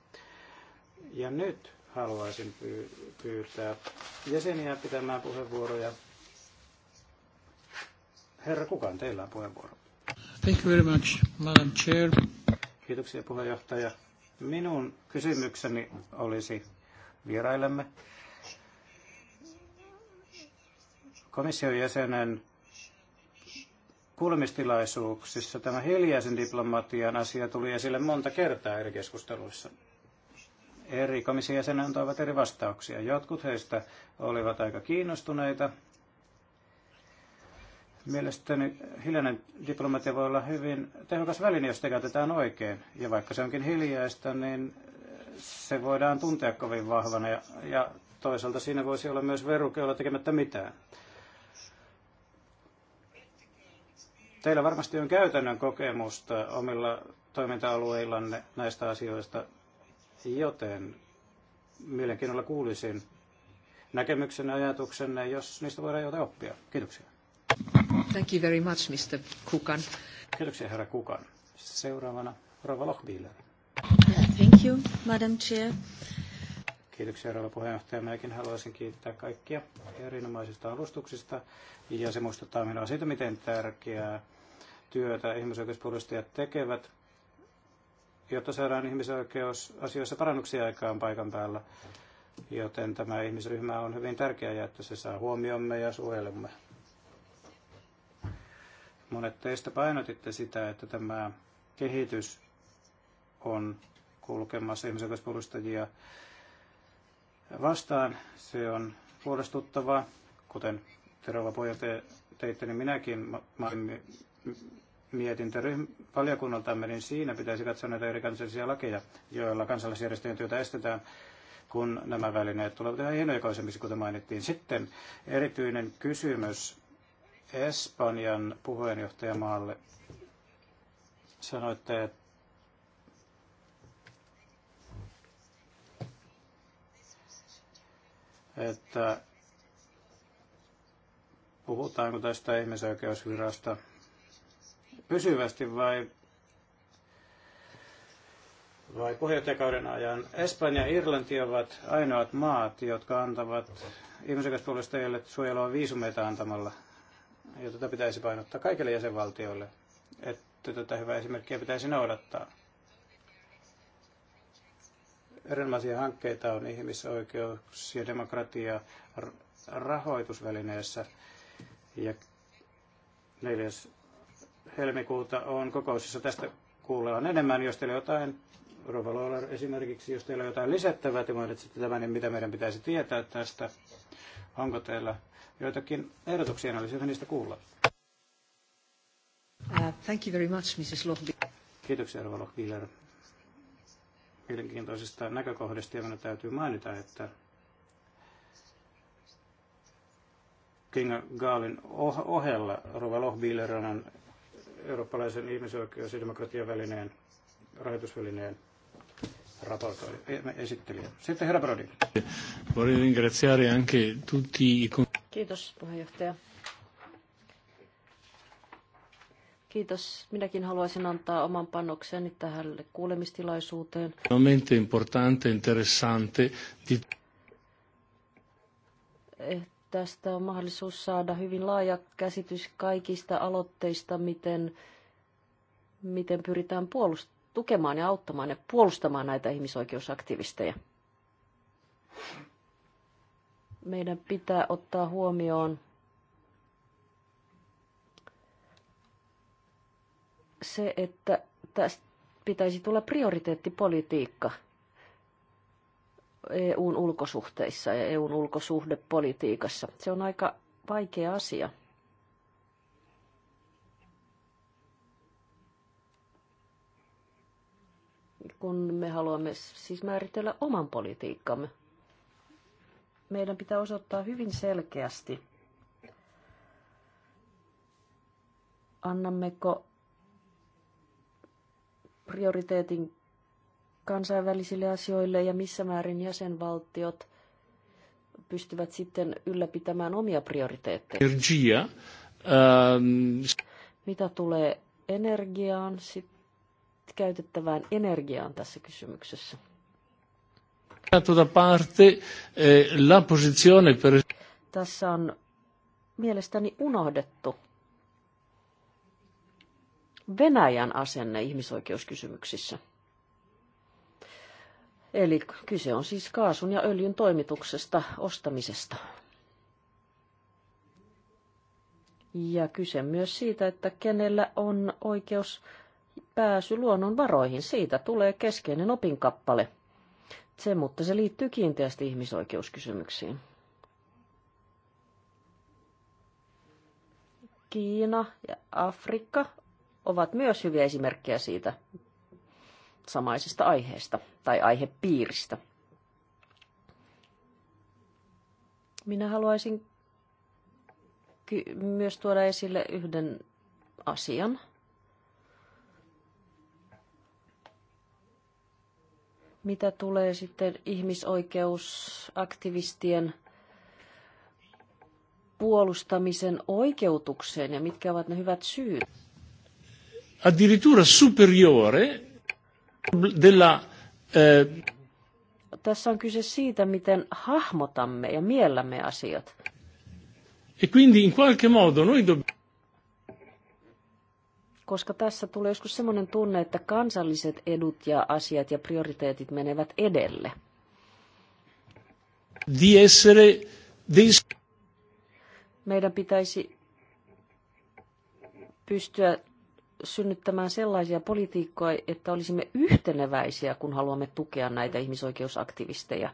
Ja nyt haluaisin pyytää jäseniä pitämään puheenvuoroja. Herra on teillä on puheenvuoro. Thank you very much, Madam Chair. Kiitoksia puheenjohtaja. Minun kysymykseni olisi vierailemme komission jäsenen kuulemistilaisuuksissa tämä hiljaisen diplomatian asia tuli esille monta kertaa eri keskusteluissa. Eri komission jäsenet antoivat eri vastauksia. Jotkut heistä olivat aika kiinnostuneita. Mielestäni hiljainen diplomatia voi olla hyvin tehokas väline, jos sitä käytetään oikein. Ja vaikka se onkin hiljaista, niin se voidaan tuntea kovin vahvana ja, ja toisaalta siinä voisi olla myös veruke olla tekemättä mitään. Teillä varmasti on käytännön kokemusta omilla toiminta-alueillanne näistä asioista, joten mielenkiinnolla kuulisin näkemyksenne, ajatuksenne, jos niistä voidaan jotain oppia. Kiitoksia. Thank you very much, Mr. Kukan. Kiitoksia, herra Kukan. Seuraavana Rova Lochbieler. Thank you, Madam Chair. Kiitoksia rouva puheenjohtaja. Minäkin haluaisin kiittää kaikkia erinomaisista alustuksista ja se muistuttaa minua siitä, miten tärkeää työtä ihmisoikeuspuolustajat tekevät, jotta saadaan ihmisoikeusasioissa parannuksia aikaan paikan päällä. Joten tämä ihmisryhmä on hyvin tärkeä ja että se saa huomiomme ja suojelumme. Monet teistä painotitte sitä, että tämä kehitys on kulkemassa ihmisoikeuspuolustajia vastaan. Se on huolestuttavaa, kuten Terova pojat teitte, niin minäkin mietintö valiokunnaltamme, niin siinä pitäisi katsoa näitä eri kansallisia lakeja, joilla kansalaisjärjestöjen työtä estetään, kun nämä välineet tulevat ihan hienojakoisemmiksi, kuten mainittiin. Sitten erityinen kysymys Espanjan puheenjohtajamaalle. Sanoitte, että että puhutaanko tästä ihmisoikeusvirasta pysyvästi vai, vai puheenjohtajakauden ajan. Espanja ja Irlanti ovat ainoat maat, jotka antavat ihmisoikeuspuolustajille suojelua viisumeita antamalla. Ja tätä pitäisi painottaa kaikille jäsenvaltioille, että tätä hyvää esimerkkiä pitäisi noudattaa. Erilaisia hankkeita on ihmisoikeus ja demokratia rahoitusvälineessä ja neljäs helmikuuta on kokousissa tästä kuullaan enemmän. Jos teillä jotain, Rova Lohler esimerkiksi, jos teillä jotain lisättävää, te mainitsitte tämän, niin mitä meidän pitäisi tietää tästä. Onko teillä joitakin ehdotuksia, olisi hyvä niistä kuulla. Uh, thank you very much, Mrs. Kiitoksia, Rova Lohler. Mielenkiintoisesta näkökohdasta, ja täytyy mainita, että Kinga Gaalin oh-, ohella Rova Lohbiler on eurooppalaisen ihmisoikeus- ja demokratiavälineen rahoitusvälineen raportoi, e- esittelijä. Sitten herra Brodin. Kiitos puheenjohtaja. Kiitos. Minäkin haluaisin antaa oman panokseni tähän kuulemistilaisuuteen. Momento importante, interessante. Di... Eh, Tästä on mahdollisuus saada hyvin laaja käsitys kaikista aloitteista, miten, miten pyritään puolust- tukemaan ja auttamaan ja puolustamaan näitä ihmisoikeusaktivisteja. Meidän pitää ottaa huomioon se, että tästä pitäisi tulla prioriteettipolitiikka – EUn ulkosuhteissa ja EUn ulkosuhdepolitiikassa. Se on aika vaikea asia. kun me haluamme siis määritellä oman politiikkamme. Meidän pitää osoittaa hyvin selkeästi, annammeko prioriteetin kansainvälisille asioille ja missä määrin jäsenvaltiot pystyvät sitten ylläpitämään omia prioriteetteja. Energia, ähm, Mitä tulee energiaan, sit käytettävään energiaan tässä kysymyksessä? Tuota eh, tässä on mielestäni unohdettu Venäjän asenne ihmisoikeuskysymyksissä. Eli kyse on siis kaasun ja öljyn toimituksesta, ostamisesta. Ja kyse myös siitä, että kenellä on oikeus pääsy luonnonvaroihin. Siitä tulee keskeinen opinkappale. Se, mutta se liittyy kiinteästi ihmisoikeuskysymyksiin. Kiina ja Afrikka ovat myös hyviä esimerkkejä siitä, samaisesta aiheesta tai aihepiiristä. Minä haluaisin myös tuoda esille yhden asian. Mitä tulee sitten ihmisoikeusaktivistien puolustamisen oikeutukseen ja mitkä ovat ne hyvät syyt? Addirittura superiore Della, eh... Tässä on kyse siitä, miten hahmotamme ja miellämme asiat. E quindi in qualche modo noi dobbiamo koska tässä tulee joskus semmoinen tunne, että kansalliset edut ja asiat ja prioriteetit menevät edelle. Di essere, Meidän pitäisi pystyä synnyttämään sellaisia politiikkoja, että olisimme yhteneväisiä, kun haluamme tukea näitä ihmisoikeusaktivisteja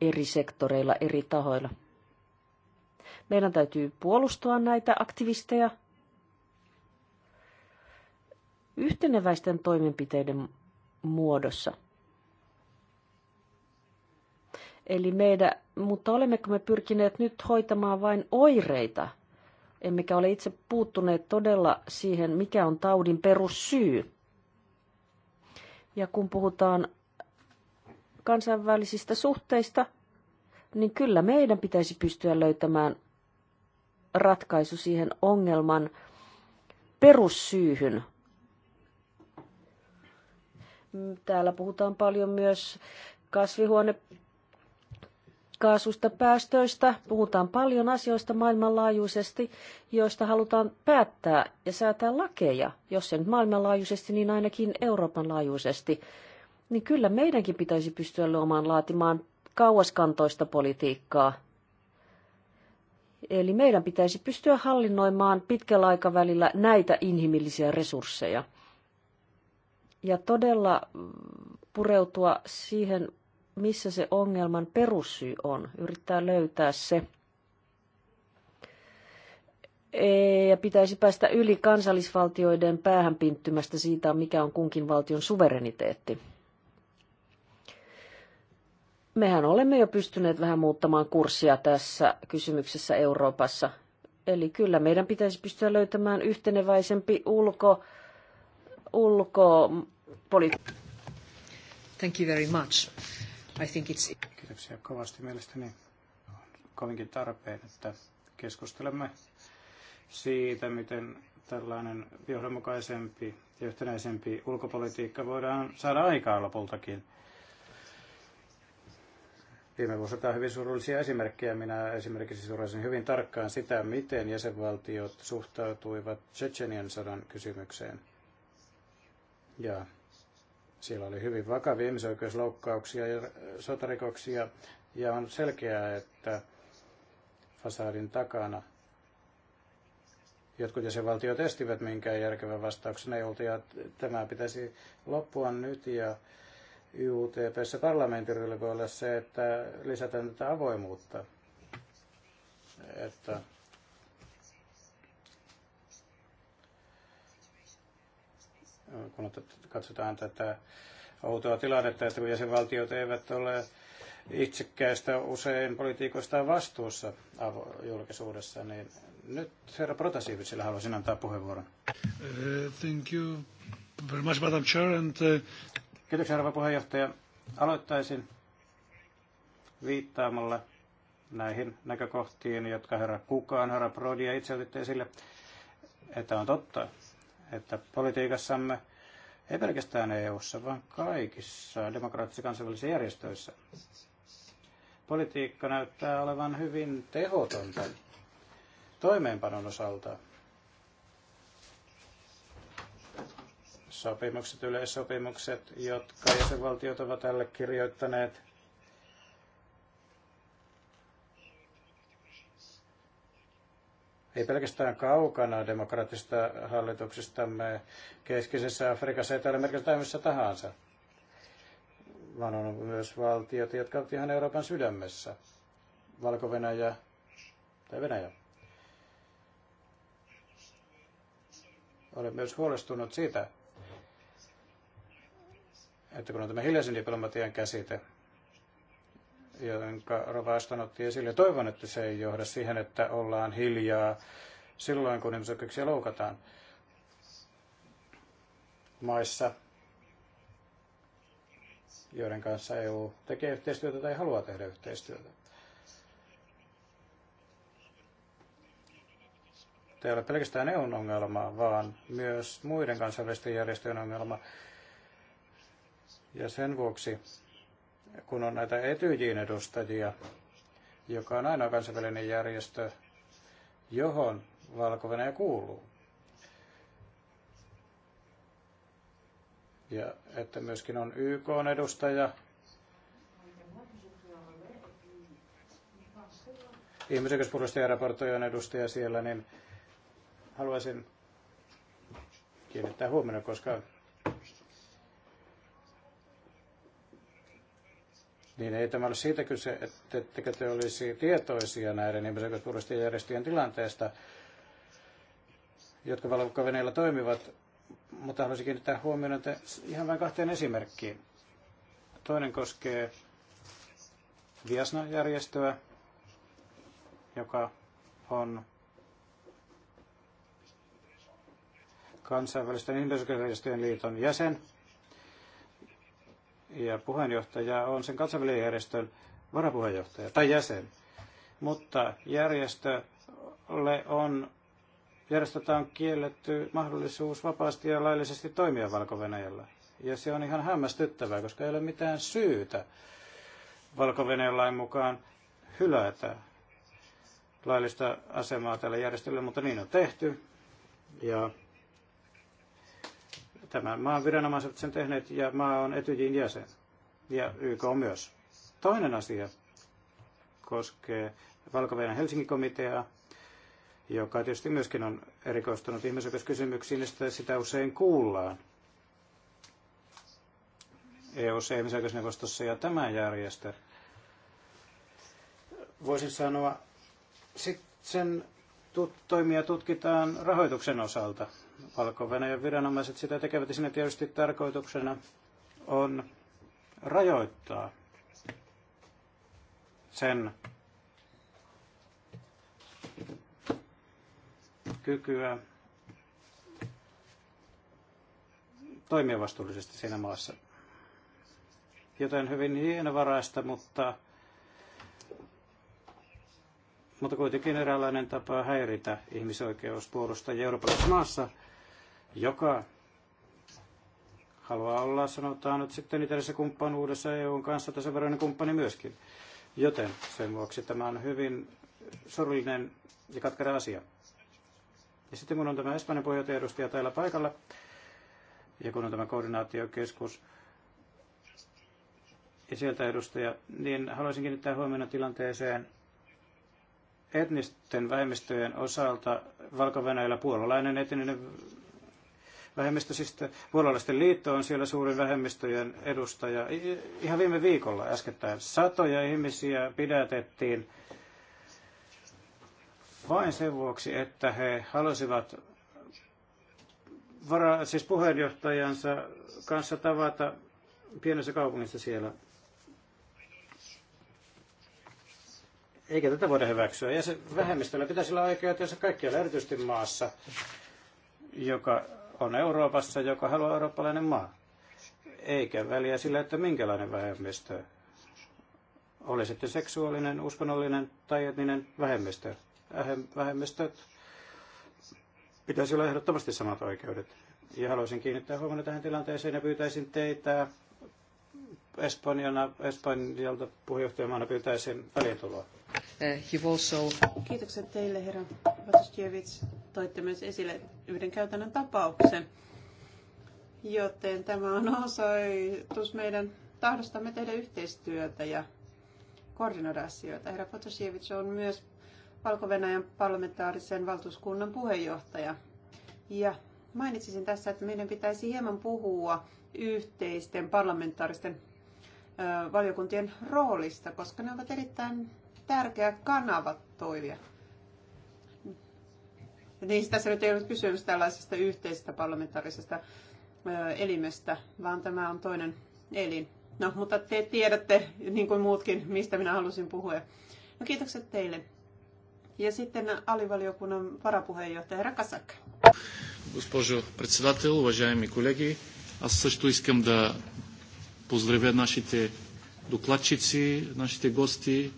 eri sektoreilla, eri tahoilla. Meidän täytyy puolustaa näitä aktivisteja yhteneväisten toimenpiteiden muodossa. Eli meidän, mutta olemmeko me pyrkineet nyt hoitamaan vain oireita – emmekä ole itse puuttuneet todella siihen, mikä on taudin perussyy. Ja kun puhutaan kansainvälisistä suhteista, niin kyllä meidän pitäisi pystyä löytämään ratkaisu siihen ongelman perussyyhyn. Täällä puhutaan paljon myös kasvihuone kasvihuonekaasusta, päästöistä. Puhutaan paljon asioista maailmanlaajuisesti, joista halutaan päättää ja säätää lakeja, jos sen maailmanlaajuisesti, niin ainakin Euroopan laajuisesti. Niin kyllä meidänkin pitäisi pystyä luomaan laatimaan kauaskantoista politiikkaa. Eli meidän pitäisi pystyä hallinnoimaan pitkällä aikavälillä näitä inhimillisiä resursseja. Ja todella mm, pureutua siihen missä se ongelman perussyy on, yrittää löytää se. E, ja pitäisi päästä yli kansallisvaltioiden päähänpinttymästä siitä, mikä on kunkin valtion suvereniteetti. Mehän olemme jo pystyneet vähän muuttamaan kurssia tässä kysymyksessä Euroopassa. Eli kyllä meidän pitäisi pystyä löytämään yhteneväisempi ulko, ulkopolitiikka. Thank you very much. I think it's... Kiitoksia kovasti. Mielestäni on kovinkin tarpeen, että keskustelemme siitä, miten tällainen johdonmukaisempi ja yhtenäisempi ulkopolitiikka voidaan saada aikaan lopultakin. Viime vuosilta on hyvin surullisia esimerkkejä. Minä esimerkiksi seurasin hyvin tarkkaan sitä, miten jäsenvaltiot suhtautuivat Chechenian sodan kysymykseen. Ja siellä oli hyvin vakavia ihmisoikeusloukkauksia ja sotarikoksia, ja on selkeää, että fasaadin takana jotkut jäsenvaltiot estivät minkään järkevän vastauksen ei oltu, ja tämä pitäisi loppua nyt, ja YUTPssä parlamentirille voi olla se, että lisätään tätä avoimuutta, että kun katsotaan tätä outoa tilannetta, että kun jäsenvaltiot eivät ole itsekkäistä usein politiikoista vastuussa julkisuudessa, niin nyt herra Protasiivisille haluaisin antaa puheenvuoron. Uh, thank you very much, Madam Chair. And, uh... Kiitoksia, herra puheenjohtaja. Aloittaisin viittaamalla näihin näkökohtiin, jotka herra Kukaan, herra Prodi ja itse otitte esille, että on totta, että politiikassamme, ei pelkästään EU-ssa, vaan kaikissa demokraattisissa kansainvälisissä järjestöissä, politiikka näyttää olevan hyvin tehotonta toimeenpanon osalta. Sopimukset, yleissopimukset, jotka jäsenvaltiot ovat allekirjoittaneet – ei pelkästään kaukana demokraattisista hallituksistamme keskisessä Afrikassa, Etelä-Amerikassa tai missä tahansa, vaan on myös valtiot, jotka ovat ihan Euroopan sydämessä, valko -Venäjä tai Venäjä. Olen myös huolestunut siitä, että kun on tämä hiljaisen diplomatian käsite, jonka Rovaston otti esille. Toivon, että se ei johda siihen, että ollaan hiljaa silloin, kun ihmisoikeuksia loukataan maissa, joiden kanssa EU tekee yhteistyötä tai haluaa tehdä yhteistyötä. Tämä ei ole pelkästään EUn ongelma, vaan myös muiden kansainvälisten järjestöjen ongelma. Ja sen vuoksi kun on näitä Etyjin edustajia, joka on ainoa kansainvälinen järjestö, johon valko kuuluu. Ja että myöskin on YK edustaja. Ihmisoikeuspuolustajan raportoijan edustaja siellä, niin haluaisin kiinnittää huomioon, koska niin ei tämä ole siitä kyse, että te olisi tietoisia näiden ihmisoikeuspuolustajien järjestöjen tilanteesta, jotka valokkaveneillä toimivat, mutta haluaisin kiinnittää huomioon että ihan vain kahteen esimerkkiin. Toinen koskee Viasna-järjestöä, joka on kansainvälisten ihmisoikeusjärjestöjen liiton jäsen – ja puheenjohtaja on sen kansainvälisen järjestön varapuheenjohtaja tai jäsen. Mutta järjestölle on, järjestötä on kielletty mahdollisuus vapaasti ja laillisesti toimia valko -Venäjällä. Ja se on ihan hämmästyttävää, koska ei ole mitään syytä valko lain mukaan hylätä laillista asemaa tälle järjestölle, mutta niin on tehty. Ja Tämän maan viranomaiset ovat sen tehneet ja maa on Etyjin jäsen ja YK on myös. Toinen asia koskee valko Helsingin komiteaa, joka tietysti myöskin on erikoistunut ihmisoikeuskysymyksiin, ja sitä, sitä usein kuullaan eu ihmisoikeusneuvostossa ja tämä järjestö. Voisin sanoa, sit sen tut, toimia tutkitaan rahoituksen osalta valko viranomaiset sitä tekevät ja siinä tietysti tarkoituksena on rajoittaa sen kykyä toimia vastuullisesti siinä maassa. Joten hyvin hienovaraista, mutta, mutta kuitenkin eräänlainen tapa häiritä ihmisoikeuspuolustajia Euroopan maassa – joka haluaa olla, sanotaan nyt sitten itäisessä kumppanuudessa EUn kanssa tasaveroinen kumppani myöskin. Joten sen vuoksi tämä on hyvin surullinen ja katkera asia. Ja sitten kun on tämä Espanjan puheenjohtaja täällä paikalla, ja kun on tämä koordinaatiokeskus, ja sieltä edustaja, niin haluaisin kiinnittää huomiota tilanteeseen etnisten vähemmistöjen osalta valko Puolalainen etninen siis Puolalaisten liitto on siellä suuri vähemmistöjen edustaja. Ihan viime viikolla äskettäin satoja ihmisiä pidätettiin vain sen vuoksi, että he halusivat vara, siis puheenjohtajansa kanssa tavata pienessä kaupungissa siellä. Eikä tätä voida hyväksyä. Ja se vähemmistöllä pitäisi olla oikeutensa kaikkialla, erityisesti maassa, joka on Euroopassa, joka haluaa eurooppalainen maa. Eikä väliä sillä, että minkälainen vähemmistö. Oli sitten seksuaalinen, uskonnollinen tai etninen vähemmistö. Vähemmistöt pitäisi olla ehdottomasti samat oikeudet. Ja haluaisin kiinnittää huomiota tähän tilanteeseen ja pyytäisin teitä Espanjana, Espanjalta puheenjohtajamaana pyytäisin väliintuloa. Eh, Kiitokset teille, herra Vatuskiewicz toitte myös esille yhden käytännön tapauksen. Joten tämä on osoitus meidän tahdostamme tehdä yhteistyötä ja koordinoida asioita. Herra Potosiewicz on myös Valko-Venäjän parlamentaarisen valtuuskunnan puheenjohtaja. Ja mainitsisin tässä, että meidän pitäisi hieman puhua yhteisten parlamentaaristen valiokuntien roolista, koska ne ovat erittäin tärkeä kanava toimia niin tässä nyt ei ollut kysymys tällaisesta yhteisestä parlamentaarisesta elimestä, vaan tämä on toinen elin. No, mutta te tiedätte, niin kuin muutkin, mistä minä halusin puhua. No, kiitokset teille. Ja sitten alivaliokunnan varapuheenjohtaja herra kasakka. Госпожо председател, уважаеми колеги, аз също искам да поздравя нашите докладчици, нашите гости,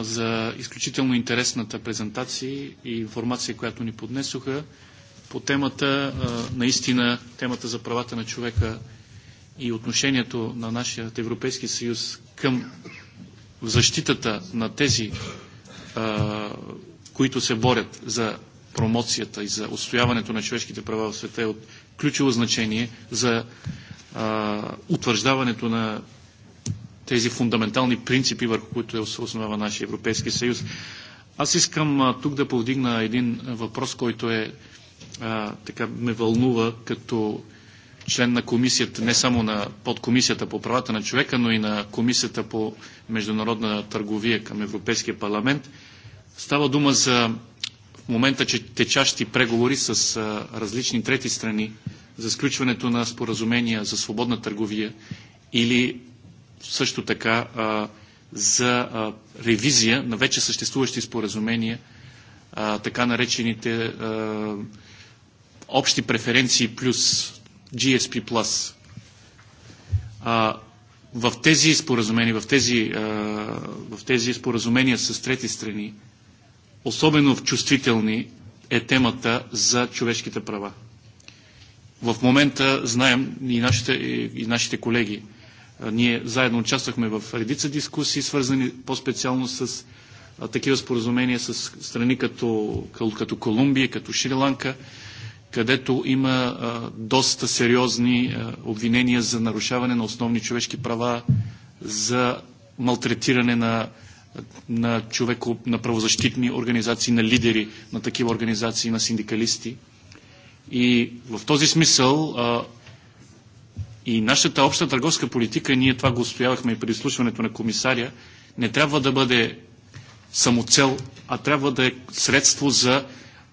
за изключително интересната презентация и информация, която ни поднесоха по темата, наистина темата за правата на човека и отношението на нашия Европейски съюз към защитата на тези, които се борят за промоцията и за отстояването на човешките права в света е от ключово значение за утвърждаването на тези фундаментални принципи, върху които е основава нашия Европейски съюз. Аз искам а, тук да повдигна един въпрос, който е а, така ме вълнува като член на комисията, не само на подкомисията по правата на човека, но и на комисията по международна търговия към Европейския парламент. Става дума за в момента, че течащи преговори с а, различни трети страни за сключването на споразумения за свободна търговия или също така а, за а, ревизия на вече съществуващи споразумения, а, така наречените а, общи преференции плюс GSP А, В тези споразумения, в тези, а, в тези споразумения с трети страни, особено в чувствителни е темата за човешките права. В момента знаем и нашите, и нашите колеги, Ние заедно участвахме в редица дискусии, свързани по-специално с такива споразумения с страни като, като Колумбия, като Шри-Ланка, където има доста сериозни обвинения за нарушаване на основни човешки права, за малтретиране на, на човеко, на правозащитни организации, на лидери на такива организации, на синдикалисти. И в този смисъл И нашата обща търговска политика, ние това го устоявахме и при изслушването на комисаря, не трябва да бъде самоцел, а трябва да е средство за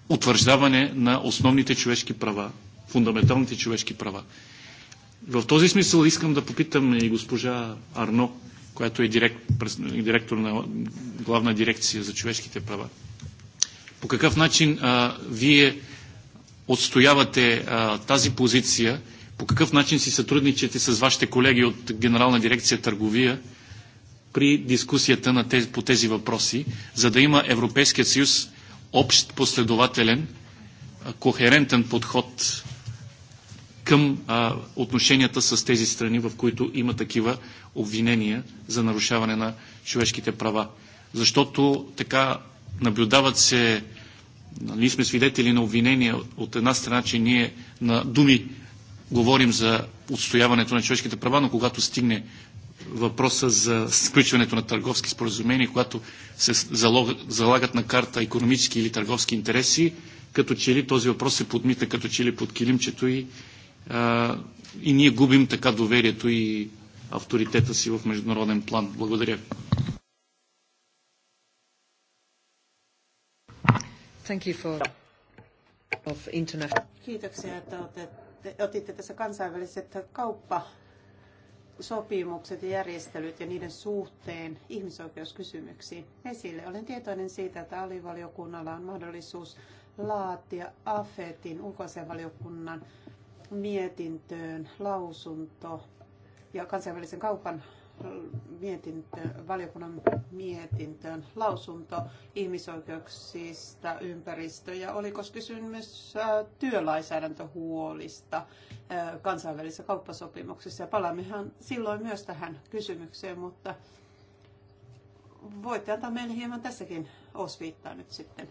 утвърждаване на основните човешки права, фундаменталните човешки права. В този смисъл искам да попитам и госпожа Арно, която е директ, директор на главна дирекция за човешките права. По какъв начин а, вие отстоявате а, тази позиция по какъв начин си сътрудничате с вашите колеги от Генерална дирекция търговия при дискусията на тези, по тези въпроси, за да има Европейския съюз общ, последователен, кохерентен подход към а, отношенията с тези страни, в които има такива обвинения за нарушаване на човешките права. Защото така наблюдават се, ние сме свидетели на обвинения от една страна, че ние на думи говорим за отстояването на човешките права, но когато стигне въпроса за сключването на търговски споразумения, когато се залагат на карта економически или търговски интереси, като че ли този въпрос се подмита, като че ли под килимчето и, а, и ние губим така доверието и авторитета си в международен план. Благодаря. Thank you for of international. Kiitoksia, että olette otatte, otitte tässä kansainväliset kauppasopimukset ja järjestelyt ja niiden suhteen ihmisoikeuskysymyksiin esille. Olen tietoinen siitä, että alivaliokunnalla on mahdollisuus laatia AFETin ulkoasianvaliokunnan mietintöön lausunto ja kansainvälisen kaupan mietintö, valiokunnan mietintöön lausunto ihmisoikeuksista, ympäristö ja oliko kysymys työlainsäädäntöhuolista kansainvälisissä kauppasopimuksissa. Ja palaammehan silloin myös tähän kysymykseen, mutta voitte antaa meille hieman tässäkin osviittaa nyt sitten.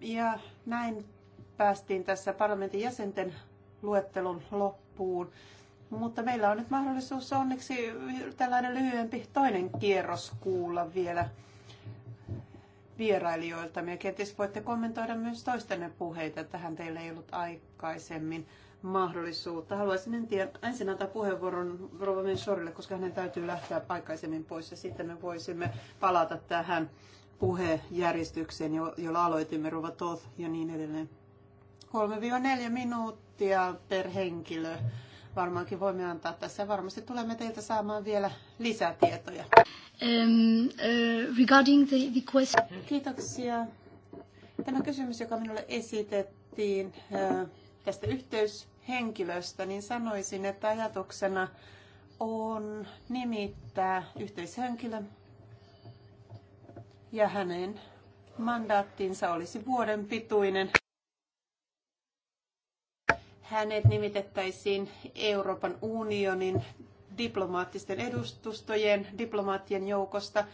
Ja näin päästiin tässä parlamentin jäsenten luettelun loppuun. Mutta meillä on nyt mahdollisuus onneksi tällainen lyhyempi toinen kierros kuulla vielä vierailijoilta. Ja kenties voitte kommentoida myös toistenne puheita. Tähän teille ei ollut aikaisemmin mahdollisuutta. Haluaisin en tiedä, ensin antaa puheenvuoron Rova Mensorille, koska hänen täytyy lähteä aikaisemmin pois ja sitten me voisimme palata tähän puhejärjestykseen, jolla aloitimme Rova Toth ja niin edelleen. 3-4 minuuttia per henkilö varmaankin voimme antaa tässä. Varmasti tulemme teiltä saamaan vielä lisätietoja. Um, uh, regarding the, the question... Kiitoksia. Tämä kysymys, joka minulle esitettiin uh, tästä yhteyshenkilöstä, niin sanoisin, että ajatuksena on nimittää yhteishenkilö ja hänen mandaattinsa olisi vuoden pituinen hänet nimitettäisiin Euroopan unionin diplomaattisten edustustojen, diplomaattien joukosta.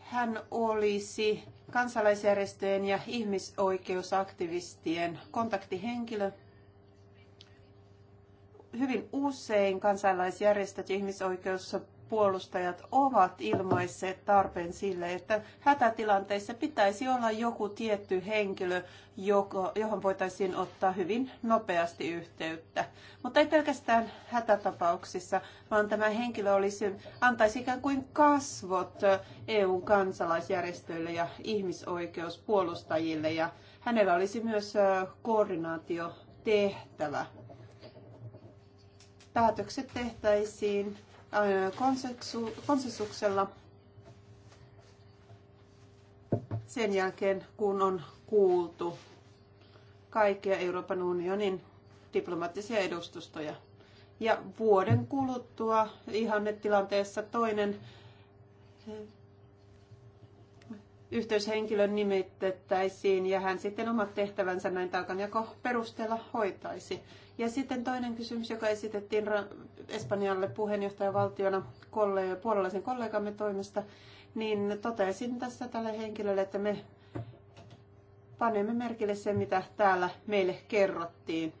Hän olisi kansalaisjärjestöjen ja ihmisoikeusaktivistien kontaktihenkilö. Hyvin usein kansalaisjärjestöt ja ihmisoikeus puolustajat ovat ilmaisseet tarpeen sille, että hätätilanteissa pitäisi olla joku tietty henkilö, johon voitaisiin ottaa hyvin nopeasti yhteyttä. Mutta ei pelkästään hätätapauksissa, vaan tämä henkilö olisi, antaisi ikään kuin kasvot n e kansalaisjärjestöille ja ihmisoikeuspuolustajille ja hänellä olisi myös koordinaatiotehtävä. Päätökset tehtäisiin Äh, konsensuksella sen jälkeen, kun on kuultu kaikkia Euroopan unionin diplomaattisia edustustoja. Ja vuoden kuluttua ihannetilanteessa toinen eh, yhteyshenkilön nimitettäisiin ja hän sitten omat tehtävänsä näin taakanjako perusteella hoitaisi. Ja sitten toinen kysymys, joka esitettiin Espanjalle puheenjohtajavaltiona kollega, puolalaisen kollegamme toimesta, niin totesin tässä tälle henkilölle, että me panemme merkille sen, mitä täällä meille kerrottiin.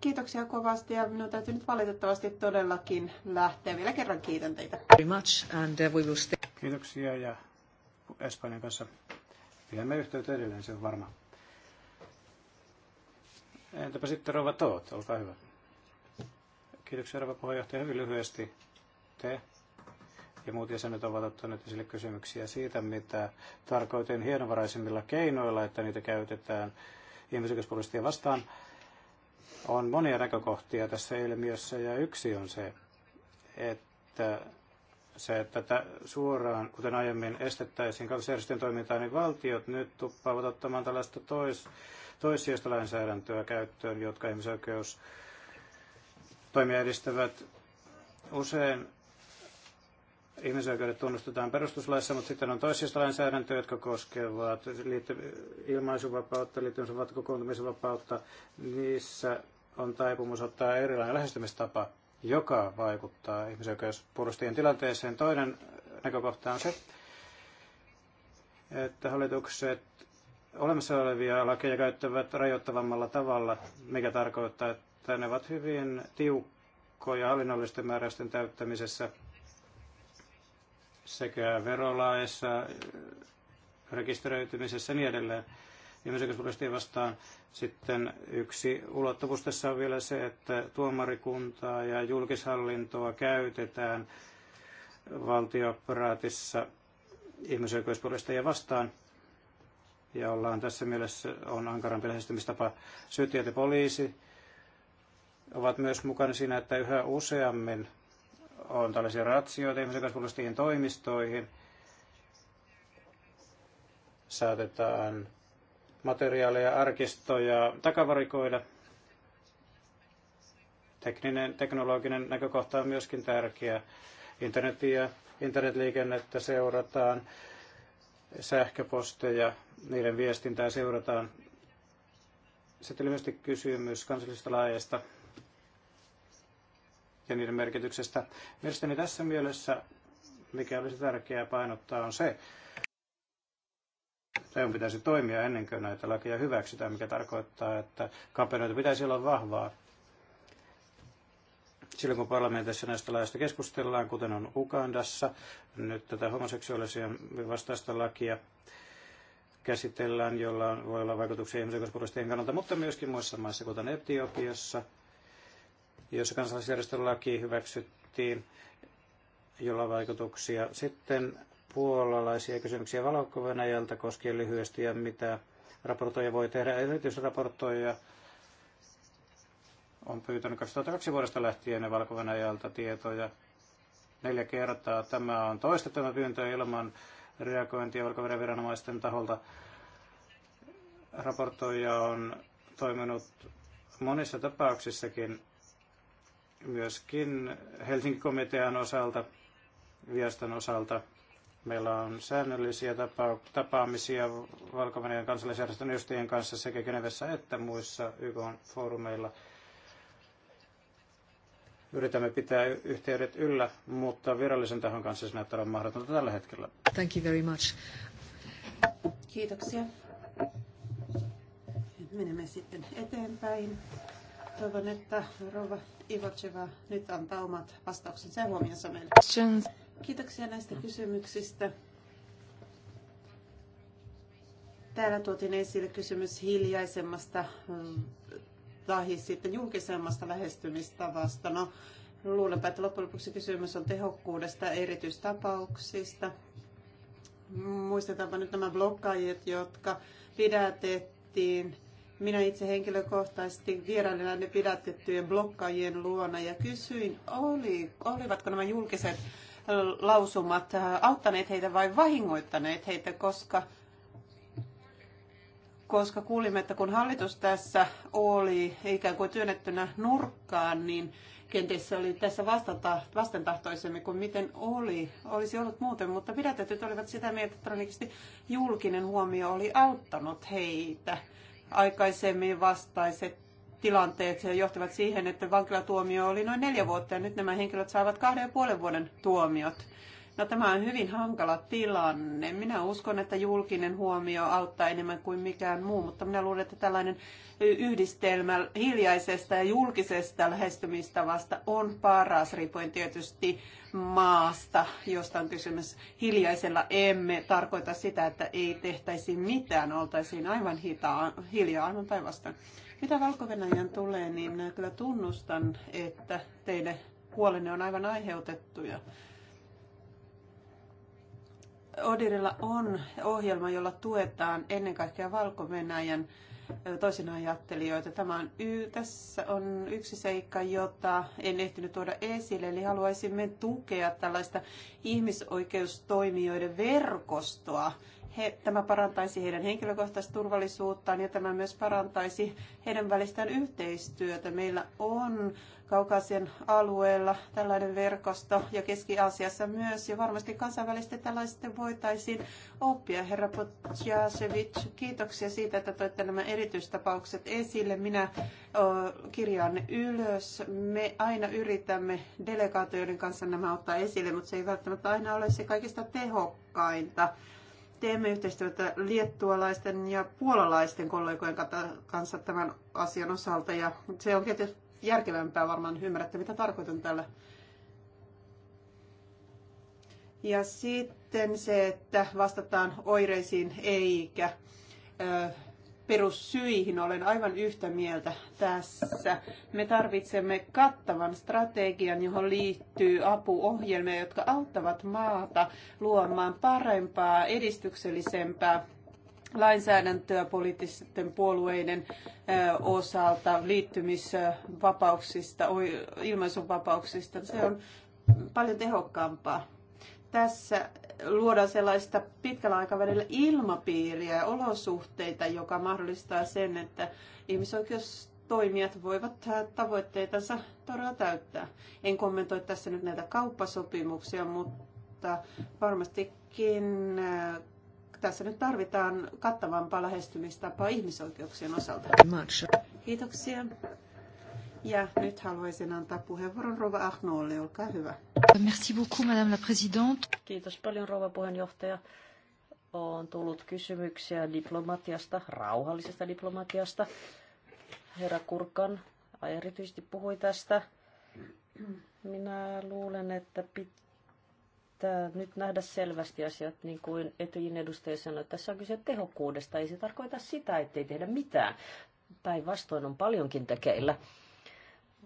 Kiitoksia kovasti ja minun täytyy nyt valitettavasti todellakin lähteä. Vielä kerran kiitän teitä. Uh, Kiitoksia ja Espanjan kanssa pidämme yhteyttä edelleen, se on varma. Entäpä sitten Rova Toot, olkaa hyvä. Kiitoksia Rova puheenjohtaja. Hyvin lyhyesti te ja muut jäsenet ovat ottaneet esille kysymyksiä siitä, mitä tarkoitin hienovaraisimmilla keinoilla, että niitä käytetään ihmisoikeuspuolustajia vastaan. On monia näkökohtia tässä ilmiössä ja yksi on se, että se, että tätä suoraan, kuten aiemmin estettäisiin kansanjärjestöjen toimintaa, niin valtiot nyt tuppaavat ottamaan tällaista tois toissijaista lainsäädäntöä käyttöön, jotka ihmisoikeus toimia edistävät. Usein ihmisoikeudet tunnustetaan perustuslaissa, mutta sitten on toisista lainsäädäntöä, jotka koskevat liitty- ilmaisuvapautta, liittymisvapautta, kokoontumisvapautta. Niissä on taipumus ottaa erilainen lähestymistapa, joka vaikuttaa ihmisoikeuspuolustajien tilanteeseen. Toinen näkökohta on se, että hallitukset olemassa olevia lakeja käyttävät rajoittavammalla tavalla, mikä tarkoittaa, että ne ovat hyvin tiukkoja hallinnollisten määräysten täyttämisessä sekä verolaissa, rekisteröitymisessä ja niin edelleen. Ihmisoikeuspuolestia vastaan sitten yksi ulottuvuus tässä on vielä se, että tuomarikuntaa ja julkishallintoa käytetään valtiooperaatissa ihmisoikeuspuolesta vastaan ja ollaan tässä mielessä on ankarampi lähestymistapa. Syyttäjät ja poliisi ovat myös mukana siinä, että yhä useammin on tällaisia ratsioita ihmisen kanssa toimistoihin. Saatetaan materiaaleja, arkistoja takavarikoida. Tekninen, teknologinen näkökohta on myöskin tärkeä. Internetiä, internetliikennettä seurataan, sähköposteja, niiden viestintää seurataan. Sitten lyhyesti kysymys kansallisista laajeista ja niiden merkityksestä. Mielestäni tässä mielessä, mikä olisi tärkeää painottaa, on se, että EU pitäisi toimia ennen kuin näitä lakeja hyväksytään, mikä tarkoittaa, että kampanjoita pitäisi olla vahvaa. Silloin kun parlamentissa näistä laista keskustellaan, kuten on Ugandassa, nyt tätä homoseksuaalisia vastaista lakia, käsitellään, jolla voi olla vaikutuksia ihmisoikeusprotestien kannalta, mutta myöskin muissa maissa, kuten Etiopiassa, jossa kansalaisjärjestölaki hyväksyttiin, jolla on vaikutuksia. Sitten puolalaisia kysymyksiä valokko koskien lyhyesti ja mitä raportoja voi tehdä. Erityisraportoja on pyytänyt 2002 vuodesta lähtien valko tietoja neljä kertaa. Tämä on toistettu pyyntö ilman reagointia valko viranomaisten taholta. Raportoija on toiminut monissa tapauksissakin myöskin Helsingin komitean osalta, vieston osalta. Meillä on säännöllisiä tapa- tapaamisia valko kansallisjärjestön ystävien kanssa sekä Genevessä että muissa YK-foorumeilla yritämme pitää yhteydet yllä, mutta virallisen tahon kanssa se näyttää olevan mahdotonta tällä hetkellä. Thank you very much. Kiitoksia. Menemme sitten eteenpäin. Toivon, että Rova Ivacheva nyt antaa omat vastauksensa ja huomionsa meille. Kiitoksia näistä kysymyksistä. Täällä tuotiin esille kysymys hiljaisemmasta mm, tai sitten julkisemmasta lähestymistavasta. No, luulenpa, että loppujen lopuksi kysymys on tehokkuudesta erityistapauksista. Muistetaanpa nyt nämä blokkaajat, jotka pidätettiin. Minä itse henkilökohtaisesti vierailin näiden pidätettyjen blokkaajien luona ja kysyin, oli, olivatko nämä julkiset lausumat auttaneet heitä vai vahingoittaneet heitä, koska koska kuulimme, että kun hallitus tässä oli ikään kuin työnnettynä nurkkaan, niin kenties se oli tässä vastata, vastentahtoisemmin kuin miten oli. Olisi ollut muuten, mutta pidätetyt olivat sitä mieltä, että todennäköisesti julkinen huomio oli auttanut heitä. Aikaisemmin vastaiset tilanteet johtivat siihen, että vankilatuomio oli noin neljä vuotta ja nyt nämä henkilöt saavat kahden ja puolen vuoden tuomiot. No tämä on hyvin hankala tilanne. Minä uskon, että julkinen huomio auttaa enemmän kuin mikään muu, mutta minä luulen, että tällainen yhdistelmä hiljaisesta ja julkisesta lähestymistavasta on paras, riippuen tietysti maasta, josta on kysymys. Hiljaisella emme tarkoita sitä, että ei tehtäisi mitään, oltaisiin aivan hitaa, hiljaa, aivan päinvastoin. Mitä valko tulee, niin minä kyllä tunnustan, että teille huolenne on aivan aiheutettuja. Odirilla on ohjelma, jolla tuetaan ennen kaikkea Valko-Venäjän ajattelijoita. Tämä on y- tässä on yksi seikka, jota en ehtinyt tuoda esille, eli haluaisimme tukea tällaista ihmisoikeustoimijoiden verkostoa he, tämä parantaisi heidän henkilökohtaista turvallisuuttaan ja tämä myös parantaisi heidän välistään yhteistyötä. Meillä on Kaukasian alueella tällainen verkosto ja Keski-Aasiassa myös ja varmasti kansainvälisesti tällaisten voitaisiin oppia. Herra Potjasevic, kiitoksia siitä, että toitte nämä erityistapaukset esille. Minä o, kirjaan ne ylös. Me aina yritämme delegaatioiden kanssa nämä ottaa esille, mutta se ei välttämättä aina ole se kaikista tehokkainta. Teemme yhteistyötä liettualaisten ja puolalaisten kollegojen kanssa tämän asian osalta ja se on tietysti järkevämpää varmaan ymmärrätte, mitä tarkoitan tällä. Ja sitten se, että vastataan oireisiin eikä perussyihin olen aivan yhtä mieltä tässä. Me tarvitsemme kattavan strategian, johon liittyy apuohjelmia, jotka auttavat maata luomaan parempaa, edistyksellisempää lainsäädäntöä poliittisten puolueiden osalta, liittymisvapauksista, ilmaisuvapauksista. Se on paljon tehokkaampaa. Tässä luodaan sellaista pitkällä aikavälillä ilmapiiriä ja olosuhteita, joka mahdollistaa sen, että ihmisoikeustoimijat voivat tavoitteitansa todella täyttää. En kommentoi tässä nyt näitä kauppasopimuksia, mutta varmastikin äh, tässä nyt tarvitaan kattavampaa lähestymistapaa ihmisoikeuksien osalta. Kiitoksia. Ja nyt haluaisin antaa puheenvuoron Rova Ahnolle, olkaa hyvä. Merci beaucoup, madame la présidente. Kiitos paljon, Rova puheenjohtaja. On tullut kysymyksiä diplomatiasta, rauhallisesta diplomatiasta. Herra Kurkan erityisesti puhui tästä. Minä luulen, että pitää nyt nähdä selvästi asiat, niin kuin Etyjin edustaja sanoi. Tässä on kyse tehokkuudesta. Ei se tarkoita sitä, ettei tehdä mitään. Päinvastoin on paljonkin tekeillä.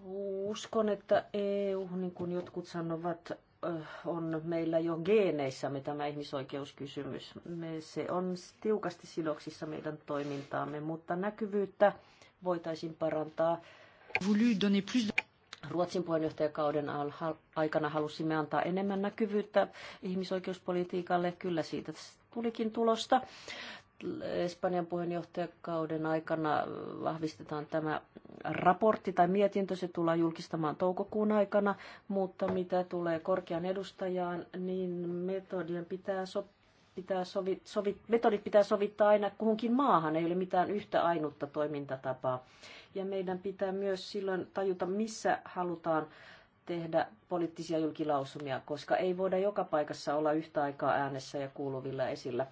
Uskon, että EU, niin kuin jotkut sanovat, eh, on meillä jo geeneissämme tämä ihmisoikeuskysymys. Me, se on tiukasti sidoksissa meidän toimintaamme, mutta näkyvyyttä voitaisiin parantaa. Ruotsin puheenjohtajakauden aikana halusimme antaa enemmän näkyvyyttä ihmisoikeuspolitiikalle. Kyllä siitä tulikin tulosta. Espanjan puheenjohtajakauden aikana vahvistetaan tämä raportti tai mietintö, se tullaan julkistamaan toukokuun aikana, mutta mitä tulee korkean edustajaan, niin metodien pitää sopia pitää sovi, sovi, metodit pitää sovittaa aina kuhunkin maahan, ei ole mitään yhtä ainutta toimintatapaa. Ja meidän pitää myös silloin tajuta, missä halutaan tehdä poliittisia julkilausumia, koska ei voida joka paikassa olla yhtä aikaa äänessä ja kuuluvilla esillä.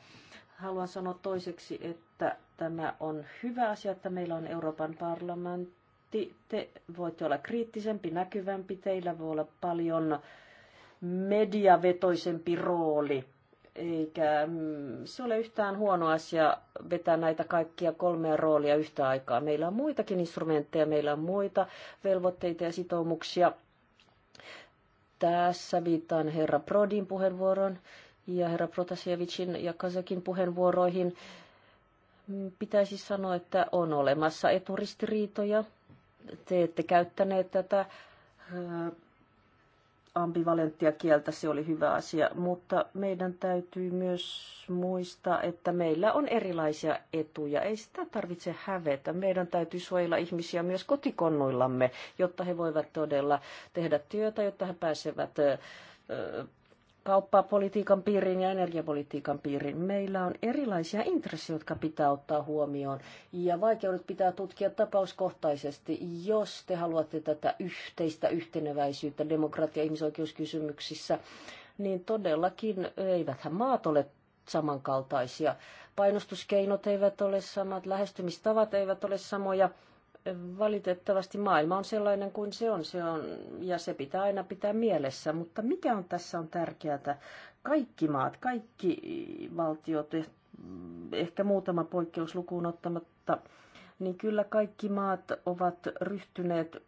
Haluan sanoa toiseksi, että tämä on hyvä asia, että meillä on Euroopan parlamentti. Te voitte olla kriittisempi, näkyvämpi, teillä voi olla paljon mediavetoisempi rooli. Eikä mm, se ole yhtään huono asia vetää näitä kaikkia kolmea roolia yhtä aikaa. Meillä on muitakin instrumentteja, meillä on muita velvoitteita ja sitoumuksia. Tässä viittaan herra Prodin puheenvuoron ja herra Protasevicin ja Kazakin puheenvuoroihin. Pitäisi sanoa, että on olemassa eturistiriitoja. Te ette käyttäneet tätä äh, ambivalenttia kieltä, se oli hyvä asia, mutta meidän täytyy myös muistaa, että meillä on erilaisia etuja. Ei sitä tarvitse hävetä. Meidän täytyy suojella ihmisiä myös kotikonnoillamme, jotta he voivat todella tehdä työtä, jotta he pääsevät äh, kauppapolitiikan piiriin ja energiapolitiikan piiriin. Meillä on erilaisia intressejä, jotka pitää ottaa huomioon ja vaikeudet pitää tutkia tapauskohtaisesti, jos te haluatte tätä yhteistä yhteneväisyyttä demokratia- ja ihmisoikeuskysymyksissä, niin todellakin eiväthän maat ole samankaltaisia. Painostuskeinot eivät ole samat, lähestymistavat eivät ole samoja. Valitettavasti maailma on sellainen kuin se on, se on, ja se pitää aina pitää mielessä. Mutta mikä on tässä on tärkeää? Kaikki maat, kaikki valtiot, eh, ehkä muutama poikkeus lukuun ottamatta, niin kyllä kaikki maat ovat ryhtyneet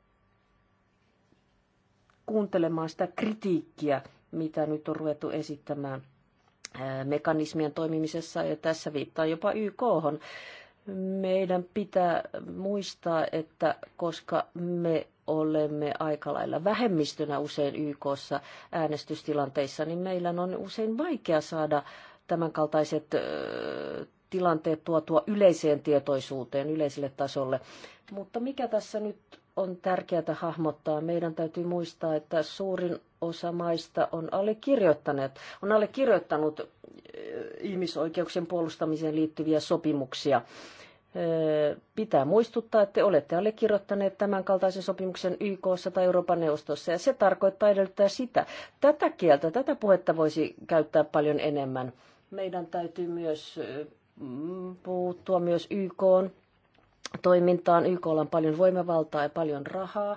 kuuntelemaan sitä kritiikkiä, mitä nyt on ruvettu esittämään eh, mekanismien toimimisessa, ja tässä viittaa jopa YK, meidän pitää muistaa, että koska me olemme aika lailla vähemmistönä usein YKssa äänestystilanteissa, niin meillä on usein vaikea saada tämänkaltaiset tilanteet tuotua yleiseen tietoisuuteen, yleiselle tasolle. Mutta mikä tässä nyt on tärkeää hahmottaa. Meidän täytyy muistaa, että suurin osa maista on allekirjoittaneet, on allekirjoittanut eh, ihmisoikeuksien puolustamiseen liittyviä sopimuksia. Eh, pitää muistuttaa, että te olette allekirjoittaneet tämän kaltaisen sopimuksen YK tai Euroopan neuvostossa, ja se tarkoittaa edellyttää sitä. Tätä kieltä, tätä puhetta voisi käyttää paljon enemmän. Meidän täytyy myös eh, puuttua myös YK toimintaan. YKlla on paljon voimavaltaa ja paljon rahaa.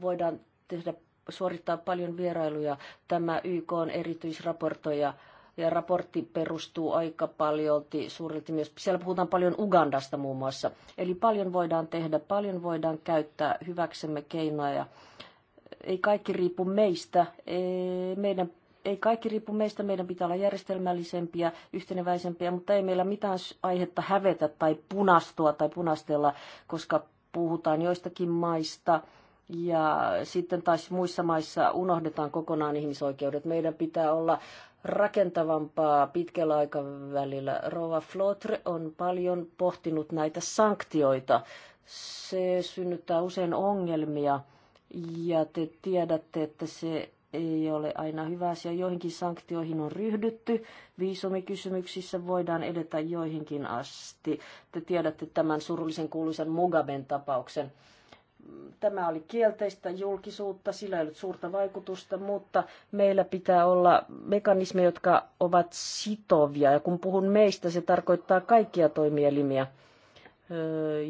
Voidaan tehdä, suorittaa paljon vierailuja. Tämä YK on erityisraportoja ja raportti perustuu aika paljon suurelti myös, siellä puhutaan paljon Ugandasta muun muassa. Eli paljon voidaan tehdä, paljon voidaan käyttää hyväksemme keinoja. Ei kaikki riipu meistä. Meidän ei kaikki riippu meistä, meidän pitää olla järjestelmällisempiä, yhteneväisempiä, mutta ei meillä mitään aihetta hävetä tai punastua tai punastella, koska puhutaan joistakin maista, ja sitten taas muissa maissa unohdetaan kokonaan ihmisoikeudet. Meidän pitää olla rakentavampaa pitkällä aikavälillä. Rova Flotre on paljon pohtinut näitä sanktioita. Se synnyttää usein ongelmia ja te tiedätte, että se ei ole aina hyvä asia. Joihinkin sanktioihin on ryhdytty. Viisumikysymyksissä voidaan edetä joihinkin asti. Te tiedätte tämän surullisen kuuluisan Mugaben tapauksen. Tämä oli kielteistä julkisuutta, sillä ei ollut suurta vaikutusta, mutta meillä pitää olla mekanismeja, jotka ovat sitovia. Ja kun puhun meistä, se tarkoittaa kaikkia toimielimiä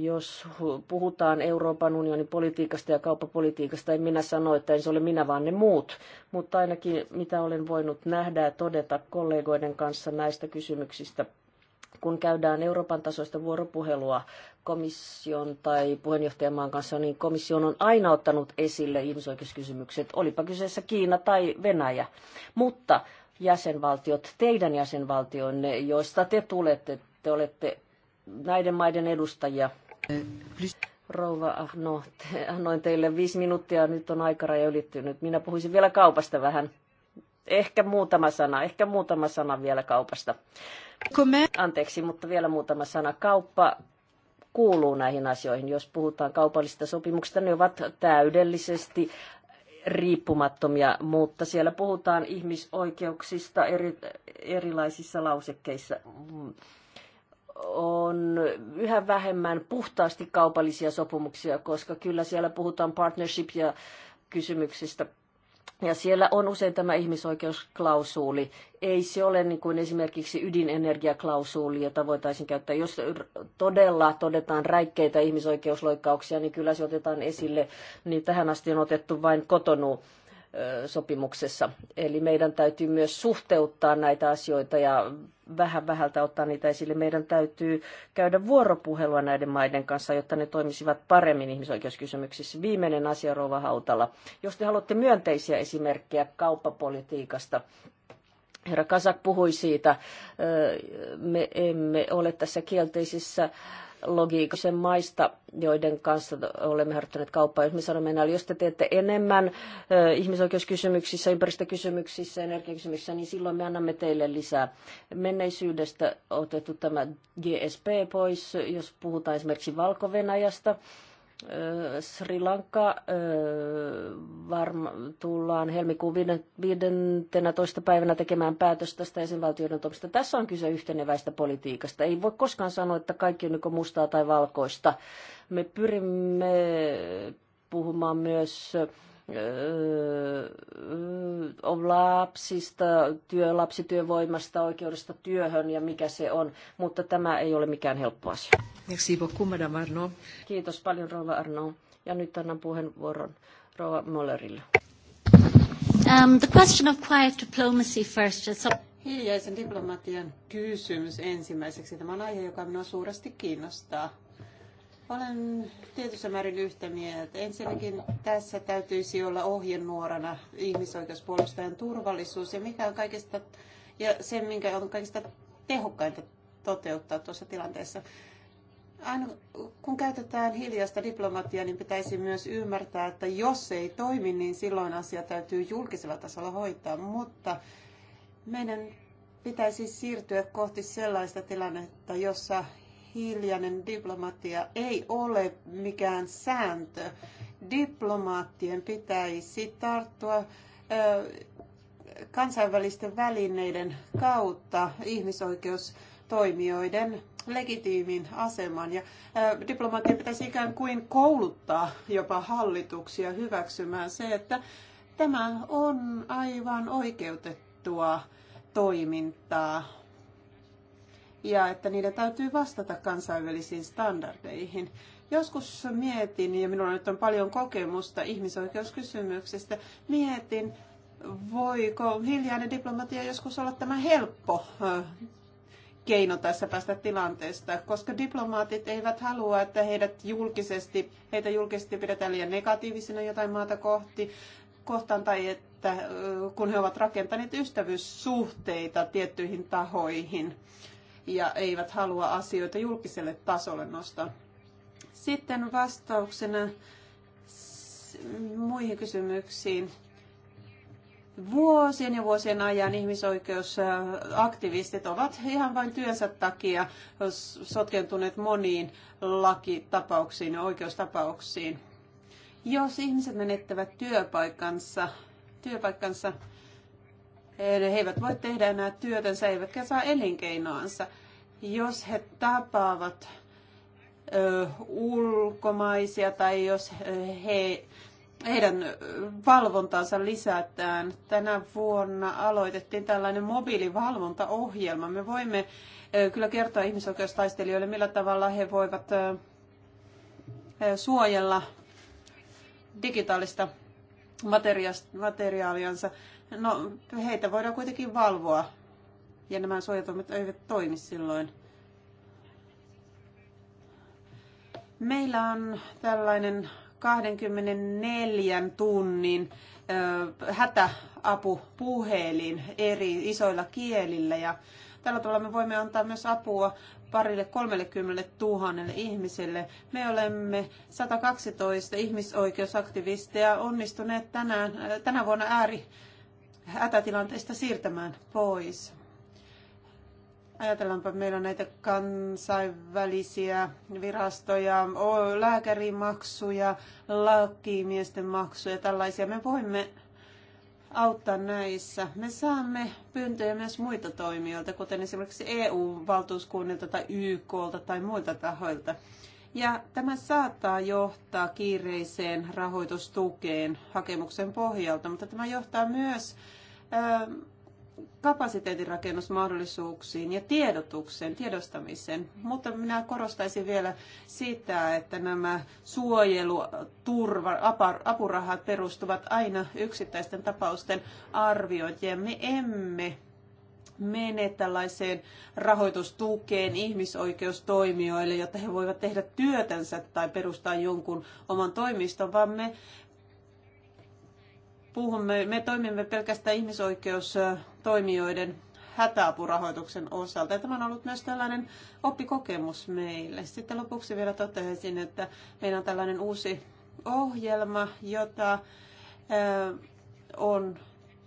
jos puhutaan Euroopan unionin politiikasta ja kauppapolitiikasta, en minä sano, että en se ole minä, vaan ne muut. Mutta ainakin mitä olen voinut nähdä ja todeta kollegoiden kanssa näistä kysymyksistä, kun käydään Euroopan tasoista vuoropuhelua komission tai puheenjohtajamaan kanssa, niin komission on aina ottanut esille ihmisoikeuskysymykset, olipa kyseessä Kiina tai Venäjä. Mutta jäsenvaltiot, teidän jäsenvaltionne, joista te tulette, te olette näiden maiden edustajia. Rouva Ahno, annoin teille viisi minuuttia, nyt on aikaraja ylittynyt. Minä puhuisin vielä kaupasta vähän. Ehkä muutama sana, ehkä muutama sana vielä kaupasta. Anteeksi, mutta vielä muutama sana. Kauppa kuuluu näihin asioihin. Jos puhutaan kaupallisista sopimuksista, ne ovat täydellisesti riippumattomia, mutta siellä puhutaan ihmisoikeuksista eri, erilaisissa lausekkeissa on yhä vähemmän puhtaasti kaupallisia sopimuksia, koska kyllä siellä puhutaan partnership ja kysymyksistä. Ja siellä on usein tämä ihmisoikeusklausuuli. Ei se ole niin kuin esimerkiksi ydinenergiaklausuuli, jota voitaisiin käyttää. Jos todella todetaan räikkeitä ihmisoikeusloikkauksia, niin kyllä se otetaan esille. Niin tähän asti on otettu vain kotonu sopimuksessa. Eli meidän täytyy myös suhteuttaa näitä asioita ja vähän vähältä ottaa niitä esille. Meidän täytyy käydä vuoropuhelua näiden maiden kanssa, jotta ne toimisivat paremmin ihmisoikeuskysymyksissä. Viimeinen asia, Rova Hautala. Jos te haluatte myönteisiä esimerkkejä kauppapolitiikasta, Herra Kasak puhui siitä, me emme ole tässä kielteisissä logiikkaisen maista, joiden kanssa olemme harjoittaneet kauppaa. Jos me sanomme enää, jos te teette enemmän ihmisoikeuskysymyksissä, ympäristökysymyksissä, energiakysymyksissä, niin silloin me annamme teille lisää. Menneisyydestä otettu tämä GSP pois, jos puhutaan esimerkiksi Valko-Venäjästä. Sri Lanka varma, tullaan helmikuun 15. päivänä tekemään päätös tästä jäsenvaltioiden toimista. Tässä on kyse yhteneväistä politiikasta. Ei voi koskaan sanoa, että kaikki on niin mustaa tai valkoista. Me pyrimme puhumaan myös on lapsista, työ, lapsityövoimasta, oikeudesta työhön ja mikä se on, mutta tämä ei ole mikään helppo asia. Merci beaucoup, Madame Arnaud. Kiitos paljon, Rova Arnaud. Ja nyt annan puheenvuoron Rova Mollerille. Um, the question of quiet diplomacy first. So... Hiljaisen diplomatian kysymys ensimmäiseksi. Tämä on aihe, joka minua suuresti kiinnostaa. Olen tietyssä määrin yhtä mieltä. Ensinnäkin tässä täytyisi olla ohjenuorana ihmisoikeuspuolustajan turvallisuus ja mikä on kaikista, ja se, minkä on kaikista tehokkainta toteuttaa tuossa tilanteessa. Aina kun käytetään hiljaista diplomatiaa, niin pitäisi myös ymmärtää, että jos se ei toimi, niin silloin asia täytyy julkisella tasolla hoitaa, mutta meidän pitäisi siirtyä kohti sellaista tilannetta, jossa hiljainen diplomatia ei ole mikään sääntö. Diplomaattien pitäisi tarttua kansainvälisten välineiden kautta ihmisoikeustoimijoiden legitiimin aseman. Ja diplomaattien pitäisi ikään kuin kouluttaa jopa hallituksia hyväksymään se, että tämä on aivan oikeutettua toimintaa ja että niiden täytyy vastata kansainvälisiin standardeihin. Joskus mietin, ja minulla nyt on paljon kokemusta ihmisoikeuskysymyksistä, mietin, voiko hiljainen diplomatia joskus olla tämä helppo keino tässä päästä tilanteesta, koska diplomaatit eivät halua, että heidät julkisesti, heitä julkisesti pidetään liian negatiivisina jotain maata kohti, kohtaan tai että kun he ovat rakentaneet ystävyyssuhteita tiettyihin tahoihin ja eivät halua asioita julkiselle tasolle nostaa. Sitten vastauksena muihin kysymyksiin. Vuosien ja vuosien ajan ihmisoikeusaktivistit ovat ihan vain työnsä takia sotkentuneet moniin lakitapauksiin ja oikeustapauksiin. Jos ihmiset menettävät työpaikkansa, työpaikkansa he eivät voi tehdä enää työtänsä eivätkä saa elinkeinoansa. Jos he tapaavat ö, ulkomaisia tai jos he, heidän valvontaansa lisätään. Tänä vuonna aloitettiin tällainen mobiilivalvontaohjelma. Me voimme ö, kyllä kertoa ihmisoikeustaistelijoille, millä tavalla he voivat ö, suojella digitaalista materiaaliansa. No, heitä voidaan kuitenkin valvoa ja nämä suojatoimet eivät toimi silloin. Meillä on tällainen 24 tunnin ö, hätäapupuhelin eri isoilla kielillä ja tällä tavalla me voimme antaa myös apua parille 30 tuhannelle ihmiselle. Me olemme 112 ihmisoikeusaktivisteja onnistuneet tänään, tänä vuonna ääri hätätilanteista siirtämään pois. Ajatellaanpa, meillä on näitä kansainvälisiä virastoja, lääkärimaksuja, lakimiesten maksuja, tällaisia. Me voimme auttaa näissä. Me saamme pyyntöjä myös muita toimijoilta, kuten esimerkiksi EU-valtuuskunnilta tai YKlta tai muilta tahoilta. Ja tämä saattaa johtaa kiireiseen rahoitustukeen hakemuksen pohjalta, mutta tämä johtaa myös kapasiteetin rakennusmahdollisuuksiin ja tiedotuksen, tiedostamiseen. Mutta minä korostaisin vielä sitä, että nämä suojelu, turva, apurahat perustuvat aina yksittäisten tapausten arviointiin. Me emme mene tällaiseen rahoitustukeen ihmisoikeustoimijoille, jotta he voivat tehdä työtänsä tai perustaa jonkun oman toimiston, vaan me puhumme, me toimimme pelkästään ihmisoikeustoimijoiden hätäapurahoituksen osalta. Ja tämä on ollut myös tällainen oppikokemus meille. Sitten lopuksi vielä totesin, että meillä on tällainen uusi ohjelma, jota on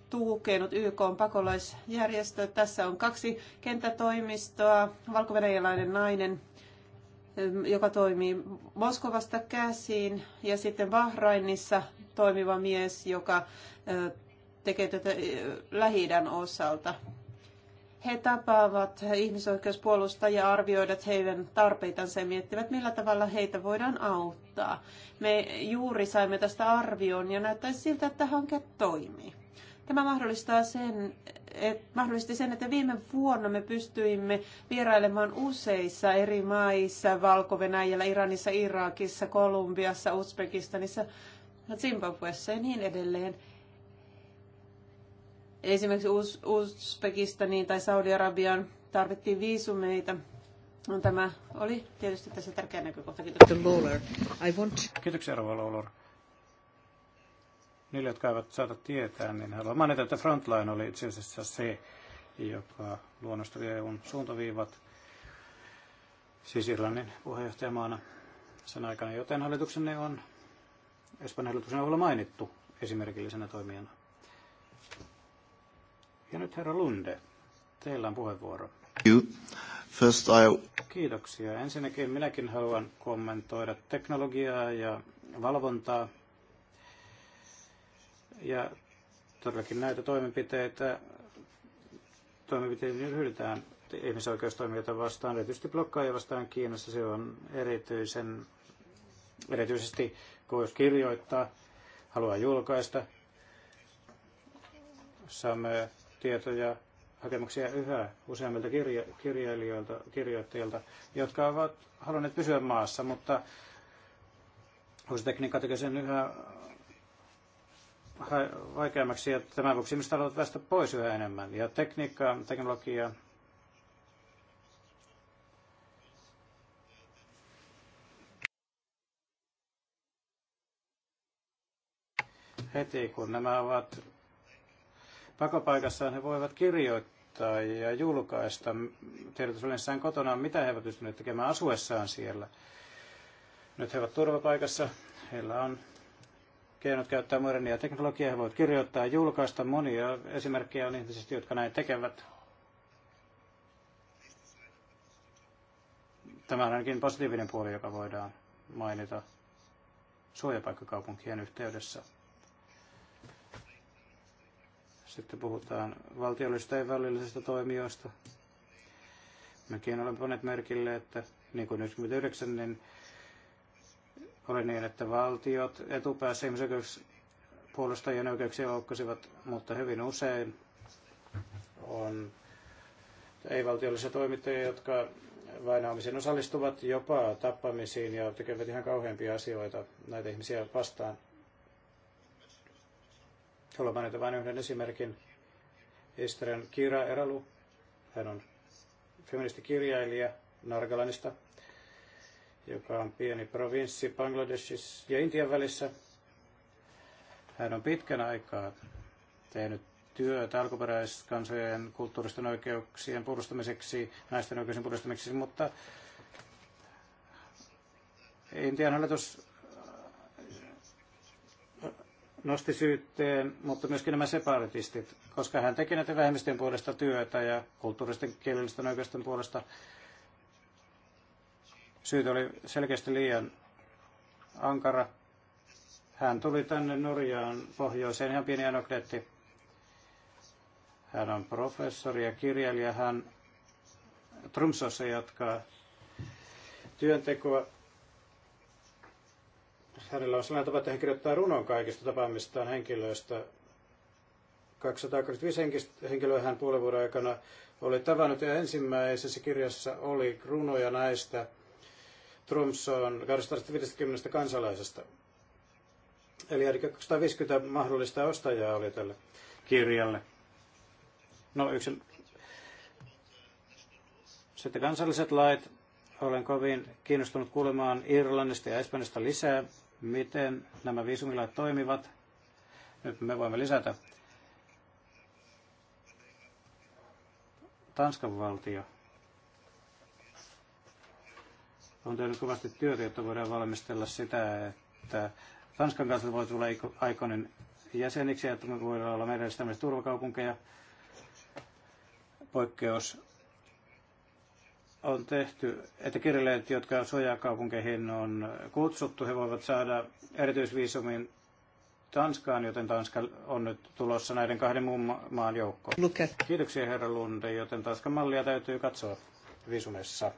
tukenut YK on pakolaisjärjestö. Tässä on kaksi kenttätoimistoa, valko nainen, joka toimii Moskovasta käsiin, ja sitten Bahrainissa toimiva mies, joka tekee tätä lähi osalta. He tapaavat ihmisoikeuspuolustajia, arvioivat heidän tarpeitansa ja miettivät, millä tavalla heitä voidaan auttaa. Me juuri saimme tästä arvion ja näyttäisi siltä, että hanke toimii. Tämä mahdollistaa sen, et, mahdollisti sen, että viime vuonna me pystyimme vierailemaan useissa eri maissa, valko Iranissa, Irakissa, Kolumbiassa, Uzbekistanissa, Zimbabwessa ja niin edelleen. Esimerkiksi Uzbekistaniin tai Saudi-Arabiaan tarvittiin viisumeita. No, tämä oli tietysti tässä tärkeä näkökohta. Kiitoksia. Kiitoksia, Rova Niille, jotka eivät saata tietää, niin haluan mainita, että Frontline oli itse asiassa se, joka luonnosteli EUn suuntaviivat siis Irlannin puheenjohtajamaana sen aikana, joten hallituksenne on Espanjan hallituksen avulla mainittu esimerkillisenä toimijana. Ja nyt herra Lunde, teillä on puheenvuoro. First I... Kiitoksia. Ensinnäkin minäkin haluan kommentoida teknologiaa ja valvontaa. Ja todellakin näitä toimenpiteitä, toimenpiteitä ryhdytään ihmisoikeustoimijoita vastaan, erityisesti blokkaajia vastaan Kiinassa. Se on erityisen, erityisesti kun jos kirjoittaa, haluaa julkaista, saamme tietoja hakemuksia yhä useammilta kirja, kirjailijoilta, kirjoittajilta, jotka ovat halunneet pysyä maassa, mutta Uusi tekniikka tekee sen yhä vaikeammaksi ja tämän vuoksi ihmiset haluavat päästä pois yhä enemmän. Ja tekniikka, teknologia, heti kun nämä ovat pakopaikassaan, he voivat kirjoittaa ja julkaista tiedotusvälineissään kotona, mitä he ovat pystyneet tekemään asuessaan siellä. Nyt he ovat turvapaikassa, heillä on keinot käyttää modernia teknologiaa, he voivat kirjoittaa ja julkaista. Monia esimerkkejä on ihmisistä, jotka näin tekevät. Tämä on ainakin positiivinen puoli, joka voidaan mainita suojapaikkakaupunkien yhteydessä. Sitten puhutaan valtiollisista ja välillisistä toimijoista. Mekin olemme panneet merkille, että niin kuin 99, niin oli niin, että valtiot etupäässä ihmisoikeuspuolustajien oikeuksia loukkasivat, mutta hyvin usein on ei-valtiollisia toimittajia, jotka vainoamiseen osallistuvat jopa tappamisiin ja tekevät ihan kauheampia asioita näitä ihmisiä vastaan. Haluan mainita vain yhden esimerkin. Historian Kira Eralu, hän on feministikirjailija Nargalanista, joka on pieni provinssi Bangladesissa ja Intian välissä. Hän on pitkän aikaa tehnyt työtä alkuperäiskansojen kulttuuristen oikeuksien puolustamiseksi, naisten oikeuksien puolustamiseksi, mutta Intian hallitus nosti syytteen, mutta myöskin nämä separatistit, koska hän teki näiden vähemmistöjen puolesta työtä ja kulttuuristen kielellisten oikeusten puolesta Syyt oli selkeästi liian ankara. Hän tuli tänne Norjaan pohjoiseen, ihan pieni anekdeetti. Hän on professori ja kirjailija. Hän Trumsossa jatkaa työntekoa. Hänellä on sellainen tapa, että hän kirjoittaa runon kaikista tapaamistaan henkilöistä. 225 henkilöä hän puolen vuoden aikana oli tavannut ja ensimmäisessä kirjassa oli runoja näistä Tromsoon 250 kansalaisesta. Eli ainakin 250 mahdollista ostajaa oli tälle kirjalle. No yksin. Sitten kansalliset lait. Olen kovin kiinnostunut kuulemaan Irlannista ja Espanjasta lisää, miten nämä viisumilait toimivat. Nyt me voimme lisätä Tanskan valtio on tehnyt kovasti työtä, jotta voidaan valmistella sitä, että Tanskan kanssa voi tulla aikoinen jäseniksi, että me voidaan olla meidän tämmöisiä turvakaupunkeja. Poikkeus on tehty, että kirjailijat, jotka kaupunkeihin, on kutsuttu, he voivat saada erityisviisumin Tanskaan, joten Tanska on nyt tulossa näiden kahden muun maan joukkoon. Kiitoksia herra Lunde, joten Tanskan mallia täytyy katsoa visumessa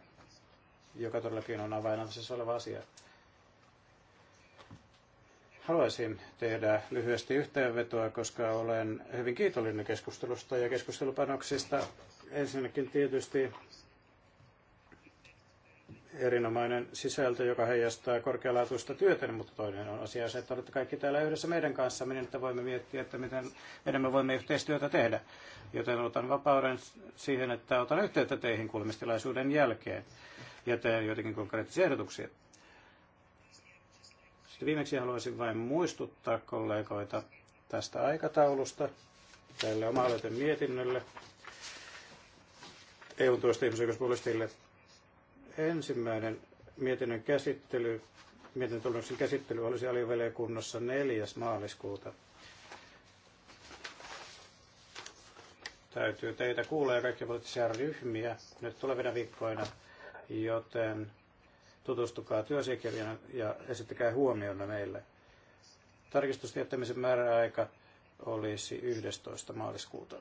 joka todellakin on avainasemassa oleva asia. Haluaisin tehdä lyhyesti yhteenvetoa, koska olen hyvin kiitollinen keskustelusta ja keskustelupanoksista. Ensinnäkin tietysti erinomainen sisältö, joka heijastaa korkealaatuista työtä, mutta toinen on asia se, että olette kaikki täällä yhdessä meidän kanssa, niin että voimme miettiä, että miten, miten me voimme yhteistyötä tehdä. Joten otan vapauden siihen, että otan yhteyttä teihin kuulemistilaisuuden jälkeen ja joitakin konkreettisia ehdotuksia. Sitten viimeksi haluaisin vain muistuttaa kollegoita tästä aikataulusta tälle oma mietinnölle EUn tuosta ihmisoikeuspuolestille. Ensimmäinen mietinnön käsittely, mietintötuloksen käsittely olisi alivaliokunnassa 4. maaliskuuta. Täytyy teitä kuulla ja kaikkia poliittisia ryhmiä nyt tulevina viikkoina joten tutustukaa työasiakirjaan ja esittäkää huomionne meille. Tarkistustiettämisen määräaika olisi 11. maaliskuuta.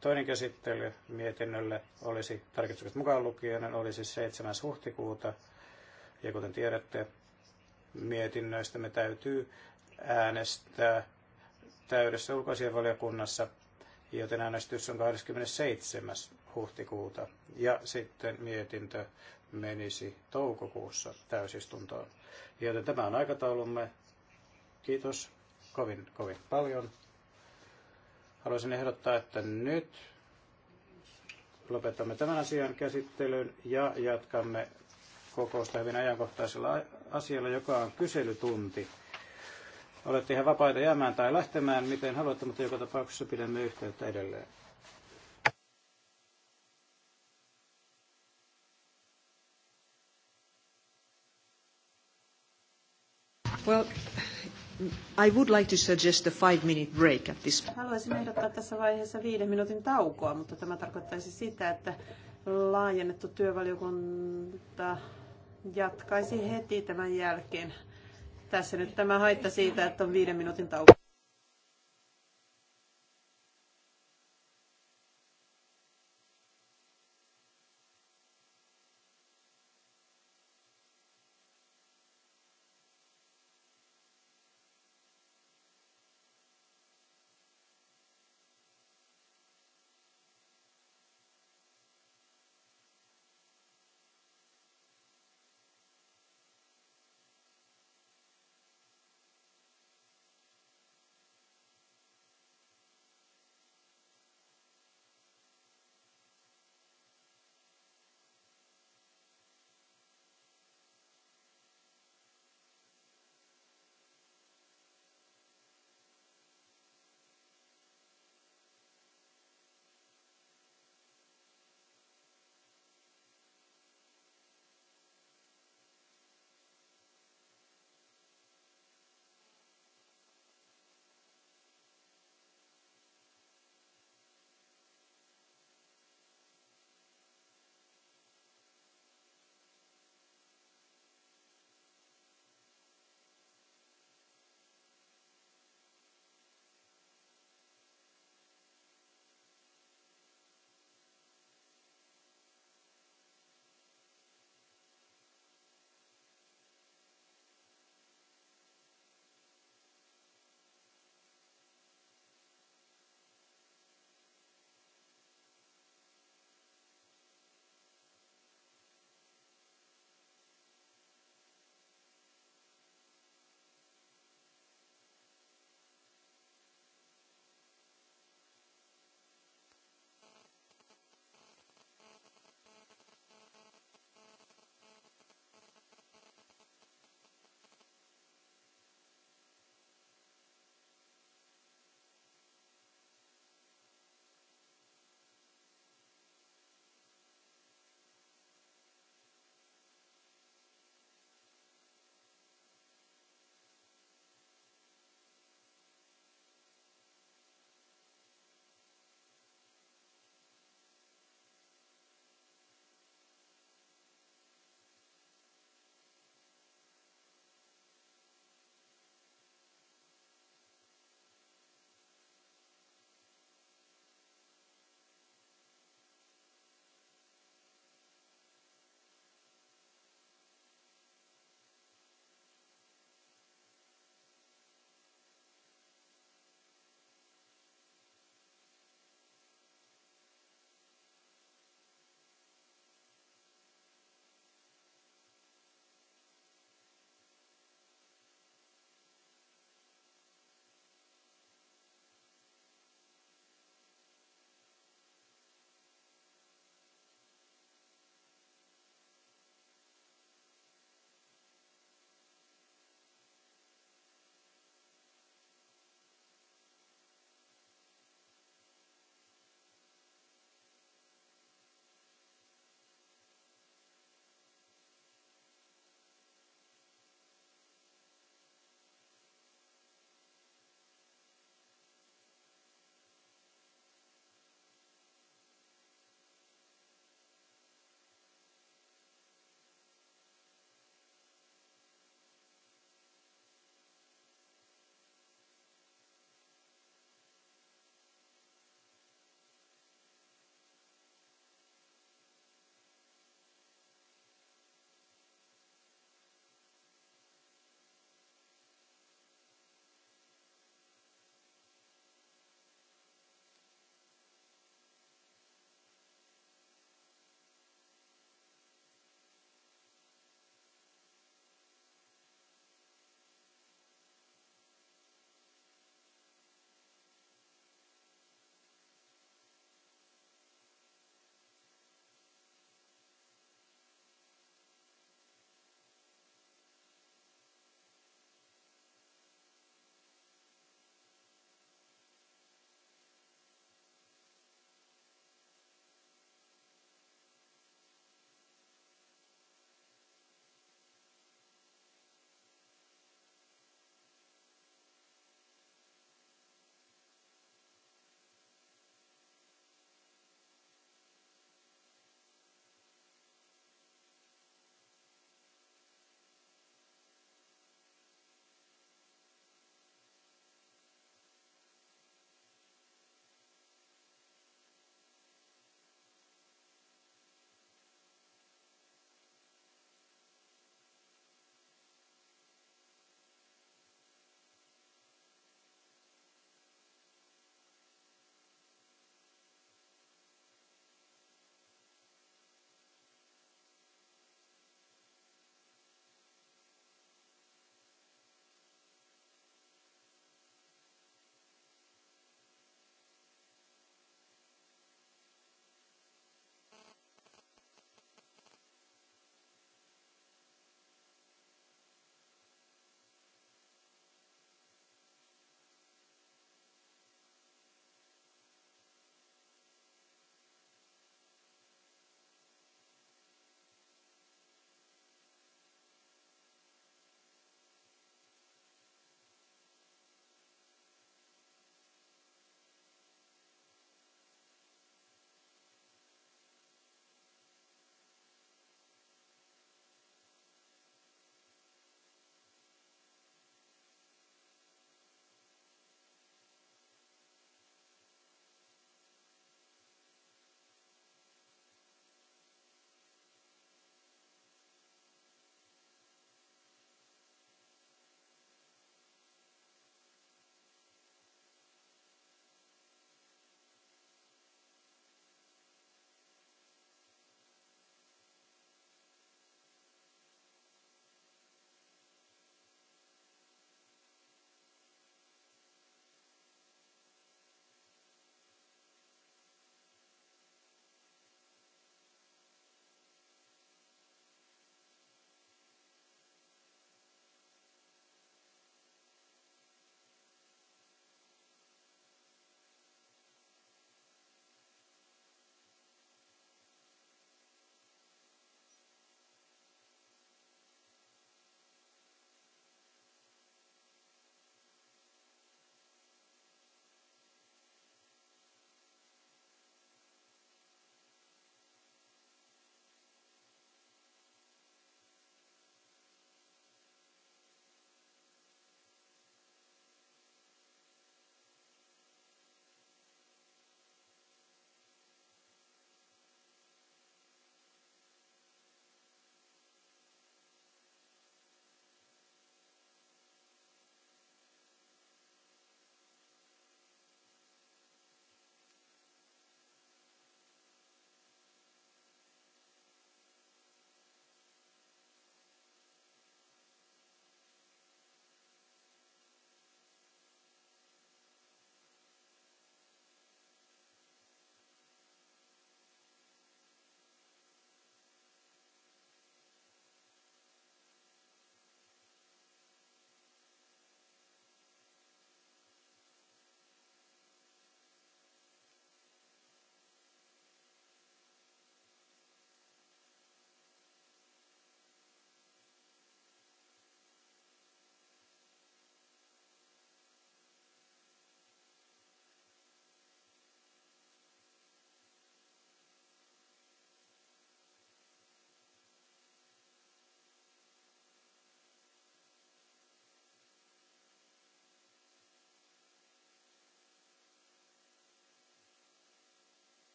Toinen käsittely mietinnölle olisi tarkistukset mukaan lukien, olisi 7. huhtikuuta. Ja kuten tiedätte, mietinnöistä me täytyy äänestää täydessä ulkoasianvaliokunnassa, joten äänestys on 27 huhtikuuta ja sitten mietintö menisi toukokuussa täysistuntoon. Joten tämä on aikataulumme. Kiitos kovin, kovin paljon. Haluaisin ehdottaa, että nyt lopetamme tämän asian käsittelyn ja jatkamme kokousta hyvin ajankohtaisella asialla, joka on kyselytunti. Olette ihan vapaita jäämään tai lähtemään, miten haluatte, mutta joka tapauksessa pidämme yhteyttä edelleen. Well, I would like to suggest a five minute break at this Haluaisin ehdottaa tässä vaiheessa viiden minuutin taukoa, mutta tämä tarkoittaisi sitä, että laajennettu työvaliokunta jatkaisi heti tämän jälkeen. Tässä nyt tämä haitta siitä, että on viiden minuutin tauko.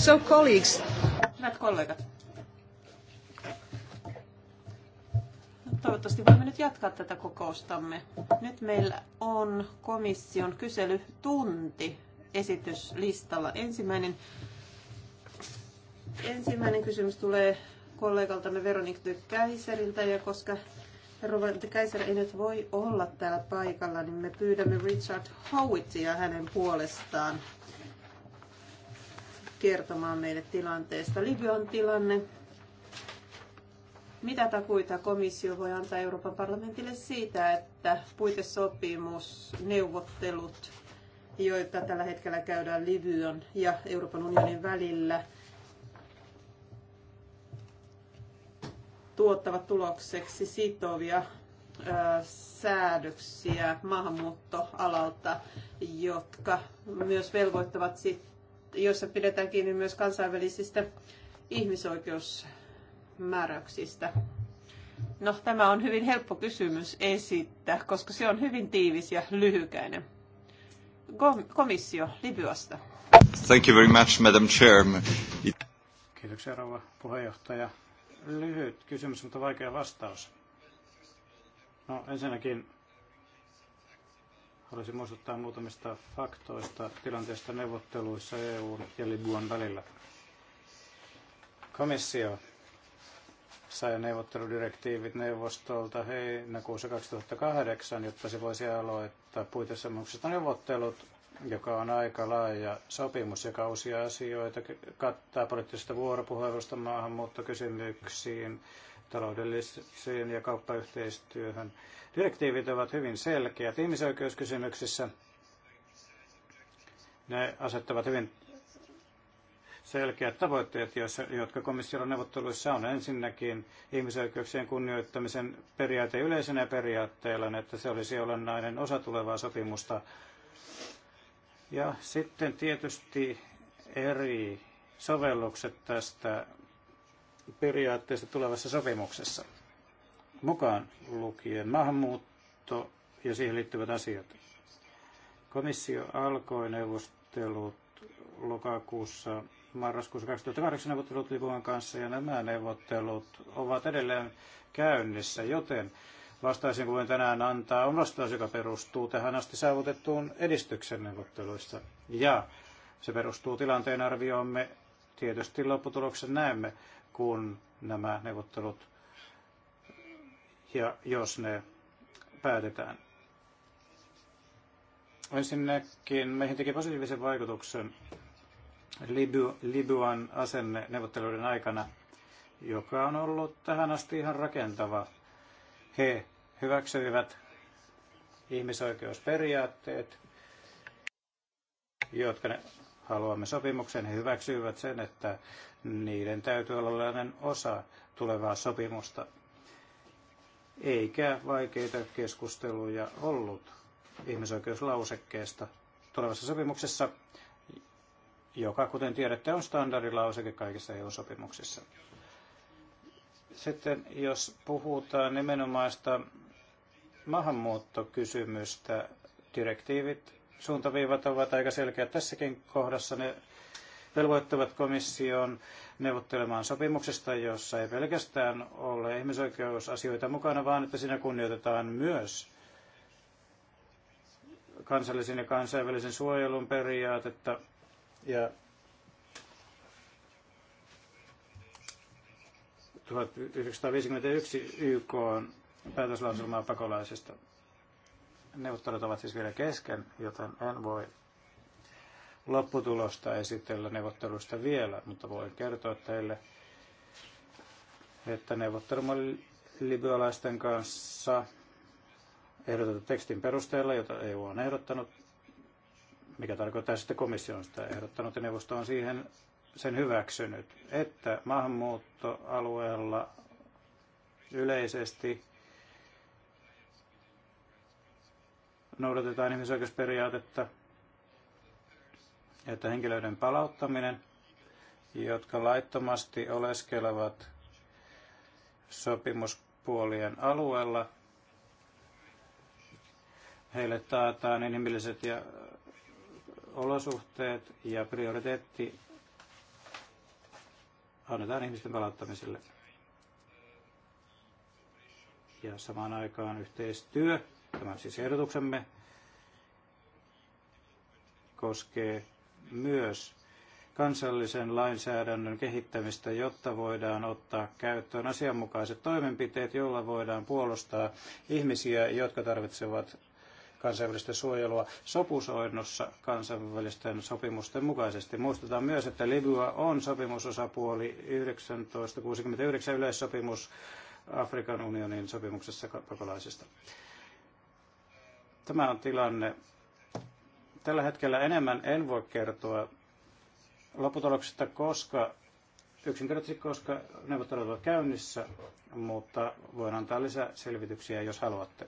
So colleagues. Hyvät kollegat. No, toivottavasti voimme nyt jatkaa tätä kokoustamme. Nyt meillä on komission kyselytunti esityslistalla. Ensimmäinen, ensimmäinen kysymys tulee kollegaltamme Veronique de Kaiserilta ja koska de Kaiser ei nyt voi olla täällä paikalla, niin me pyydämme Richard Howittia hänen puolestaan kertomaan meille tilanteesta. Libyan tilanne. Mitä takuita komissio voi antaa Euroopan parlamentille siitä, että puitesopimus, neuvottelut, joita tällä hetkellä käydään Libyan ja Euroopan unionin välillä, tuottavat tulokseksi sitovia säädöksiä maahanmuuttoalalta, jotka myös velvoittavat sitten jossa pidetään kiinni myös kansainvälisistä ihmisoikeusmääräyksistä? No, tämä on hyvin helppo kysymys esittää, koska se on hyvin tiivis ja lyhykäinen. Komissio Libyasta. Thank you very much, Madam Chair. Kiitoksia, rouva puheenjohtaja. Lyhyt kysymys, mutta vaikea vastaus. No, ensinnäkin Haluaisin muistuttaa muutamista faktoista tilanteesta neuvotteluissa EU ja Libyan välillä. Komissio sai neuvotteludirektiivit neuvostolta heinäkuussa 2008, jotta se voisi aloittaa puitesopimuksesta neuvottelut, joka on aika laaja sopimus, joka uusia asioita kattaa poliittisesta vuoropuhelusta maahanmuuttokysymyksiin, taloudelliseen ja kauppayhteistyöhön. Direktiivit ovat hyvin selkeät ihmisoikeuskysymyksissä. Ne asettavat hyvin selkeät tavoitteet, jotka komission neuvotteluissa on. Ensinnäkin ihmisoikeuksien kunnioittamisen periaate yleisenä periaatteella, että se olisi olennainen osa tulevaa sopimusta. Ja sitten tietysti eri sovellukset tästä periaatteista tulevassa sopimuksessa, mukaan lukien maahanmuutto ja siihen liittyvät asiat. Komissio alkoi neuvostelut lokakuussa marraskuussa 2008 neuvottelut Libuan kanssa ja nämä neuvottelut ovat edelleen käynnissä, joten vastaisin kuin tänään antaa on vastaus, joka perustuu tähän asti saavutettuun edistyksen neuvotteluista. Ja se perustuu tilanteen arvioomme. Tietysti lopputuloksen näemme, kun nämä neuvottelut ja jos ne päätetään. Ensinnäkin meihin teki positiivisen vaikutuksen Liby, Libyan asenne neuvotteluiden aikana, joka on ollut tähän asti ihan rakentava. He hyväksyivät ihmisoikeusperiaatteet, jotka ne haluamme sopimuksen, he hyväksyivät sen, että niiden täytyy olla olennainen osa tulevaa sopimusta. Eikä vaikeita keskusteluja ollut ihmisoikeuslausekkeesta tulevassa sopimuksessa, joka, kuten tiedätte, on standardilauseke kaikissa EU-sopimuksissa. Sitten jos puhutaan nimenomaista maahanmuuttokysymystä, direktiivit suuntaviivat ovat aika selkeät tässäkin kohdassa. Ne velvoittavat komission neuvottelemaan sopimuksesta, jossa ei pelkästään ole ihmisoikeusasioita mukana, vaan että siinä kunnioitetaan myös kansallisen ja kansainvälisen suojelun periaatetta ja 1951 YK on päätöslauselmaa pakolaisista. Neuvottelut ovat siis vielä kesken, joten en voi lopputulosta esitellä neuvottelusta vielä, mutta voin kertoa teille, että neuvottelumme libyalaisten kanssa ehdotetun tekstin perusteella, jota EU on ehdottanut, mikä tarkoittaa sitten komissio on sitä ehdottanut ja neuvosto on siihen sen hyväksynyt, että maahanmuuttoalueella yleisesti noudatetaan ihmisoikeusperiaatetta, että henkilöiden palauttaminen, jotka laittomasti oleskelevat sopimuspuolien alueella, heille taataan inhimilliset ja olosuhteet ja prioriteetti annetaan ihmisten palauttamiselle. Ja samaan aikaan yhteistyö Tämä siis ehdotuksemme koskee myös kansallisen lainsäädännön kehittämistä, jotta voidaan ottaa käyttöön asianmukaiset toimenpiteet, joilla voidaan puolustaa ihmisiä, jotka tarvitsevat kansainvälistä suojelua sopusoinnossa kansainvälisten sopimusten mukaisesti. Muistetaan myös, että Libya on sopimusosapuoli 1969 yleissopimus Afrikan unionin sopimuksessa pakolaisista. Tämä on tilanne. Tällä hetkellä enemmän en voi kertoa lopputuloksesta, koska yksinkertaisesti, koska neuvottelut ovat käynnissä, mutta voin antaa lisää selvityksiä, jos haluatte.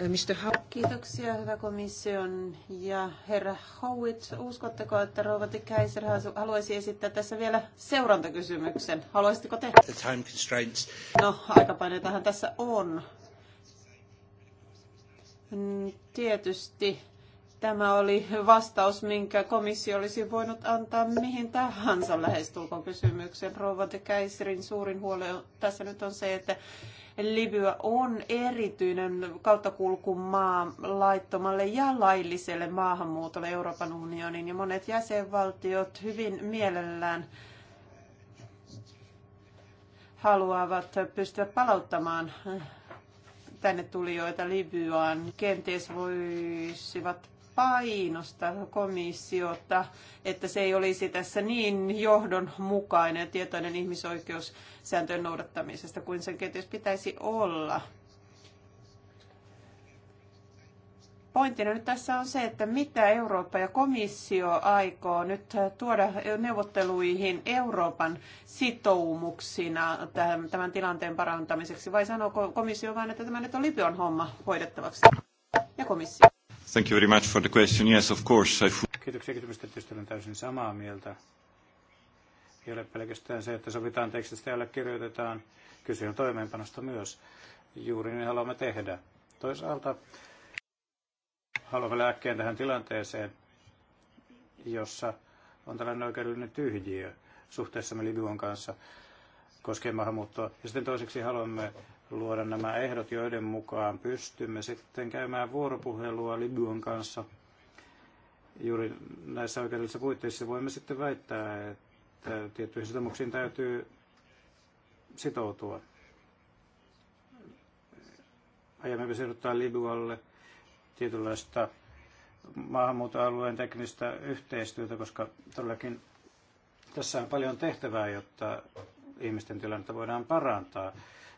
Mr. Howe. Kiitoksia, hyvä komission ja herra Howitt. Uskotteko, että rouva Kaiser haluaisi esittää tässä vielä seurantakysymyksen? Haluaisitteko te? The time constraints. No, aikapaineitahan tässä on. Mm, tietysti tämä oli vastaus, minkä komissio olisi voinut antaa mihin tahansa lähestulkoon kysymykseen. Rouva de Kaiserin suurin huoli tässä nyt on se, että Libya on erityinen kauttakulkumaa laittomalle ja lailliselle maahanmuutolle Euroopan unionin. ja monet jäsenvaltiot hyvin mielellään haluavat pystyä palauttamaan tänne tulijoita Libyaan kenties voisivat painostaa komissiota, että se ei olisi tässä niin johdonmukainen ja tietoinen ihmisoikeussääntöjen noudattamisesta kuin sen kenties pitäisi olla. pointtina nyt tässä on se, että mitä Eurooppa ja komissio aikoo nyt tuoda neuvotteluihin Euroopan sitoumuksina tämän tilanteen parantamiseksi, vai sanooko komissio vain, että tämä nyt on Libyan homma hoidettavaksi? Ja komissio. Thank you very much for the question. Yes, of course. I... Kiitoksia kysymystä. Tietysti olen täysin samaa mieltä. Ei ole pelkästään se, että sovitaan tekstistä ja kirjoitetaan. Kyse on toimeenpanosta myös. Juuri niin haluamme tehdä. Toisaalta haluamme lääkkeen tähän tilanteeseen, jossa on tällainen oikeudellinen tyhjiö me Libyan kanssa koskien maahanmuuttoa. Ja sitten toiseksi haluamme luoda nämä ehdot, joiden mukaan pystymme sitten käymään vuoropuhelua Libyan kanssa. Juuri näissä oikeudellisissa puitteissa voimme sitten väittää, että tiettyihin sitoumuksiin täytyy sitoutua. Aiemmin se siis ehdottaa Libyalle – tietynlaista maahanmuuttoalueen teknistä yhteistyötä, koska todellakin tässä on paljon tehtävää, jotta ihmisten tilannetta voidaan parantaa,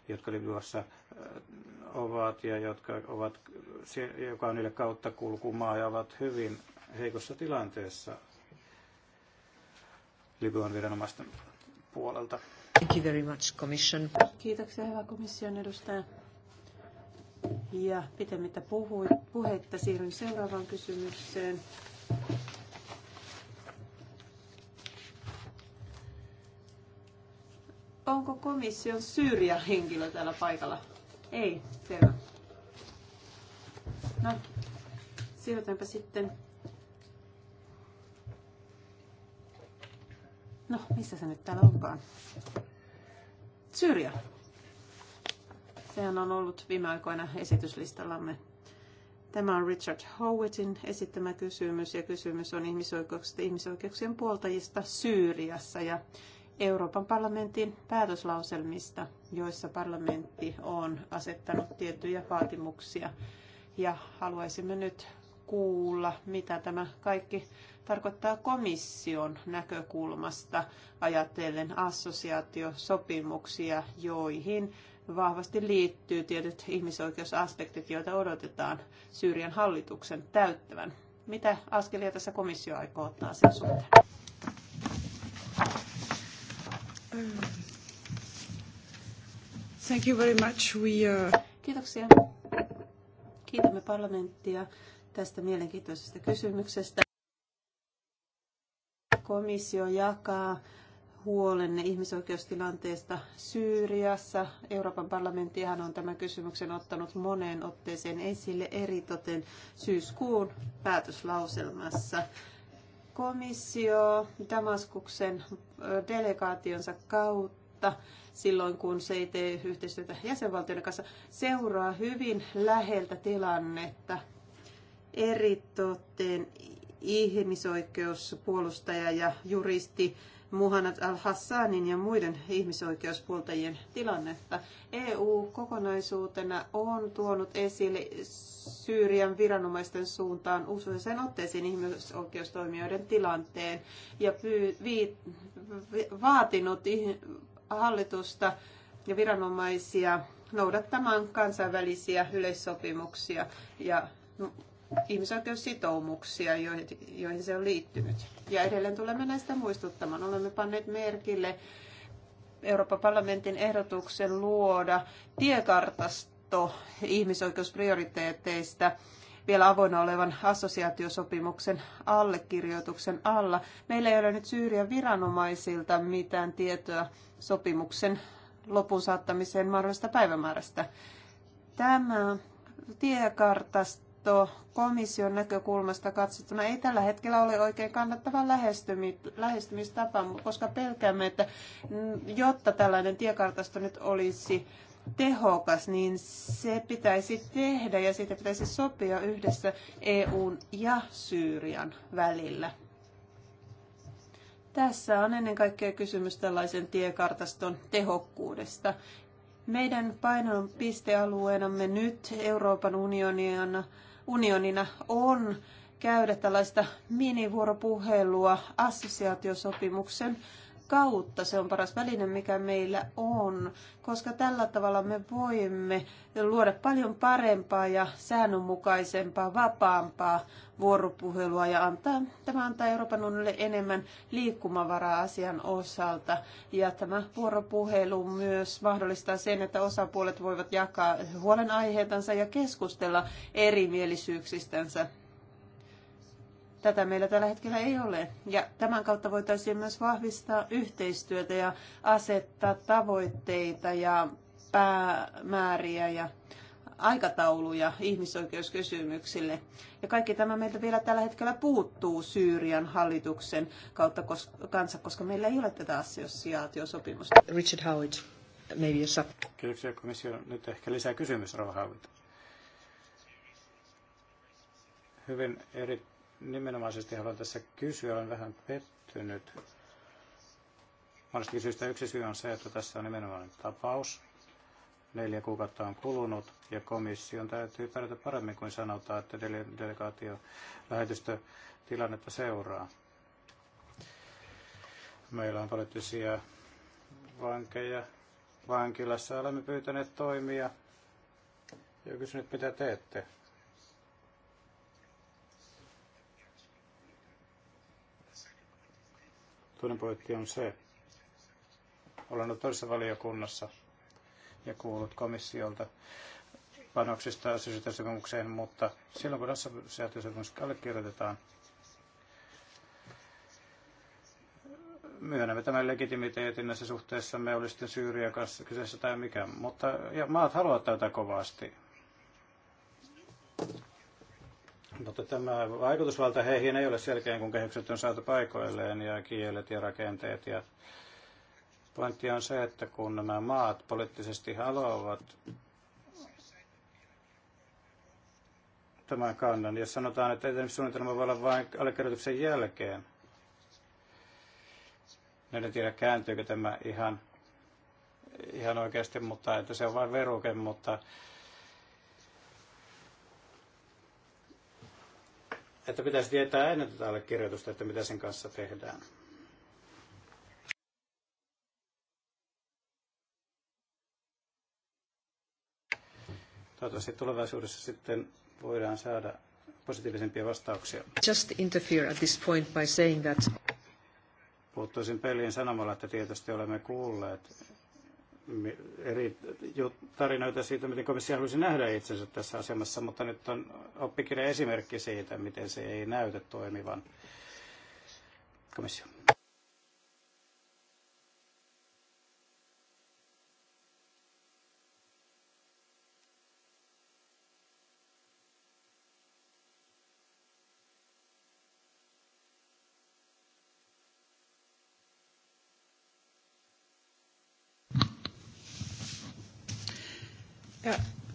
jotka Libyassa äh, ovat ja jotka ovat, joka on niille kautta kulkumaa ja ovat hyvin heikossa tilanteessa Libyan viranomaisten puolelta. Thank you very much, Commission. Kiitoksia, hyvä komission edustaja. Ja pitemmittä puhetta siirryn seuraavaan kysymykseen. Onko komission syyriä henkilö täällä paikalla? Ei, selvä. No, siirrytäänpä sitten. No, missä se nyt täällä onkaan? Syyria. Sehän on ollut viime aikoina esityslistallamme. Tämä on Richard Howittin esittämä kysymys ja kysymys on ihmisoikeuksista, ihmisoikeuksien puoltajista Syyriassa ja Euroopan parlamentin päätöslauselmista, joissa parlamentti on asettanut tiettyjä vaatimuksia. Ja haluaisimme nyt kuulla, mitä tämä kaikki tarkoittaa komission näkökulmasta ajatellen assosiaatiosopimuksia, joihin vahvasti liittyy tietyt ihmisoikeusaspektit, joita odotetaan Syyrian hallituksen täyttävän. Mitä askelia tässä komissio aikoo ottaa sen suhteen? Thank you very much. We, uh... Kiitoksia. Kiitämme parlamenttia tästä mielenkiintoisesta kysymyksestä. Komissio jakaa huolenne ihmisoikeustilanteesta Syyriassa. Euroopan parlamenttihan on tämän kysymyksen ottanut moneen otteeseen esille eritoten syyskuun päätöslauselmassa. Komissio Damaskuksen delegaationsa kautta silloin, kun se ei tee yhteistyötä jäsenvaltioiden kanssa, seuraa hyvin läheltä tilannetta eritoten ihmisoikeuspuolustaja ja juristi Muhannad al-Hassanin ja muiden ihmisoikeuspuoltajien tilannetta. EU kokonaisuutena on tuonut esille Syyrian viranomaisten suuntaan usein otteisiin ihmisoikeustoimijoiden tilanteen ja pyy- vi- vaatinut hallitusta ja viranomaisia noudattamaan kansainvälisiä yleissopimuksia ja ihmisoikeussitoumuksia, joihin se on liittynyt. Ja edelleen tulemme näistä muistuttamaan. Olemme panneet merkille Euroopan parlamentin ehdotuksen luoda tiekartasto ihmisoikeusprioriteetteista vielä avoinna olevan assosiaatiosopimuksen allekirjoituksen alla. Meillä ei ole nyt Syyrian viranomaisilta mitään tietoa sopimuksen lopun saattamiseen mahdollisesta päivämäärästä. Tämä tiekartasto vaihto komission näkökulmasta katsottuna ei tällä hetkellä ole oikein kannattava lähestymistapa, koska pelkäämme, että jotta tällainen tiekartasto nyt olisi tehokas, niin se pitäisi tehdä ja siitä pitäisi sopia yhdessä EUn ja Syyrian välillä. Tässä on ennen kaikkea kysymys tällaisen tiekartaston tehokkuudesta. Meidän painopistealueenamme nyt Euroopan unionina unionina on käydä tällaista minivuoropuhelua assosiaatiosopimuksen kautta. Se on paras väline, mikä meillä on, koska tällä tavalla me voimme luoda paljon parempaa ja säännönmukaisempaa, vapaampaa vuoropuhelua ja antaa, tämä antaa Euroopan unionille enemmän liikkumavaraa asian osalta. Ja tämä vuoropuhelu myös mahdollistaa sen, että osapuolet voivat jakaa huolenaiheitansa ja keskustella erimielisyyksistänsä Tätä meillä tällä hetkellä ei ole. Ja tämän kautta voitaisiin myös vahvistaa yhteistyötä ja asettaa tavoitteita ja päämääriä ja aikatauluja ihmisoikeuskysymyksille. Ja kaikki tämä meiltä vielä tällä hetkellä puuttuu Syyrian hallituksen kautta koska, kanssa, koska meillä ei ole tätä assosiaatiosopimusta. Richard Howard, maybe a sub. Kiitoksia komissio. Nyt ehkä lisää kysymys, Rova Howard. Hyvin eri nimenomaisesti haluan tässä kysyä, olen vähän pettynyt. Monestakin syystä yksi syy on se, että tässä on nimenomainen tapaus. Neljä kuukautta on kulunut ja komission täytyy pärjätä paremmin kuin sanotaan, että delegaatio lähetystö tilannetta seuraa. Meillä on poliittisia vankeja vankilassa. Olemme pyytäneet toimia ja kysynyt, mitä teette Toinen pointti on se, olen ollut toisessa valiokunnassa ja kuullut komissiolta panoksista sysytösopimukseen, mutta silloin kun assosiaatiosopimus allekirjoitetaan, myönnämme tämän legitimiteetin näissä suhteessa, me olisimme Syyriä kanssa kyseessä tai mikä, mutta ja maat haluavat tätä kovasti. Mutta tämä vaikutusvalta heihin ei ole selkeä, kun kehykset on saatu paikoilleen ja kielet ja rakenteet. Ja pointti on se, että kun nämä maat poliittisesti haluavat tämän kannan, ja sanotaan, että suunnitelma voi olla vain allekirjoituksen jälkeen, niin en tiedä kääntyykö tämä ihan, ihan oikeasti, mutta että se on vain veruke, mutta että pitäisi tietää ennen tätä allekirjoitusta, että mitä sen kanssa tehdään. Toivottavasti tulevaisuudessa sitten voidaan saada positiivisempia vastauksia. Just interfere at this point by saying that... Puuttuisin peliin sanomalla, että tietysti olemme kuulleet eri tarinoita siitä, miten komissio haluaisi nähdä itsensä tässä asemassa, mutta nyt on oppikirja esimerkki siitä, miten se ei näytä toimivan komissio.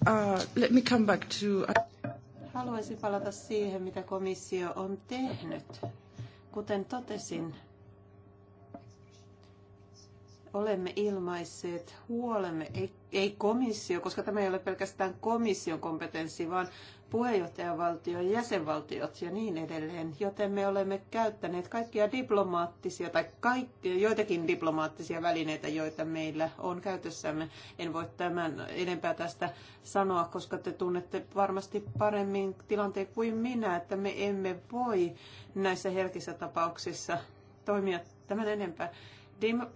Uh, let me come back to... Uh, Haluaisin palata siihen, mitä komissio on tehnyt. Kuten totesin, olemme ilmaisseet huolemme, ei, ei komissio, koska tämä ei ole pelkästään komission kompetenssi, vaan puheenjohtajavaltion jäsenvaltiot ja niin edelleen, joten me olemme käyttäneet kaikkia diplomaattisia tai kaikki, joitakin diplomaattisia välineitä, joita meillä on käytössämme. En voi tämän enempää tästä sanoa, koska te tunnette varmasti paremmin tilanteen kuin minä, että me emme voi näissä herkissä tapauksissa toimia tämän enempää.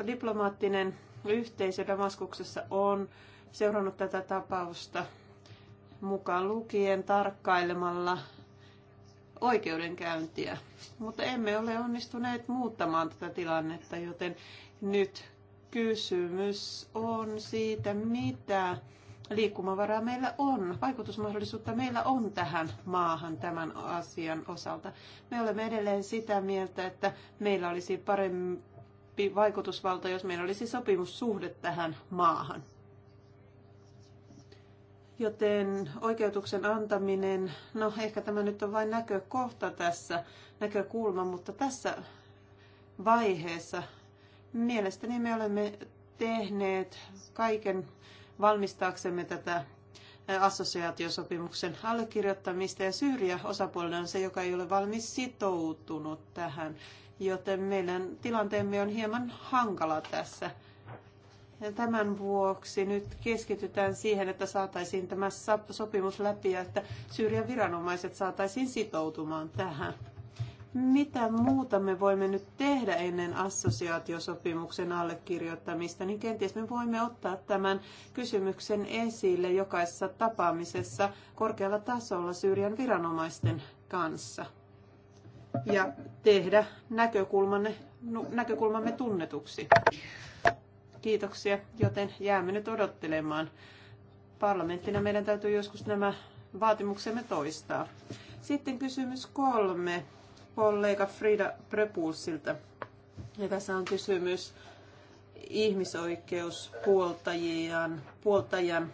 Diplomaattinen yhteisö Damaskuksessa on seurannut tätä tapausta mukaan lukien tarkkailemalla oikeudenkäyntiä. Mutta emme ole onnistuneet muuttamaan tätä tilannetta, joten nyt kysymys on siitä, mitä liikkumavaraa meillä on, vaikutusmahdollisuutta meillä on tähän maahan tämän asian osalta. Me olemme edelleen sitä mieltä, että meillä olisi parempi vaikutusvalta, jos meillä olisi sopimussuhde tähän maahan. Joten oikeutuksen antaminen, no ehkä tämä nyt on vain näkökohta tässä, näkökulma, mutta tässä vaiheessa mielestäni me olemme tehneet kaiken valmistaaksemme tätä assosiaatiosopimuksen allekirjoittamista ja syrjä osapuolella on se, joka ei ole valmis sitoutunut tähän, joten meidän tilanteemme on hieman hankala tässä. Ja tämän vuoksi nyt keskitytään siihen, että saataisiin tämä sopimus läpi ja että Syyrian viranomaiset saataisiin sitoutumaan tähän. Mitä muuta me voimme nyt tehdä ennen assosiaatiosopimuksen allekirjoittamista, niin kenties me voimme ottaa tämän kysymyksen esille jokaisessa tapaamisessa korkealla tasolla Syyrian viranomaisten kanssa ja tehdä näkökulmanne, näkökulmamme tunnetuksi kiitoksia, joten jäämme nyt odottelemaan. Parlamenttina meidän täytyy joskus nämä vaatimuksemme toistaa. Sitten kysymys kolme kollega Frida Prepulsilta. Ja tässä on kysymys ihmisoikeuspuoltajien puoltajan,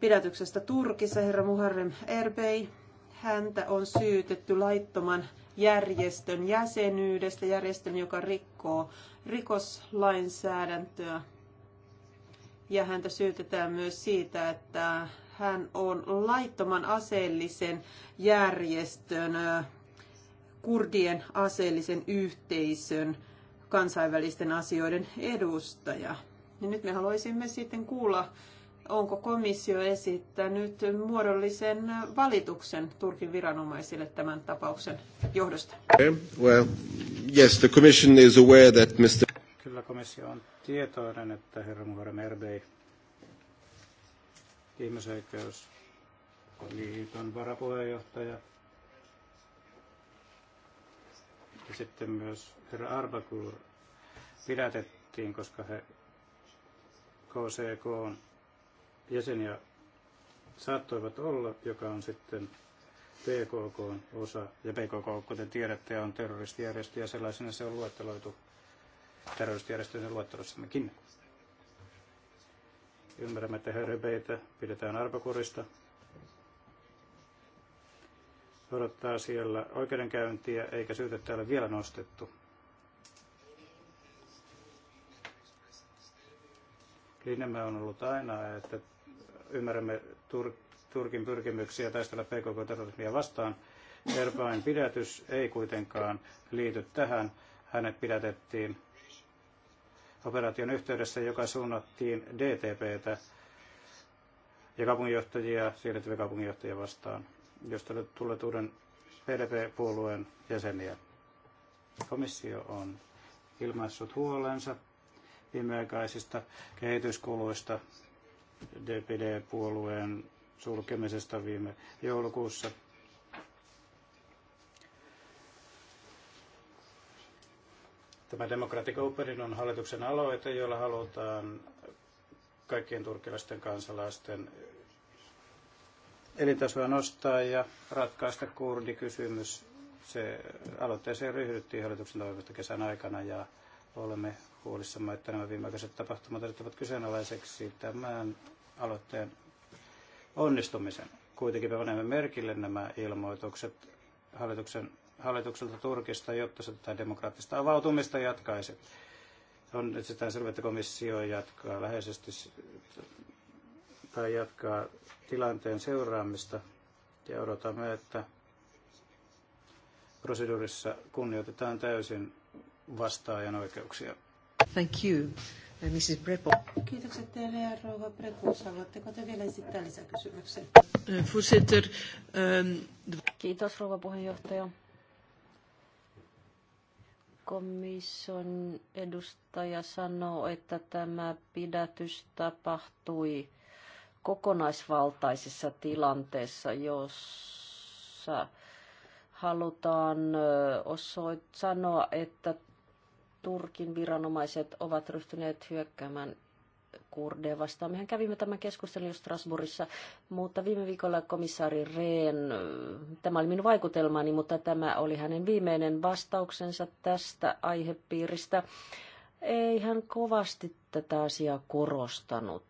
pidätyksestä Turkissa herra Muharrem Erbey. Häntä on syytetty laittoman järjestön jäsenyydestä, järjestön, joka rikkoo rikoslainsäädäntöä. Ja häntä syytetään myös siitä, että hän on laittoman aseellisen järjestön, kurdien aseellisen yhteisön kansainvälisten asioiden edustaja. Ja nyt me haluaisimme sitten kuulla onko komissio esittänyt muodollisen valituksen Turkin viranomaisille tämän tapauksen johdosta? Well, yes, the commission is aware that Mr. Kyllä komissio on tietoinen, että herra Muharrem Erbey, liiton varapuheenjohtaja, ja sitten myös herra Arbakur pidätettiin, koska he KCK on jäseniä saattoivat olla, joka on sitten PKK on osa, ja PKK, kuten tiedätte, on terroristijärjestö, ja sellaisena se on luetteloitu terroristijärjestöjen luettelossammekin. Ymmärrämme, että höröbeitä pidetään arpakurista. Odottaa siellä oikeudenkäyntiä, eikä syytettä ole vielä nostettu. Linjamme on ollut aina, että ymmärrämme Turkin pyrkimyksiä taistella PKK-terrorismia vastaan. Erbain pidätys ei kuitenkaan liity tähän. Hänet pidätettiin operaation yhteydessä, joka suunnattiin DTPtä ja kaupunginjohtajia, siirrettyviä kaupunginjohtajia vastaan, josta tulee uuden PDP-puolueen jäseniä. Komissio on ilmaissut huolensa viimeaikaisista kehityskuluista DPD-puolueen sulkemisesta viime joulukuussa. Tämä Democratic Openin on hallituksen aloite, jolla halutaan kaikkien turkilaisten kansalaisten elintasoa nostaa ja ratkaista kurdikysymys. Se aloitteeseen ryhdyttiin hallituksen toimesta kesän aikana ja olemme huolissamme, että nämä viimeaikaiset tapahtumat asettavat kyseenalaiseksi tämän aloitteen onnistumisen. Kuitenkin me panemme merkille nämä ilmoitukset hallituksen, hallitukselta Turkista, jotta se tätä demokraattista avautumista jatkaisi. On itsestään selvä, että komissio jatkaa läheisesti tai jatkaa tilanteen seuraamista ja odotamme, että proseduurissa kunnioitetaan täysin vastaajan oikeuksia. Thank you, uh, Mrs. Brepo. Kiitokset teille ja rouva Brepo. Haluatteko te vielä esittää lisäkysymyksen? Voorzitter. Uh, um, Kiitos rouva puheenjohtaja. Komission edustaja sanoo, että tämä pidätys tapahtui kokonaisvaltaisessa tilanteessa, jossa halutaan uh, osoit- sanoa, että Turkin viranomaiset ovat ryhtyneet hyökkäämään kurdeja vastaan. Mehän kävimme tämän keskustelun jo Strasbourgissa, mutta viime viikolla komissaari Rehn, tämä oli minun vaikutelmani, mutta tämä oli hänen viimeinen vastauksensa tästä aihepiiristä. Ei hän kovasti tätä asiaa korostanut.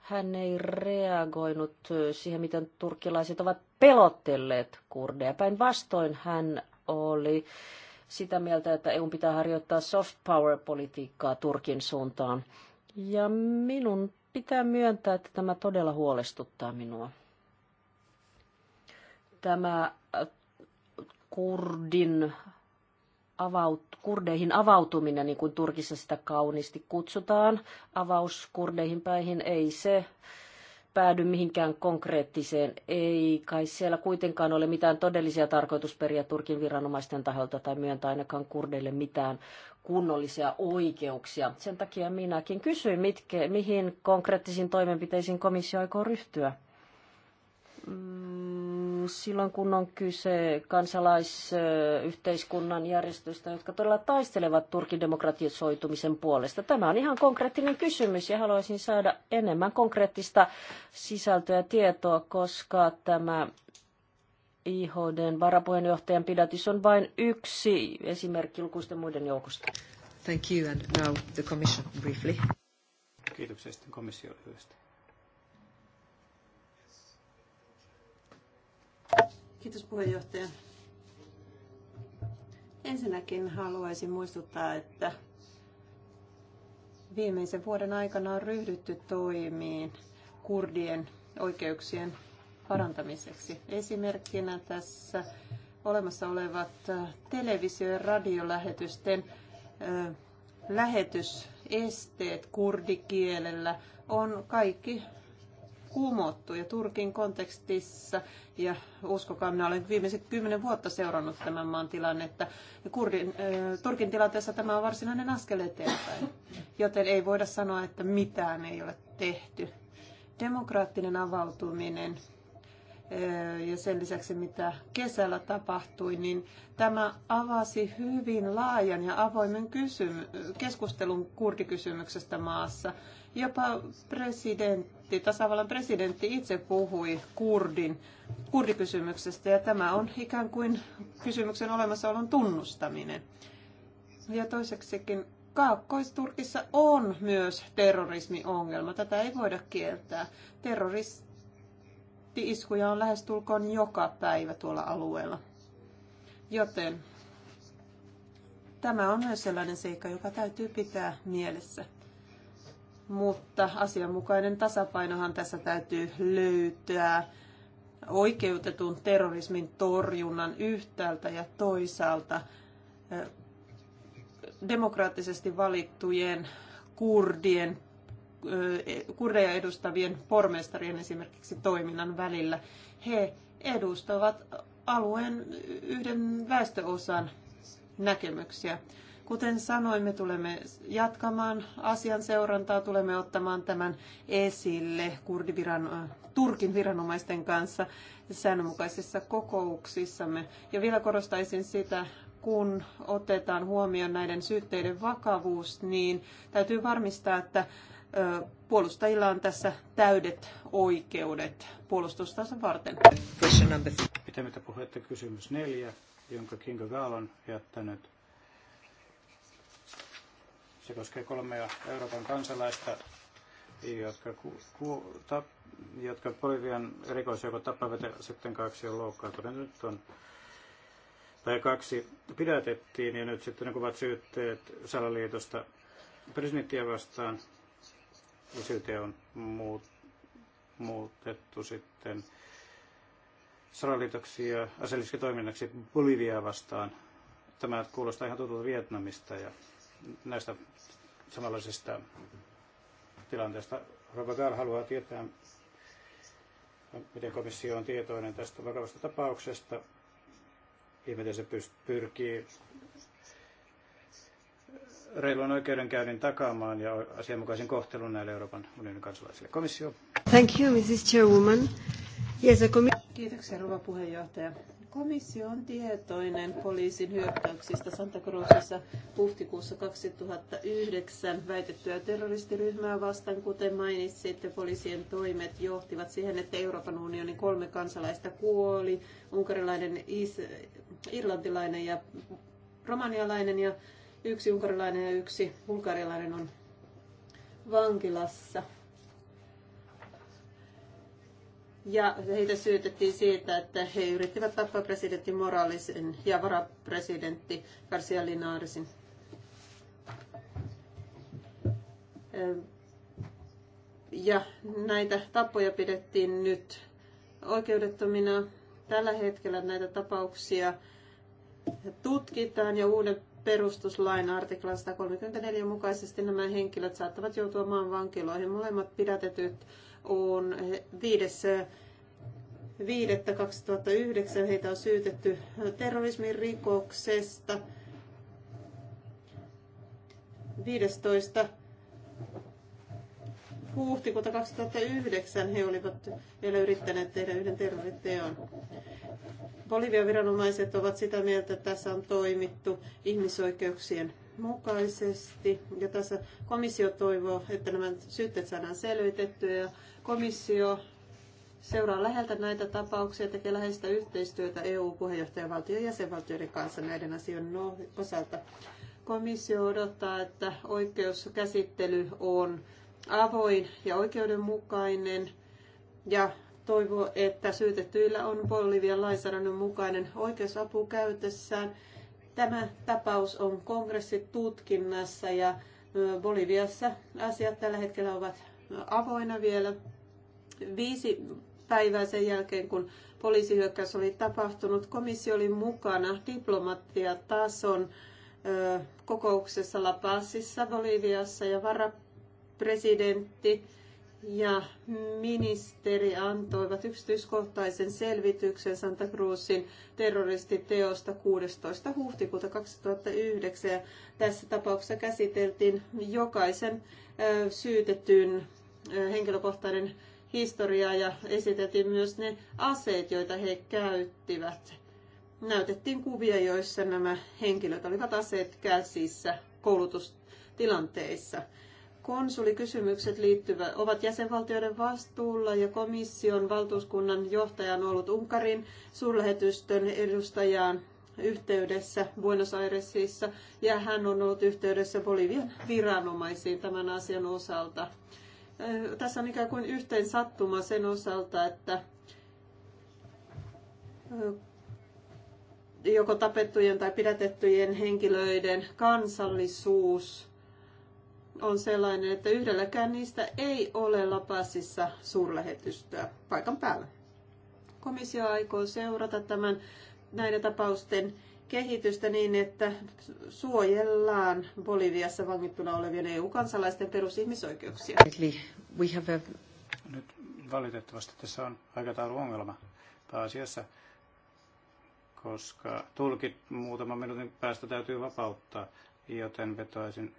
Hän ei reagoinut siihen, miten turkkilaiset ovat pelottelleet kurdeja. Päinvastoin hän oli äh, sitä mieltä, että EU pitää harjoittaa soft power-politiikkaa Turkin suuntaan. Ja minun pitää myöntää, että tämä todella huolestuttaa minua. Tämä äh, kurdin avaut, kurdeihin avautuminen, niin kuin Turkissa sitä kauniisti kutsutaan, avaus kurdeihin päihin, ei se päädy mihinkään konkreettiseen. Ei kai siellä kuitenkaan ole mitään todellisia tarkoitusperiä Turkin viranomaisten taholta tai myöntää ainakaan kurdeille mitään kunnollisia oikeuksia. Sen takia minäkin kysyin, mitke, mihin konkreettisiin toimenpiteisiin komissio aikoo ryhtyä. Mm Siis silloin, kun on kyse kansalaisyhteiskunnan järjestöistä, jotka todella taistelevat Turkin demokratisoitumisen puolesta. Tämä on ihan konkreettinen kysymys ja haluaisin saada enemmän konkreettista sisältöä ja tietoa, koska tämä IHDn varapuheenjohtajan pidätys on vain yksi esimerkki lukuisten muiden joukosta. Thank you and now the commission briefly. Kiitoksia sitten komissio lyhyesti. Kiitos puheenjohtaja. Ensinnäkin haluaisin muistuttaa, että viimeisen vuoden aikana on ryhdytty toimiin kurdien oikeuksien parantamiseksi. Esimerkkinä tässä olemassa olevat äh, televisio- ja radiolähetysten äh, lähetysesteet kurdikielellä on kaikki kumottu. Ja Turkin kontekstissa, ja uskokaa, minä olen viimeiset kymmenen vuotta seurannut tämän maan tilannetta, ja Kurdin, äh, Turkin tilanteessa tämä on varsinainen askel eteenpäin. Joten ei voida sanoa, että mitään ei ole tehty. Demokraattinen avautuminen ja sen lisäksi mitä kesällä tapahtui, niin tämä avasi hyvin laajan ja avoimen keskustelun kurdikysymyksestä maassa. Jopa presidentti, tasavallan presidentti itse puhui kurdin, kurdikysymyksestä ja tämä on ikään kuin kysymyksen olemassaolon tunnustaminen. Ja toiseksikin Kaakkois-Turkissa on myös terrorismiongelma. Tätä ei voida kieltää. Terroristi-iskuja on lähestulkoon joka päivä tuolla alueella. Joten tämä on myös sellainen seikka, joka täytyy pitää mielessä mutta asianmukainen tasapainohan tässä täytyy löytää oikeutetun terrorismin torjunnan yhtäältä ja toisaalta demokraattisesti valittujen kurdien, e, kurdeja edustavien pormestarien esimerkiksi toiminnan välillä. He edustavat alueen yhden väestöosan näkemyksiä. Kuten sanoin, me tulemme jatkamaan asian seurantaa, tulemme ottamaan tämän esille kurdiviran, Turkin viranomaisten kanssa säännönmukaisissa kokouksissamme. Ja vielä korostaisin sitä, kun otetaan huomioon näiden syytteiden vakavuus, niin täytyy varmistaa, että puolustajilla on tässä täydet oikeudet puolustustansa varten. Pitämättä puhetta kysymys neljä, jonka Kinga Gaal on jättänyt se koskee kolmea Euroopan kansalaista, jotka, ku, ku, tap, jotka Bolivian erikoisjoukot tappavat ja sitten kaksi on loukkaantunut. Nyt on tai kaksi pidätettiin ja nyt sitten ne kuvat syytteet salaliitosta presidenttiä vastaan. Ja syyte on muut, muutettu sitten salaliitoksi ja aseelliseksi toiminnaksi Boliviaa vastaan. Tämä kuulostaa ihan tutulta Vietnamista ja näistä samanlaisista tilanteista. Robogal haluaa tietää, miten komissio on tietoinen tästä vakavasta tapauksesta ja miten se pyrkii reilun oikeudenkäynnin takaamaan ja asianmukaisen kohtelun näille Euroopan unionin kansalaisille. Komissio. Thank you, Mrs. Chairwoman. Yes, a Kiitoksia, rouva puheenjohtaja. Komissio on tietoinen poliisin hyökkäyksistä Santa Cruzissa huhtikuussa 2009 väitettyä terroristiryhmää vastaan, kuten mainitsitte, poliisien toimet johtivat siihen, että Euroopan unionin kolme kansalaista kuoli, unkarilainen, is, irlantilainen ja romanialainen ja yksi unkarilainen ja yksi bulgarilainen on vankilassa. Ja heitä syytettiin siitä, että he yrittivät tappaa presidentti moraalisen ja varapresidentti Garcia Linaresin. Ja näitä tappoja pidettiin nyt oikeudettomina. Tällä hetkellä näitä tapauksia tutkitaan ja uuden perustuslain artikla 134 mukaisesti nämä henkilöt saattavat joutua maan vankiloihin. Molemmat pidätetyt on 5.5.2009. Heitä on syytetty terrorismin rikoksesta. 15. huhtikuuta 2009 he olivat vielä yrittäneet tehdä yhden terroriteon. Bolivian viranomaiset ovat sitä mieltä, että tässä on toimittu ihmisoikeuksien mukaisesti. Ja tässä komissio toivoo, että nämä syytteet saadaan selvitettyä ja komissio seuraa läheltä näitä tapauksia ja tekee läheistä yhteistyötä EU-puheenjohtajavaltion ja jäsenvaltioiden kanssa näiden asioiden osalta. Komissio odottaa, että oikeuskäsittely on avoin ja oikeudenmukainen ja toivoo, että syytettyillä on Bolivian lainsäädännön mukainen oikeusapu käytössään Tämä tapaus on kongressitutkinnassa ja Boliviassa asiat tällä hetkellä ovat avoina vielä. Viisi päivää sen jälkeen, kun poliisihyökkäys oli tapahtunut, komissio oli mukana diplomattiatason kokouksessa La Pazissa Boliviassa ja varapresidentti ja ministeri antoivat yksityiskohtaisen selvityksen Santa Cruzin terroristiteosta 16. huhtikuuta 2009. Ja tässä tapauksessa käsiteltiin jokaisen syytetyn henkilökohtainen historia ja esiteltiin myös ne aseet, joita he käyttivät. Näytettiin kuvia, joissa nämä henkilöt olivat aseet käsissä koulutustilanteissa. Konsulikysymykset liittyvät, ovat jäsenvaltioiden vastuulla ja komission valtuuskunnan johtaja on ollut Unkarin suurlähetystön edustajaan yhteydessä Buenos Airesissa ja hän on ollut yhteydessä Bolivian viranomaisiin tämän asian osalta. Tässä on ikään kuin yhteen sattuma sen osalta, että joko tapettujen tai pidätettyjen henkilöiden kansallisuus on sellainen, että yhdelläkään niistä ei ole Lapasissa suurlähetystöä paikan päällä. Komissio aikoo seurata tämän näiden tapausten kehitystä niin, että suojellaan Boliviassa vangittuna olevien EU-kansalaisten perusihmisoikeuksia. Nyt valitettavasti tässä on aikatauluongelma pääasiassa, koska tulkit muutaman minuutin päästä täytyy vapauttaa, joten vetoaisin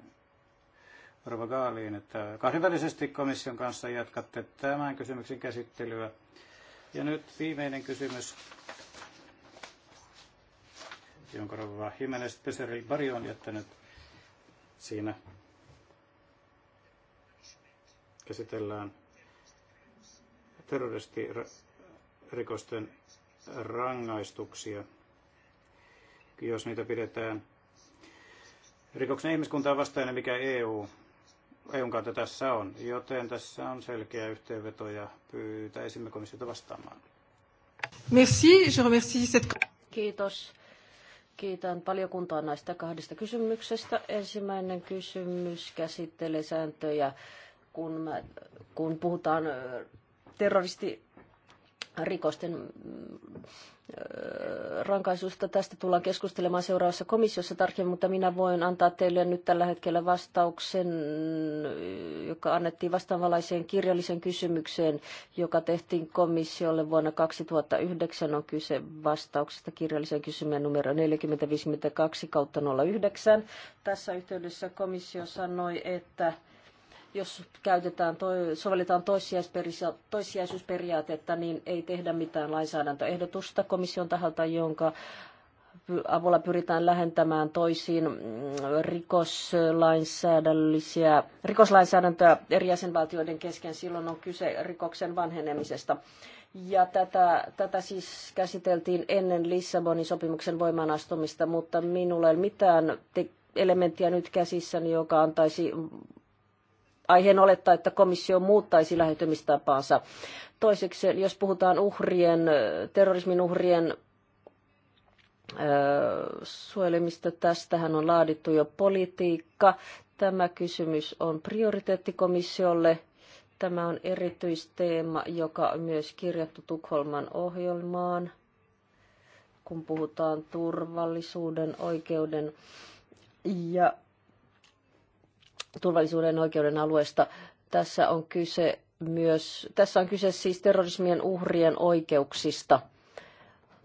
Rova Gaaliin, että kahdenvälisesti komission kanssa jatkatte tämän kysymyksen käsittelyä. Ja nyt viimeinen kysymys, jonka Rova Jimenez Peseril Bari on jättänyt siinä käsitellään terroristirikosten rangaistuksia, jos niitä pidetään rikoksen ihmiskuntaa vastaan, niin mikä EU EUn kautta tässä on, joten tässä on selkeä yhteenveto ja pyytäisimme komissiota vastaamaan. Merci, je remercie cette... Kiitos. Kiitän valiokuntaa näistä kahdesta kysymyksestä. Ensimmäinen kysymys käsittelee sääntöjä, kun, mä, kun puhutaan terroristi rikosten mm, rankaisusta. Tästä tullaan keskustelemaan seuraavassa komissiossa tarkemmin, mutta minä voin antaa teille nyt tällä hetkellä vastauksen, joka annettiin vastaavalaiseen kirjalliseen kysymykseen, joka tehtiin komissiolle vuonna 2009. On kyse vastauksesta kirjalliseen kysymykseen numero 4052 kautta 09. Tässä yhteydessä komissio sanoi, että jos käytetään, sovelletaan toissijaisuusperiaatetta, niin ei tehdä mitään lainsäädäntöehdotusta komission taholta, jonka avulla pyritään lähentämään toisiin mm, rikoslainsäädännöllisiä, rikoslainsäädäntöä eri jäsenvaltioiden kesken. Silloin on kyse rikoksen vanhenemisesta. Ja tätä, tätä siis käsiteltiin ennen Lissabonin sopimuksen voimaanastumista, mutta minulla ei ole mitään elementtiä nyt käsissäni, joka antaisi aiheen olettaa, että komissio muuttaisi lähetymistapaansa. Toiseksi, jos puhutaan uhrien, terrorismin uhrien suojelemista, tästähän on laadittu jo politiikka. Tämä kysymys on prioriteettikomissiolle. Tämä on erityisteema, joka on myös kirjattu Tukholman ohjelmaan, kun puhutaan turvallisuuden, oikeuden ja turvallisuuden oikeuden alueesta. Tässä on kyse myös, tässä on kyse siis terrorismien uhrien oikeuksista.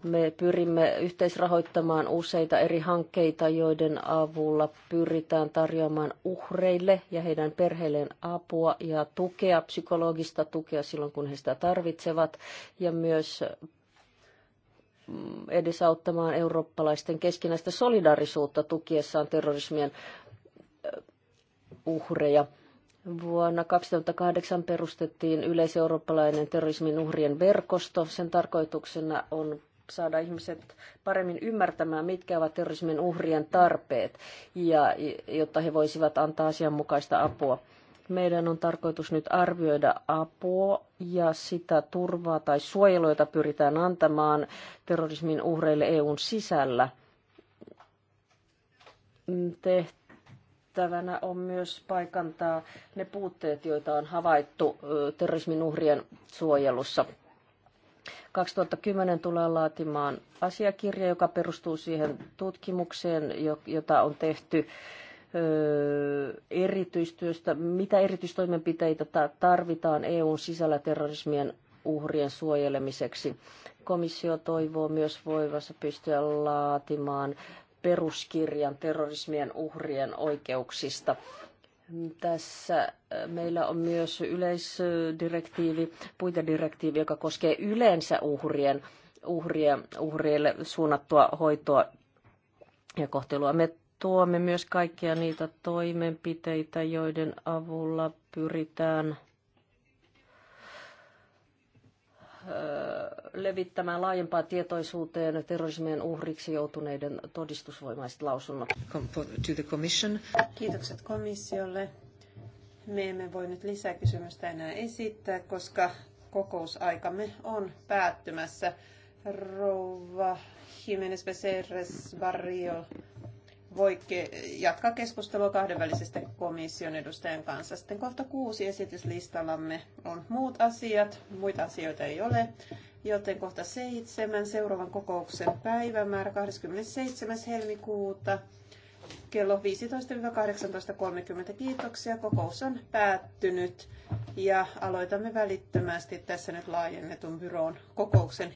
Me pyrimme yhteisrahoittamaan useita eri hankkeita, joiden avulla pyritään tarjoamaan uhreille ja heidän perheilleen apua ja tukea, psykologista tukea silloin, kun he sitä tarvitsevat, ja myös mm, edesauttamaan eurooppalaisten keskinäistä solidarisuutta tukiessaan terrorismien uhreja. Vuonna 2008 perustettiin yleiseurooppalainen terrorismin uhrien verkosto. Sen tarkoituksena on saada ihmiset paremmin ymmärtämään, mitkä ovat terrorismin uhrien tarpeet, ja, jotta he voisivat antaa asianmukaista apua. Meidän on tarkoitus nyt arvioida apua ja sitä turvaa tai suojelua, jota pyritään antamaan terrorismin uhreille EUn sisällä. Mm, tehty tehtävänä on myös paikantaa ne puutteet, joita on havaittu terrorismin uhrien suojelussa. 2010 tullaan laatimaan asiakirja, joka perustuu siihen tutkimukseen, jota on tehty erityistyöstä, mitä erityistoimenpiteitä tarvitaan EUn sisällä terrorismien uhrien suojelemiseksi. Komissio toivoo myös voivansa pystyä laatimaan peruskirjan terrorismien uhrien oikeuksista. Tässä äh, meillä on myös yleisdirektiivi, puitedirektiivi, joka koskee yleensä uhrien, uhrien, uhreille suunnattua hoitoa ja kohtelua. Me tuomme myös kaikkia niitä toimenpiteitä, joiden avulla pyritään levittämään laajempaa tietoisuuteen terrorismien uhriksi joutuneiden todistusvoimaiset lausunnot. Kiitokset komissiolle. Me emme voi nyt lisäkysymystä enää esittää, koska kokousaikamme on päättymässä. Rouva Jimenez Becerres Barrio voi jatkaa keskustelua kahdenvälisesti komission edustajan kanssa. Sitten kohta kuusi esityslistallamme on muut asiat, muita asioita ei ole, joten kohta seitsemän seuraavan kokouksen päivämäärä 27. helmikuuta kello 15-18.30. Kiitoksia, kokous on päättynyt ja aloitamme välittömästi tässä nyt laajennetun byroon kokouksen.